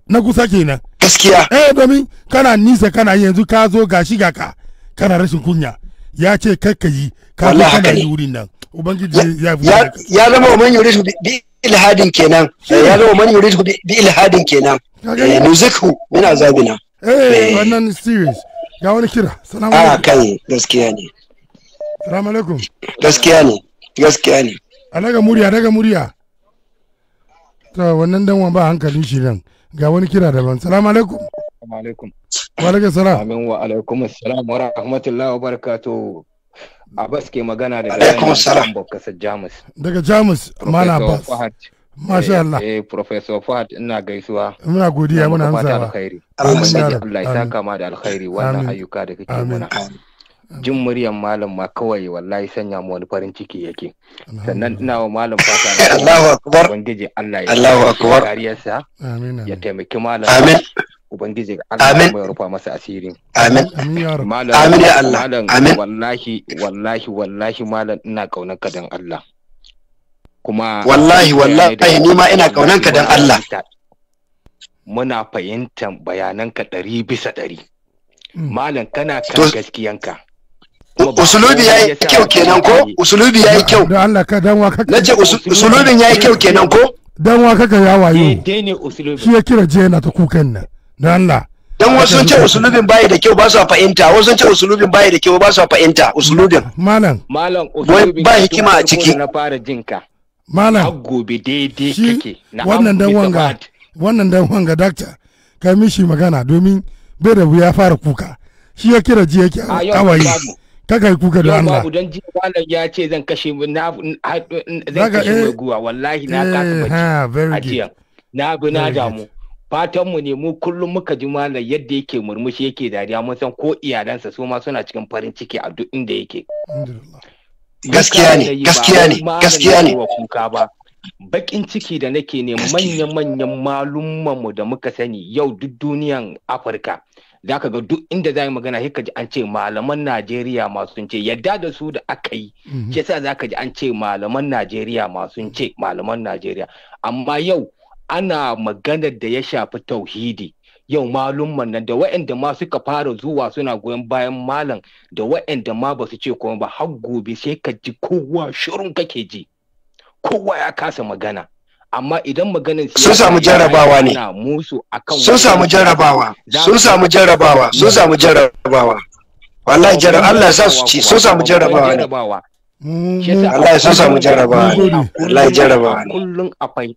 na kusa kenan gaskiya eh domin kana nisa kana yanzu ka zo gashi ga ka kana rashin kunya ya ce ka yi ka ga kana yi wurin nan ubangiji ya ya zama man yuridu bi ilhadin kenan ya zama man yuridu bi ilhadin kenan muzikhu eh, min zabina eh, eh wannan serious ga wani kira salamu ah, alaikum a kai gaskiya ne salamu alaikum gaskiya ne gaskiya ne a daga murya daga murya to wannan dan ba hankalin shi nan ga wani kira daban salamu alaikum Assalamu magana daga Alaikum salam. Kasar eh, eh, gaisuwa. Muna godiya da alkhairi wannan ayyuka da kake mana. Jin muryan malam ma kawai wallahi sanya mu wani farin ciki yake. Sannan ina wa malam fata. [LAUGHS] Allahu akbar. Allahu akbar. Ya taimaki malam. ubangiji Allah ya rufa masa asiri amin amin ya Allah amin wallahi wallahi wallahi malam ina kaunar ka dan Allah kuma wallahi wallahi ni ma ina kaunar ka dan Allah muna fahimtar bayananka ɗari bisa ɗari hmm. malam kana kan gaskiyanka usulubi ya yi kyau kenan ko usulubi ya yi kyau na ce usulubin ya yi kyau kenan ko dan wa kaka ya wayo shi ya kira jena ta kukan nan don Allah dan wasu ce usulubin da kyau ba su usulubin da hikima a ciki malam gobe wannan dan wanga wannan dan wanga doctor magana domin bai da ya fara kuka shi ya kira ji yake yi kuka da Allah dan ji ya ce zan kashe na zan kashe eh. guwa fatanmu ne mu kullum muka ji malam yadda yake murmushi yake dariya mun san ko iyalansa su ma suna cikin farin ciki a duk inda yake gaskiya ne gaskiya ne gaskiya ne bakin ciki da nake ne manya-manyan malummanmu da muka sani yau duk duniyan afirka za ka ga duk inda za magana sai ka ji an ce malaman najeriya masu ce yadda da su da aka yi ke mhm. sa za ka ji an ce malaman najeriya masu ce malaman najeriya amma yau ana maganar da ya shafi tauhidi yau malumman nan da wa'anda ma suka fara zuwa suna goyon bayan malam da wa'anda ma ba su ce kuma ba har gobe sai ka ji kowa shirin kake ji kowa ya kasa magana amma idan su sun samu jarrabawa ne sun samu jarrabawa sun samu jarrabawa sun samu jarrabawa wallahi jarraba Allah ya sa su ci sun samu jarrabawa ne mm. Allah ya sa samu jarrabawa ne Allah ya jarrabawa ne kullun akwai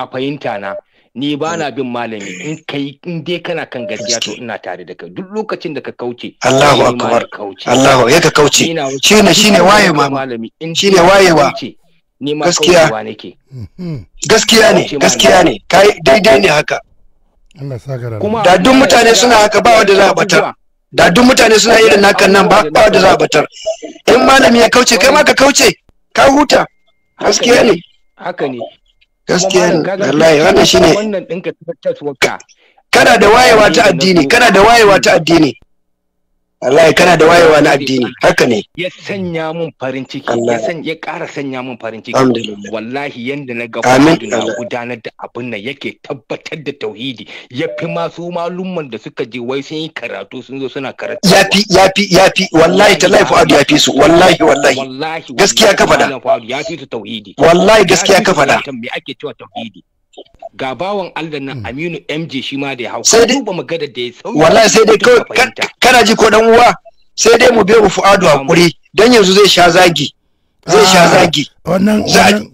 a fahimta na ni ba na bin malami in kai in dai kana kan gaskiya to ina tare da kai duk lokacin da ka kauce Allahu akbar Allahu ya ka kauce shine shine waye malami in shine waye wa ni ma gaskiya nake mhm. gaskiya ne gaskiya ne kai daidai ne haka Allah saka rana da duk mutane suna haka ba wanda za a batar da duk mutane suna irin nakan nan ba ba wanda za a batar in malami ya kauce kai ma ka kauce ka huta gaskiya ne haka ne gaskiya wallahi wannan shine ɗinka kana da wayewa ta addini kana da wayewa ta addini Allah ya kana da wayewa na addini haka ne ya sanya mun farin ciki ya sanya ya ƙara sanya mun farin ciki wallahi yanda na ga Muhammadu na gudanar da abin nan yake tabbatar da tauhidi ya fi masu malumman da suka je wai sun yi karatu sun zo suna karatu ya ya fi fi ya fi wallahi ta laifu abu ya fi su wallahi wallahi gaskiya ka faɗa wallahi gaskiya ka faɗa me ake cewa tauhidi ga bawan Allah nan hmm. Aminu MJ shi ma da ya hau sai dai ba magana da ya sauya wallahi sai dai kana ji ko dan uwa sai dai mu bai fu'adu hakuri dan yanzu zai sha zagi zai sha ah, zagi wannan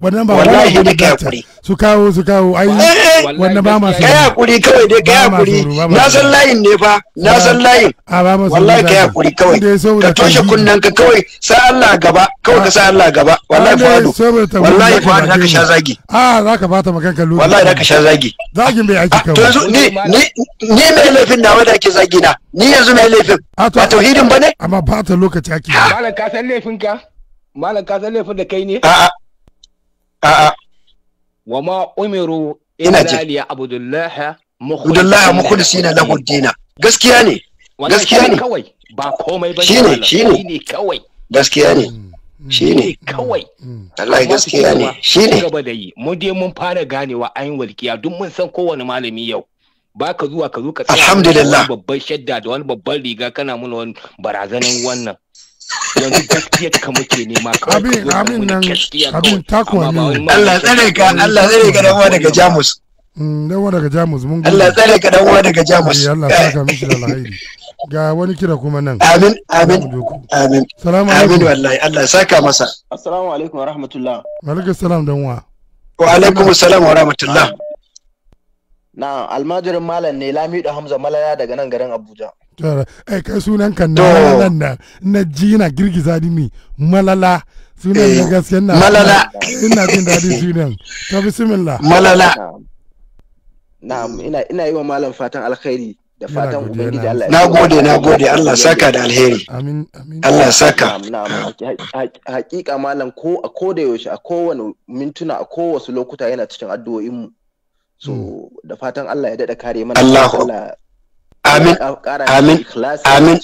wannan ba wallahi da kai hakuri su kawo su kawo ai eh, eh. wannan ba masu kai hakuri kawai dai kai hakuri na san layin ne fa na san layin ah, wallahi kai hakuri kawai ka toshe kunnan ka kawai sa Allah gaba kawai ka sa ah, Allah gaba wallahi fadu wallahi fadu zaka sha zagi a zaka bata maganka lokaci wallahi zaka sha zagi zagin bai aiki kawai to yanzu ni ni ni mai laifin nawa da ake zagi na ni yanzu mai laifin a tauhidin bane amma ba ta lokaci ake ba ka san laifin ka malam ka san laifin da kai ne a'a a'a wa ma umiru ina ji. li abdullahi mukhlisina mukhlisina lahu dina gaskiya ne gaskiya ne kawai ba komai ba shine shine kawai gaskiya ne mm, mm. shine kawai mm, Allah gaskiya ne shine gaba da yi Mu dai mun fara ganewa ayin walkiya duk mun san kowane malami yau baka zuwa ka zo ka tsaya alhamdulillah babban shadda da wani babban riga kana mun wani barazanan wannan yanzu gaskiya ka muke nema kawai ka abin nan abin takwa ne Allah tsare ka Allah tsare ka dan daga Jamus mm, dan wa daga Jamus mun Allah tsare ka dan wa daga Jamus Allah saka miki da alheri ga wani kira kuma nan amin amin amin salamu alaikum amin wallahi Allah saka masa assalamu alaikum wa rahmatullah wa alaikum salam dan wa wa alaikum salam wa rahmatullah na almajirin malam ne lamido hamza malaya daga nan garin abuja Eh, ai sunan kan na na malala sunan eh, malala malala na gode na gode Allah saka da alheri Allah saka hakika malam ko a ko yaushe a kowane mintuna a kowace lokuta yana cikin addu'o'in mu so hmm. da fatan Allah ya dada kare mana Allah amin amin amin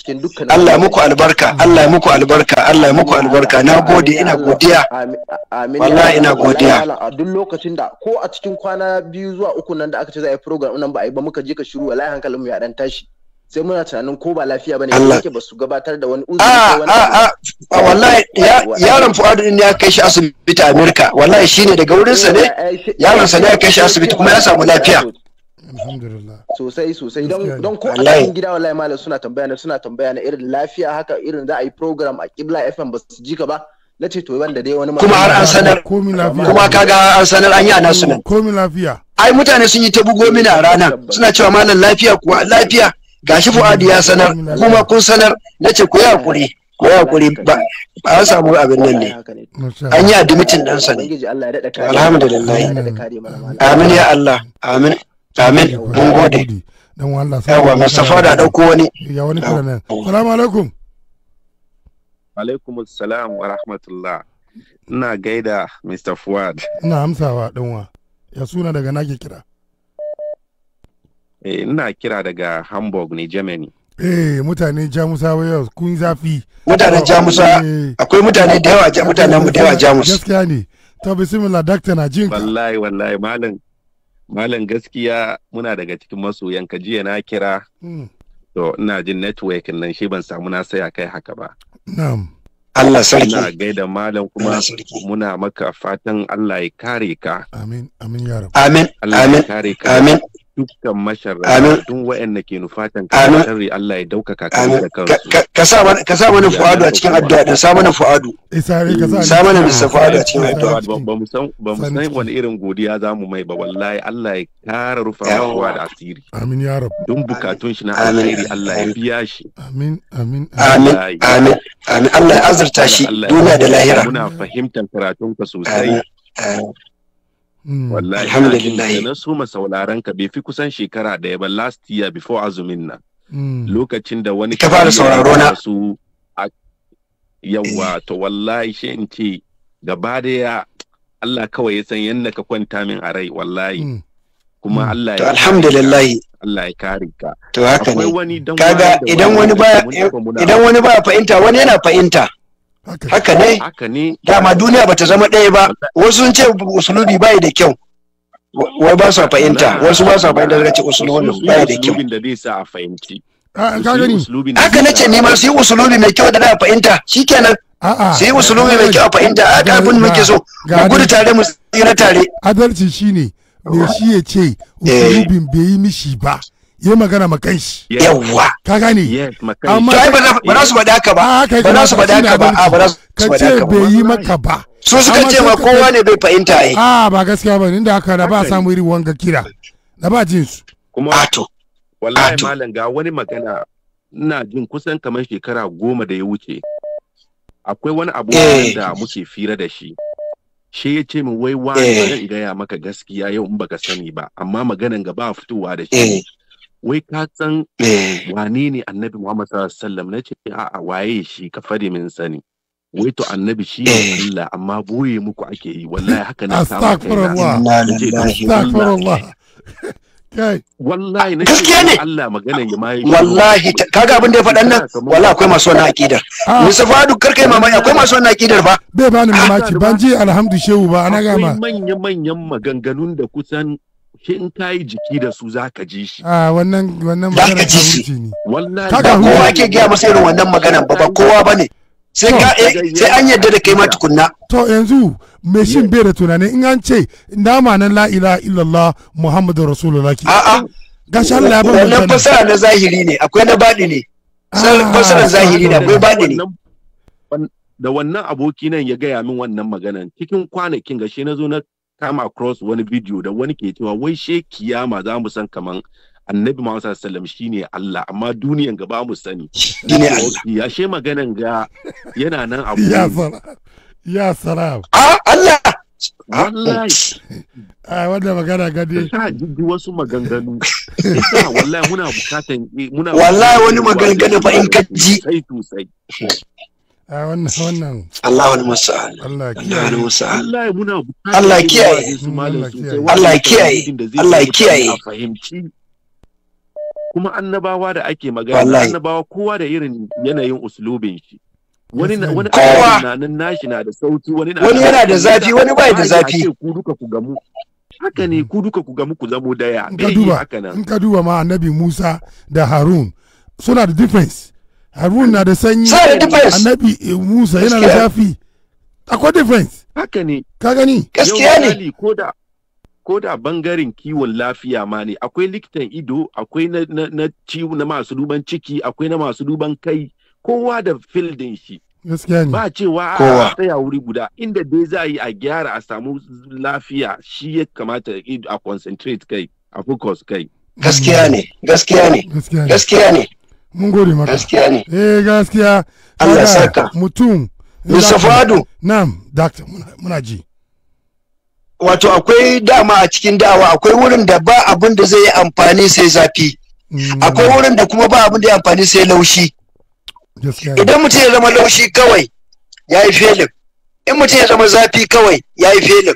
Allah muku albarka Allah muku albarka Allah muku albarka na gode ina godiya wallahi ina godiya a duk lokacin da ko a cikin kwana biyu zuwa uku nan da aka ce za a yi program nan ba a yi ba muka je ka shiru wallahi hankalin mu ya dan tashi sai muna tunanin ko ba lafiya bane yake ba su gabatar da wani uzuri ko ah, wani ah, ah. wallahi yaron Fuadu din ya kai shi asibiti Amerika wallahi shine daga wurin sa ne eh, eh, yaron sa ne ya kai shi asibiti kuma ya samu lafiya eh, alhamdulillah sosai sosai don ko a cikin gida wallahi malam suna tambaya na suna tambaya na irin lafiya haka irin za a yi program a kibla fm ba su ji ka ba na ce to wanda dai wani kuma har an sanar kuma kaga an sanar an yi sunan komi lafiya ai mutane sun yi ta bugo mini a suna cewa malam lafiya kuwa lafiya gashi fuadi ya sanar kuma kun sanar na ce ku yi hakuri ku yi hakuri ba an samu abin nan ne an yi admitin ɗansa ne alhamdulillah amin ya Allah amin amin mun gode dan Allah yawa Mustafa da dauko wani ya wani kira nan assalamu alaikum alaikum assalam wa rahmatullah ina gaida Mr Fuad ina amsawa danwa ya suna daga nake kira eh ina kira daga Hamburg ne Germany eh mutane jamusawa yau kun zafi mutanen eh, jamusa akwai mutane da yawa mutanen mu da yawa jamus gaskiya ne to bismillah dakta na jinka wallahi wallahi malam Malam gaskiya muna daga cikin masoyan ka jiya na kira. Hmm. To ina jin network nan shi ban samu na saya kai haka ba. Na'am. Allah sarki. Ina gaida malam kuma muna maka fatan Allah ya kare ka. Amin. Amin ya rabu. Amin. Allah ya kare ka. Amin. dukkan masharra tun wa'anda ke nufatan kan sharri Allah ya daukaka kan da kansu ka sa mana fu'adu a cikin addu'a da sa mana fu'adu sa mana Mr. Fu'adu a cikin addu'a ba mu san ba mu san wani irin godiya za mu mai ba wallahi Allah ya kara rufa rawa da asiri amin ya rab dun bukatun shi na alheri Allah ya biya shi amin amin amin amin Allah ya azurta shi duniya da lahira muna fahimtar karatun ka sosai Hmm. wallahi alhamdulillah na so ma sauraron kusan shekara hmm. lokacin da wani ka fara sauraro na su yawa to wallahi shi in ce gaba daya Allah kawai ya san yadda ka kwanta min a rai wallahi hmm. kuma Allah ya kare ka to haka ne kaga idan wani ba idan wani baya fahimta wani yana fahimta haka ne dama duniya bata zama ɗaya ba wasu sun ce usulubi bai da kyau wai ba sa fahimta wasu ba sa fahimta daga ce usulubi bai da kyau ah, haka nace ne ma su yi usulubi mai kyau da na fahimta kenan su yi usulubi mai kyau a fahimta a kafin muke so mu gudu tare mu tsira tare adalci shine me shi ya ce eh. usulubin bai yi mishi ba yi magana ma kan shi yawwa ka gani? amma ba za su faɗa ka ba ah, ah, ba za su faɗa ka ba ba za su ka ba bai yi maka ba su suka ce ma kowa ne bai fahimta ai a ah, ba gaskiya ba inda aka da ba samu iri wanga kira da ba jin su kuma ato wallahi malam ga wani magana ina jin kusan kamar shekara goma da ya wuce akwai wani abu eh. da muke fira da shi shi ya ce min wai wani zan eh. gaya maka gaskiya yau in baka sani ba amma maganan ga ba fitowa da shi eh. wai ka san eh. wani ne annabi Muhammad sallallahu alaihi wasallam nace a'a waye shi ka fade min sani wai to annabi shi ne eh. Allah amma boye muku ake yi wallahi haka na ta astagfirullah [LAUGHS] kai wallahi na gaskiya ne Allah maganan ya mai wallahi kaga abin da ya faɗan nan wallahi akwai masu wannan akidar Musa ah. Fadu karkai mamaki akwai masu wannan akidar ba bai bani mamaki ah. ban ji alhamdu shehu ba ana gama manyan manyan maganganun da kusan sai in ka yi jiki da su za ka ji shi. A ah, wannan wannan magana ka ne. Wallahi. Kaga kowa ke gaya masa irin wannan maganar ba ba kowa ba ne. Sai eh, an yadda da kai ma tukunna. To yanzu me shin bai da tunanin in an ce nama nan la ilaha illallah Muhammadu Rasulullah ki. A'a. Gashi Allah ya bambanta. Wannan fasara na zahiri ne akwai na baɗi ne. Ah, fasara zahiri ne akwai baɗi ne. Da wannan aboki nan ya gaya min wannan maganan cikin kwanakin gashi na zo na come across wani video da wani ke cewa wai she kiyama za mu san kaman annabi Muhammad sallallahu alaihi wasallam shine Allah amma duniyan gaba mu sani shine Allah ya she maganan ga yana nan abu ya salam ya salam ah Allah ah, wallahi a [LAUGHS] ah, wanda magana gani sa jiji wasu maganganu sa wallahi muna bukatan eh, muna wallahi wani maganganu fa in ka ji sai to sai a wannan Allah wani Allah Allah Allah kiyaye Allah kiyaye Allah kiyaye kuma da ake magana kowa yanayin uslubin shi wani wani yana da zafi wani bai da zafi daya in eh, annabi Musa da Harun suna da harun na da sanyi annabi eh, musa yana da zafi akwai difference haka ne ka gani gaskiya ne ko da bangaren kiwon lafiya ma ne akwai likitan ido akwai na na ciwo na masu duban ciki akwai na masu duban kai kowa da fildin shi gaskiya ne ba cewa a tsaya wuri guda inda dai za a yi a gyara a samu lafiya shi ya kamata a concentrate kai a focus kai gaskiya ne gaskiya ne gaskiya ne mun gode maka gaskiya ne eh gaskiya Allah saka mutum Musafadu na'am doctor muna ji wato akwai dama a cikin dawa akwai wurin da ba abin da zai yi amfani sai zafi mm. akwai wurin da kuma ba abin da ya amfani sai laushi idan mutum ya zama laushi kawai ya yi felin in mutum ya zama zafi kawai ya yi felin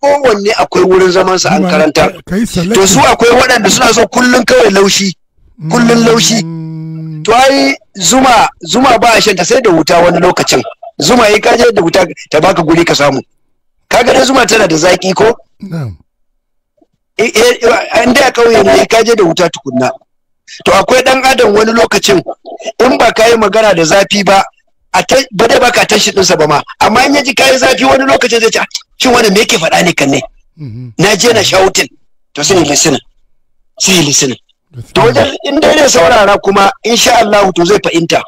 kowanne akwai wurin zamansa an karanta to su akwai waɗanda suna so kullum kawai laushi kullum laushi mm. to ai zuma zuma ba shan ta sai da wuta wani lokacin zuma yi kaje da wuta ta baka guri ka samu kaga da zuma tana da zaki ko an eh, eh, eh, da kauye ne kaje da wuta tukunna to akwai dan adam wani lokacin in ba ka yi magana da zafi ba ba dai baka tashi dinsa ba ma amma in yaji kai zafi wani lokacin zai ce ah, shin wani me yake faɗa ne kan ne mhm. na je na shawutin to sai listening sai listening to wajen in dai zai saurara kuma insha Allah to zai fahimta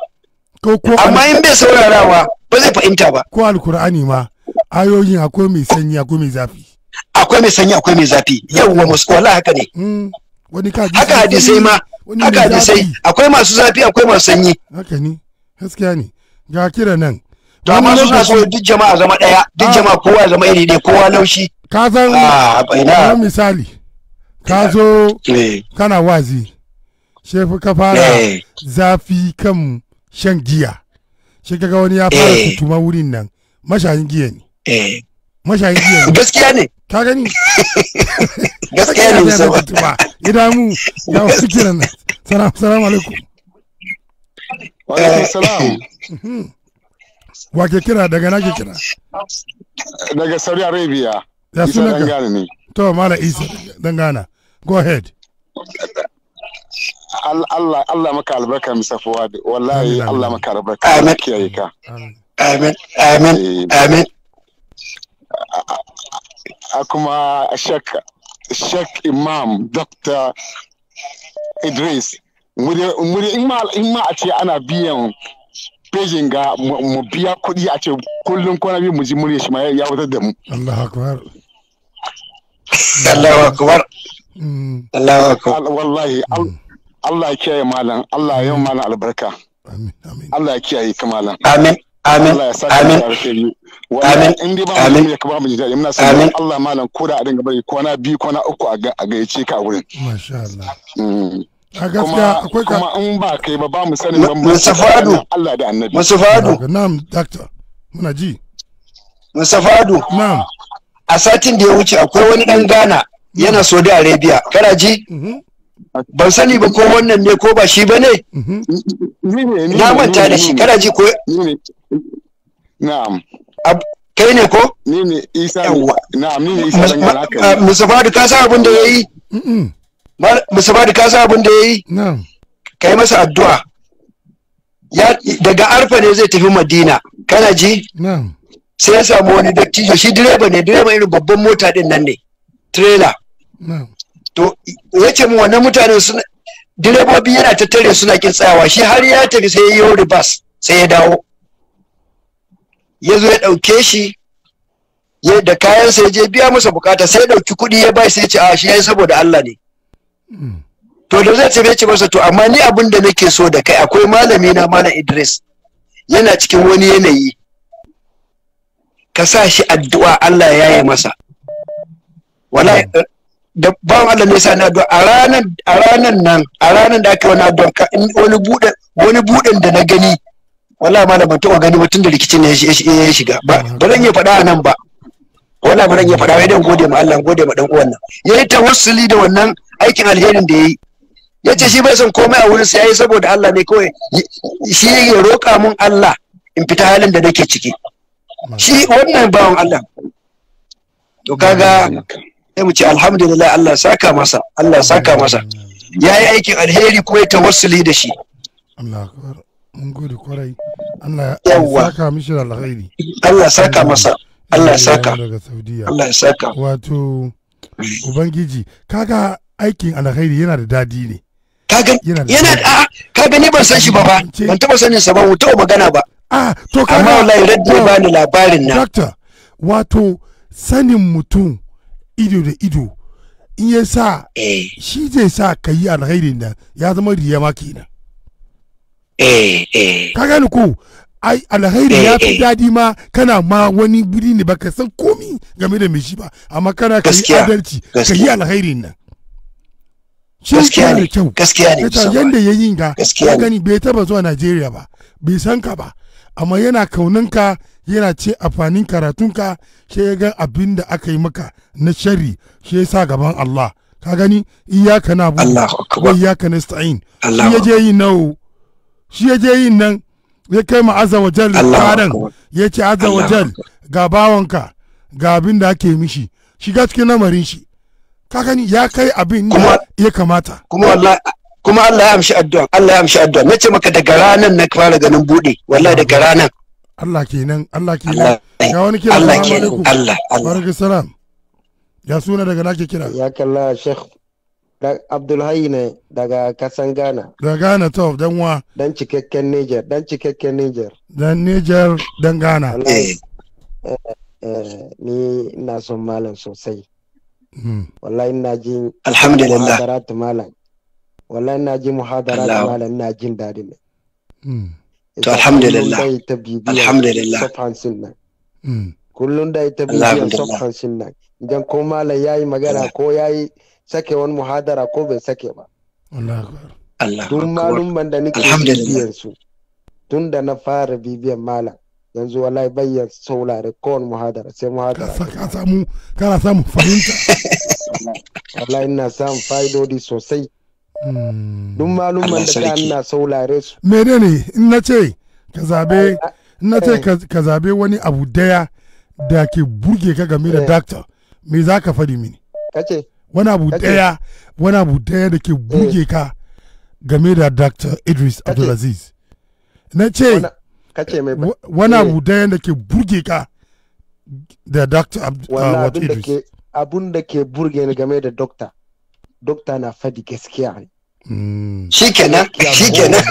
amma in bai saurarawa ba zai fahimta ba ko alkur'ani ma ayoyin akwai mai sanyi akwai mai zafi akwai mai sanyi akwai mai zafi yawwa musu wala haka ne hmm, wani ka haka hadisai ma haka hadisai akwai masu zafi akwai masu sanyi haka ne gaskiya ne ga kira nan to amma suna so duk jama'a zama daya duk ah. jama'a kowa zama iri ne kowa laushi ka san ah, misali ka eh. zo eh. kana wazi shefu ka fara eh. zafi kan shan giya shi kaga wani ya fara tutuma wurin nan mashayin giya ne mashayin giya ne gaskiya ne ka gani [LAUGHS] gaskiya ne saboda idan mu ya wasu kiran salam salam alaikum wa wa ke kira daga na ke kira daga saudi arabia ya suna ga to mala isa dan gana go ahead Allah Allah maka albarka misa fuwadi wallahi Allah maka albarka Amen. kiyaye Amen. amin amin amin a kuma shek imam dr idris muri in imma a ce ana biyan pejin ga mu biya kuɗi a ce kullum kwana biyu mu ji murya shi ma ya wutar da mu Allah akbar [LAUGHS] Allahu mm. Wallahi Allah ya kiyaye malam, Allah ya yi malam albarka. Amin. Amin. Amin. Amin. In dai a dinga a gayyace ka a wurin. Masha Allah. Mm. a gaskiya ka kuma in ba kai ba mu Fadu Allah da Annabi Musa Fadu na'am Musa Fadu na'am a satin da ya wuce akwai wani ɗan Ghana yana Saudi Arabia karaji ji mhm. ban sani ba ko wannan ne ko ba shi ba ne mhm. na manta da shi karaji ji ko na'am kai ne ko ni ne isa na'am ni ne isa dan Ghana musafa da ka sa abin da yayi Mustafa ka san abin da yayi na'am kai masa addu'a daga arfa ne zai tafi madina kana ji na'am sai ya samu wani dattijo shi direba ne direba irin babban mota din nan ne trailer hmm. to ya ce mu wannan mutane suna direbobi yana tattare suna kin tsayawa shi har ya tafi sai ya yi bas sai ya dawo ya zo ya ɗauke shi ya da kayan sai je biya masa bukata sai dauki kuɗi ya bai sai ya ce a ah, shi yayi saboda Allah ne hmm. to da zai tafi ce masa to amma ni abin da nake so da kai akwai malami na malam Idris yana cikin wani yanayi ka sa shi addu'a Allah ya yi masa wallahi hmm. da ba Allah ne sa na addu'a a ranar a ranar nan a ranar da aka wani addu'a ka in wani buɗe wani buden da na gani wallahi malam ban taɓa gani mutun da rikicin ne ya shiga ba hmm. ba zan iya faɗa nan ba wallahi ba zan iya faɗa wai dan gode ma Allah gode ma dan uwan nan yayi tawassuli da wannan aikin alherin da yayi ya ce shi bai son komai a wurin ya yi saboda Allah ne kawai shi ya roƙa mun Allah in fita halin da nake ciki shi wannan bawan Allah to kaga sai mu ce alhamdulillah Allah saka masa Allah saka masa yayi aikin alheri kuma ya tawassuli da shi Allah akbar mun gode kwarai Allah ya saka mishi alheri Allah saka masa Allah saka daga Saudiya Allah ya saka wato ubangiji kaga aikin alheri yana da dadi ne kaga yana kaga ni ban san shi ba ba ban taba sanin sa ba mu magana ba a ah, to amma wallahi rage ba bani labarin nan doctor wato sanin mutum ido da ido in ya sa eh. shi zai sa ka yi nan ya zama riya ma kenan eh, eh. ka gani ko ai alkhairi ya fi daɗi ma kana ma wani guri ne baka san komi game da me shi ba amma kana ka yi adalci ka yi nan gaskiya ne gaskiya ne yanda ya yi ga gani bai taba zuwa Najeriya ba bai san ka ba amma yana kaunanka yana ce amfanin karatunka shi ya ga abin da aka yi maka na shari shi ya sa gaban Allah ka gani iyaka na bu wa iyaka na shi ya je yin shi ya je yin nan ya kai ma azza wajal karan ya ce azza wajal ga bawanka ga abin da ake mishi shiga cikin lamarin shi ka gani ya kai abin da ya kamata kuma wallahi kuma Allah ya amshi addu'a Allah ya amshi addu'a nace maka daga ranan na fara ganin bude wallahi daga ranan Allah kenan Allah kenan ga wani kira Allah kenan Allah Allah salam ya suna daga nake kira ya kalla sheikh Abdulhayi ne daga kasan Ghana. Da Ghana to dan wa. Dan cikakken Niger, dan cikakken Niger. Dan Niger dan Ghana. Eh. Eh, eh, ni ina son malam sosai. Hmm. Wallahi ina jin alhamdulillah. Malam. wallahi ina ji muhadara da malam ina jin daɗin ne hmm. to alhamdulillah alhamdulillah sofan sunna kullun da ita bibiyan sofan hmm. sunna idan ko malam yayi magana ko yayi sake wani muhadara ko bai sake ba Allah duk malumman da nake bibiyan su tun da na fara bibiyan malam yanzu wallahi bayyan saurare wani muhadara sai muhadara ka samu kana samu fahimta [LAUGHS] wallahi ina samun fa'idodi sosai Hmm. duk malumman da na saulare su menene in na ce ka zabe in na ce eh. ka zabe wani abu daya da ke burge ka game da eh. doctor me za ka faɗi mini kace wani abu daya wani abu daya da ke burge eh. ka game da doctor Idris Abdulaziz. Na ce, wani abu daya da ke burge ka da doctor uh, Idris. Abun da ke burge ni game da doctor, Dokta na fadi gaskiya ne. shikenan shikenan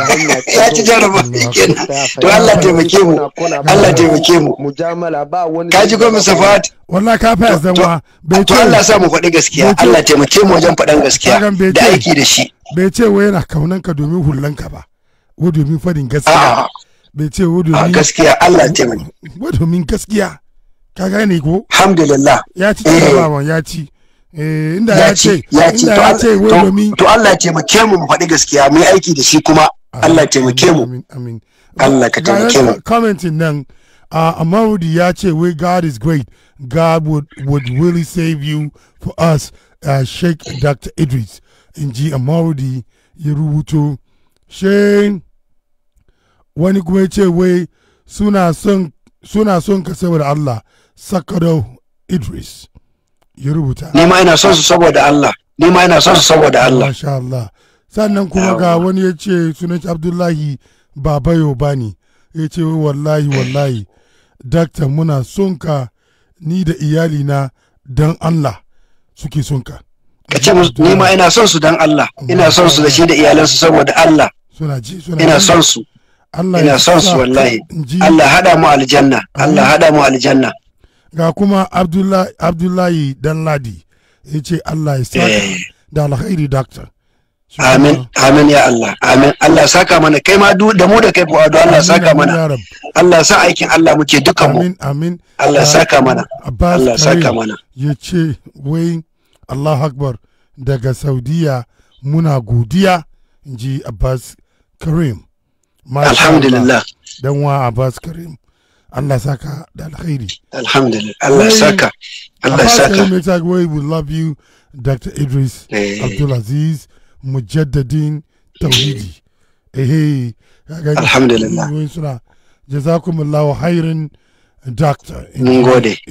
ya [LAUGHS] ci jarraba shikenan to Allah taimake mu Allah taimake mu Ka ji ko musafat wallahi ka fa zanwa bai to Allah sa mu faɗi gaskiya Allah taimake mu wajen faɗan gaskiya da aiki da shi bai ce wai yana kaunan ka domin hullan ka ba ko domin faɗin gaskiya bai ce domin gaskiya Allah taimake domin gaskiya ka gane ko alhamdulillah ya ci ya ci Eh, inda ya ce ya to Allah taimake mu mu faɗi gaskiya mu aiki da shi kuma Allah taimake mu Allah ka taimake mu commenting nan uh, Amaudi ya ce we God is great God would would really save you for us uh, Sheikh Dr. Idris in ji Amaudi ya rubuto she wani kuma ya ce wai suna son suna son ka saboda Allah Sakado Idris ya rubuta ni ma ina son su saboda Allah ni ina son su saboda Allah masha Allah sannan kuma ga wani yace ce sunan Abdullahi Babayo bani wallahi wallahi dakta muna son ka ni da iyali na dan Allah suke son ka ma ina son su dan Allah ina son su da shi da su saboda Allah suna ji suna ina son su Allah ina son su wallahi Allah hada mu aljanna Allah hada mu aljanna ga kuma abdullahi dan ladi ya ce allah ya saka eh. da alkhairi doctor amin amin ya allah amin allah saka mana kai ma da mu da kai ko ado allah saka mana allah sa aikin allah muke dukan mu amin amin allah saka mana allah saka mana ya ce wai allah akbar daga saudiya muna godiya in ji abbas karim alhamdulillah dan wa abbas karim Allah saka da alkhairi. Alhamdulillah. Allah saka. Allah saka. Apart we love you Dr. Idris hey. Abdulaziz Mujaddadin Tawhidi. Ehe. Alhamdulillah. Suna jazakumullahu khairan Dr.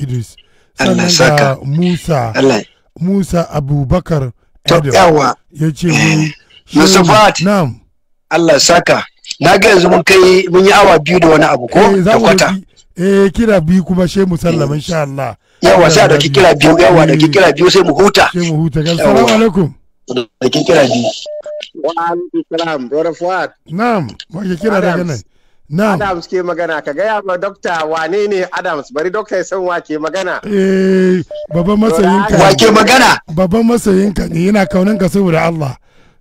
Idris. Allah saka. Musa. Allah. Musa Abubakar. Yawa. Ya ce wai. Nusufat. Eh, Na'am. Allah saka. na ga yanzu mun kai mun yi awa biyu da wani abu ko eh, da kwata eh kira biyu kuma she mu sallama insha Allah yawa sha da kira biyu yawa da kira biyu sai mu huta sai mu huta assalamu alaikum da kira biyu wa alaikum salam brother Fuad na'am wa ke kira daga nan na'am Adams ke magana ka gaya ma dokta wane ne Adams bari dokta ya san wake magana eh babban masoyin ka wake magana babban masoyin ka ne yana kaunan ka saboda Allah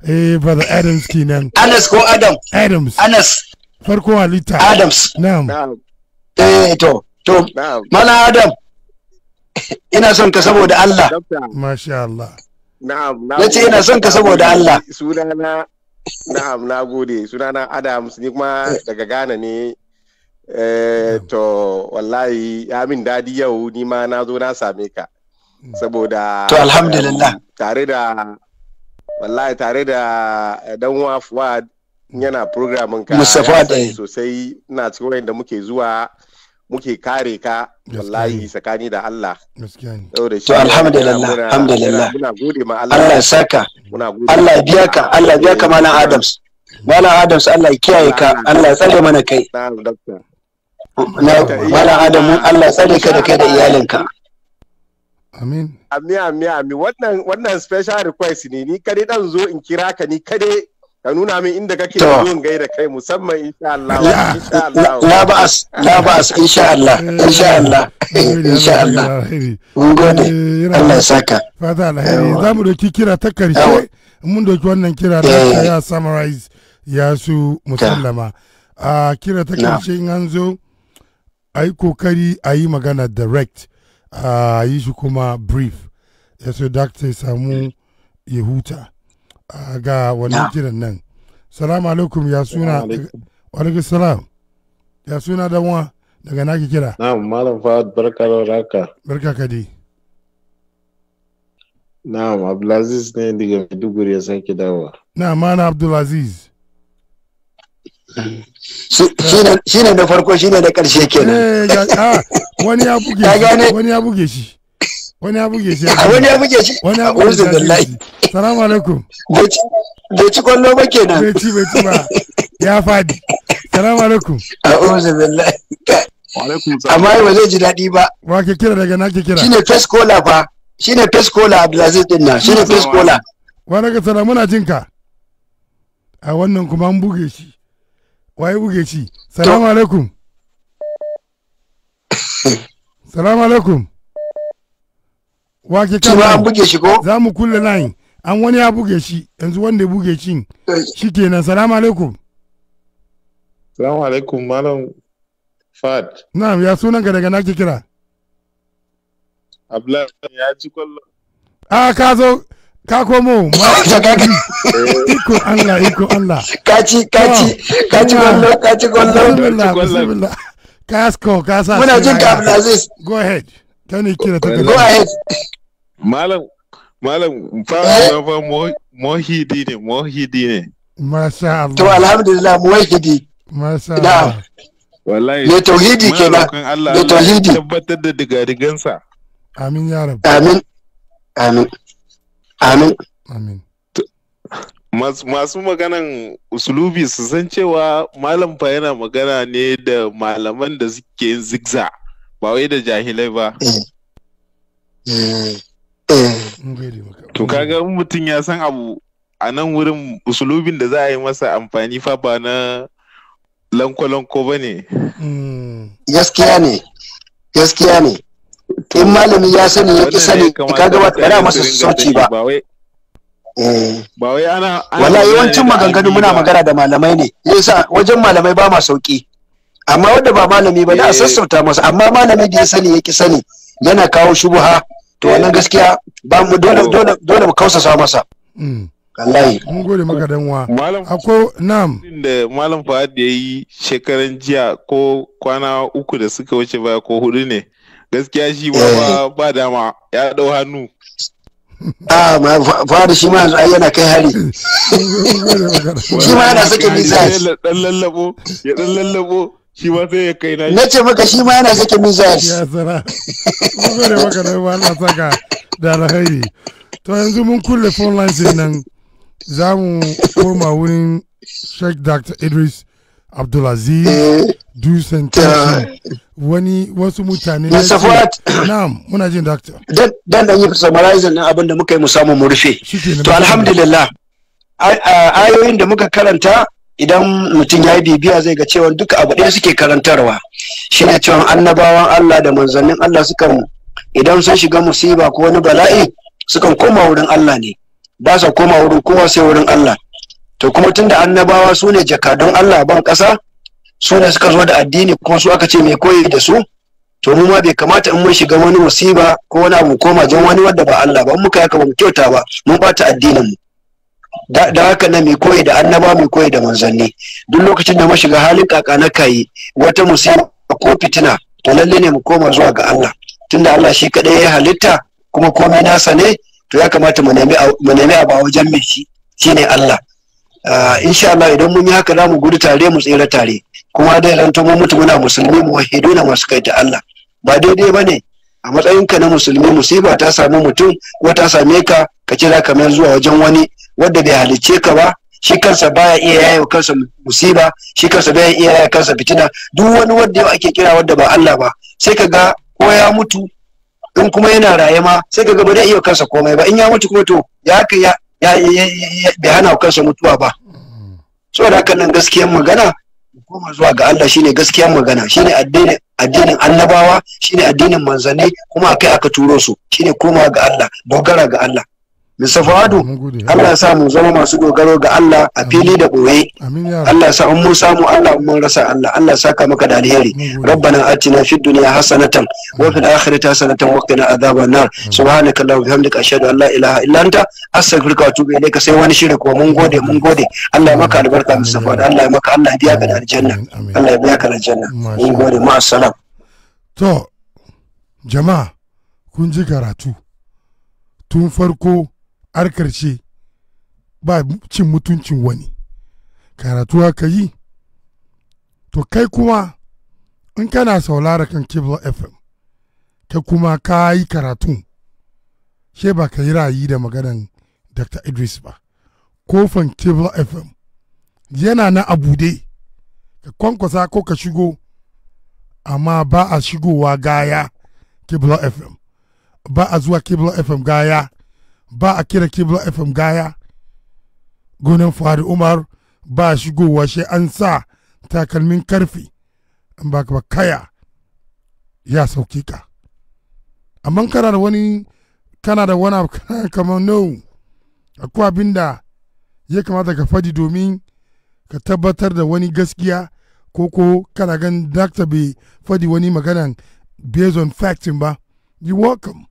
eh brother Adams kenan Anas ko Adam Adams Anas farko halitta Adams na'am eh to to mana adam ina son ka saboda Allah masha Allah na'am na ce ina son ka saboda Allah sunana na'am na gode sunana Adams ni kuma daga Gana ne eh to wallahi amin min dadi yau ni ma na zo na same ka saboda to alhamdulillah eh, tare da wallahi tare da eh, dan wa Fuad yana programin ka Mustapha ɗaya sosai ina cikin da muke zuwa muke kare ka wallahi tsakani da Allah to alhamdulillah alhamdulillah muna gode ma Allah Allah saka muna gode Allah biya ka Allah biya ka mana Adams mana Adams Allah ya kiyaye ka Allah ya tsare mana kai malam Adamu Allah ya tsare ka da kai da iyalinka Amin. Amin, amin, amin. Wannan, wannan special request ne, ni kare dan zo in kira ka ni kare ka nuna min inda kake yin gaira kai musamman insha Allah insha Allah la ba'as la ba'as insha Allah insha Allah insha Allah mun gode eh, Allah ya saka fata alheri za mu doki kira ta karshe mun doki wannan kira da eh. ya summarize ya su musallama a kira ta karshe in an zo a yi kokari a yi magana direct a yi shi kuma brief ya so dakta ya samu ya huta ga wannan kiran nan salamu alaikum ya suna alaikum salam ya suna danwa daga naki kira na'am malam fahad barka da raka barka ka kadi na'am abdulaziz ne daga maiduguri ya sake dawa na'am mana abdulaziz shi ne da farko shi ne da karshe kenan eh, ah, [LAUGHS] wani ya buge shi [LAUGHS] wani ya buge shi wani ya buge shi wani ya buge shi salamu alaikum bai ci kwallo ba kenan bai ci bai ba ya fadi salamu alaikum a'udhu billahi amma ba zai ji daɗi ba wa ke kira daga na ke kira shine first caller fa shine first caller Abdulaziz din nan shine first caller wa daga Muna jin ka. a wannan kuma an buge shi waye buge shi salamu alaikum salamu alaikum wake kan ba an buge shi ko za mu kulle line an wani ya buge shi yanzu wanda ya buge shi eh. shi shikenan salamu alaikum salamu alaikum malam fad na'am ya sunan ka daga nake kira abdullahi ya ci kwallo a ah, ka zo ka komo ma [LAUGHS] ka [LAUGHS] iko Allah iko Allah kaci kaci kaci kwallo kaci gollo bismillah kasko kasa muna jin ka abdullahi go ahead tani kira ta go ahead malam malam fara fa eh? mohidi ne mohidi ne masha Allah to alhamdulillah mohidi masha Allah wallahi ne tauhidi kenan ne tauhidi tabbatar da digadigansa amin ya rabu amin amin amin amin masu maganan usulubi su san cewa malam fa yana magana ne da malaman da suke yin zigza ba wai da jahilai ba Mm. Mm. To kaga in mutum ya san abu a nan wurin usulubin da za a yi masa amfani fa ba na lanko-lanko ba ne. Mm. Gaskiya ne, gaskiya ne. In malami ya sani ya ki sani kaga ba ta masa sauci ba. Ba wai eh. ana wala yawancin maganganu muna magana da malamai ne. Yasa wajen malamai ba ma sauki. Amma wanda ba malami ba da a eh. sassauta masa amma malami da ya sani ya ki sani yana kawo shubuha to wannan gaskiya ba mu dole dole dole mu sa masa mm. wallahi mun gode maka danwa akwai nam da malam Fahad da yi shekaran jiya ko kwana uku da suka wuce ba ko hudu ne gaskiya shi ba eh. ba dama ya dau hannu [LAUGHS] ah ma Fahad shi ma yana kai hari shi ma yana sake bisa ya dan lallabo ya dan lallabo shi ma sai ya kai na shi. Nace maka shi ma yana sake min zai ya tsara mun gode maka da ba Allah saka da alheri. to yanzu mun kulle phone lines nan za mu koma wurin Sheikh Dr. Idris Abdulaziz eh. Dusan wani wasu mutane na Safat na'am muna jin doctor dan dan yi summarizing nan abin da muka yi mu samu mu rufe to alhamdulillah ayoyin da muka karanta idan mutum ya yi bibiya zai ga cewa duka abu ɗaya suke karantarwa Shi ne cewa annabawan Allah da manzannin Allah suka idan sun shiga musiba ko wani bala'i sukan koma wurin Allah ne ba sa koma wurin kowa sai wurin Allah to kuma tunda annabawa su ne jakadun Allah ban ƙasa su ne suka zo da addini kuma su aka ce mai koyi da su to mu ma bai kamata in mun shiga wani musiba ko wani abu koma jan wani wanda ba Allah ba mun muka yaka ba mu kyauta ba mun bata addinin mu da haka na mai koyi da annaba mai koyi da manzanni duk lokacin da mashiga halin kaka na kayi wata musamman ko fitina to lalle ne mu koma zuwa ga Allah tunda Allah shi kadai ya halitta kuma komai nasa ne to ya kamata mu nemi abu a wajen mai shi shine Allah ah, insha Allah idan mun yi haka za mu gudu tare mu tsira tare kuma dai zanto mu mutu muna musulmi mu wahidu na masu kai ta Allah ba daidai bane a matsayinka na musulmi musiba ta sami mutum ko ta same ka ka ce za zuwa wajen wani wanda bai halicce ka ba shi kansa baya iya yayo kansa musiba shi kansa baya iya yayo kansa fitina duk wani wanda yau ake kira wanda ba Allah ba sai ka ga ko ya mutu in kuma yana raye ma sai ka ga ba zai iya kansa komai ba in ya mutu kuma to ya ka ya bai hana kansa mutuwa ba saboda haka nan gaskiyar magana koma zuwa ga Allah shine gaskiyar magana shine addinin addinin annabawa shine addinin manzanni kuma akai aka turo su shine koma ga Allah dogara ga Allah Mr. Fuadu, Allah sa mu zama masu dogaro ga Allah a fili da ɓoye. Allah sa mu samu Allah mun rasa Allah. Allah sa ka maka da alheri. Rabbana atina fid dunya hasanatan wa fil akhirati hasanatan wa qina adhaban nar. Subhanaka Allahumma bihamdika ashhadu an la ilaha illa anta astaghfiruka wa atubu ilayka sai wani shiri ko mun gode mun gode. Allah ya maka albarka Mr. Fuadu. Allah ya maka Allah biya ka da aljanna. Allah ya biya ka da aljanna. Mun gode ma assalam. To jama'a kun ji karatu tun farko har karshe ba cin mutuncin wani karatu haka yi to kai kuma in kana saulara kan kibla fm ka kuma ka yi karatu she ba ka yi ra'ayi da maganan dr idris ba kofan kibla fm yana na abude ka kwankwasa ko ka shigo amma ba a shigowa gaya kibla fm ba a zuwa kibla fm gaya ba a kira kibla fm gaya gonan fari umar ba shigowa shi an sa takalmin karfi an ba ka kaya ya sauki ka amma kana da wani kana da wani abu [LAUGHS] kamar no akwai abin da ya kamata ka fadi domin ka tabbatar da wani gaskiya ko ko kana gan dakta bai faɗi wani maganan based on factin ba you welcome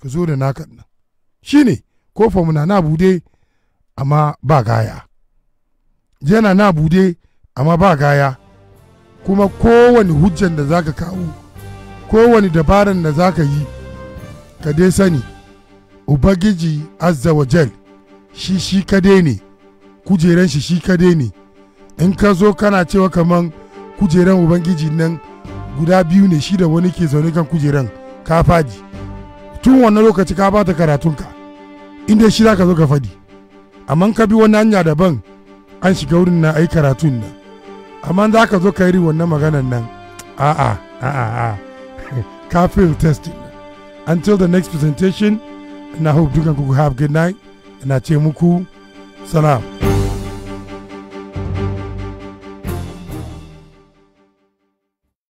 ka zo da naka nan shi ne mu na na bude amma ba gaya yana na bude amma ba gaya kuma kowane hujjan da zaka kawo kowane dabaran da zaka yi ka dai sani ubangiji azza wa jal shi shi kade ne kujeran shi shi kadai ne in ka zo kana cewa kaman kujeran ubangiji nan guda biyu ne shi da wani ke zaune kan kujeran ka faji tun wannan lokaci ka bata karatunka inda shi za ka zo ka faɗi amma ka bi wani hanya daban an shiga wurin na ai karatun nan amma za ka zo ka yi wannan maganan nan a'a a'a a'a [LAUGHS] ka fail testing until the next presentation and i hope dukan ku have good night and ce muku salam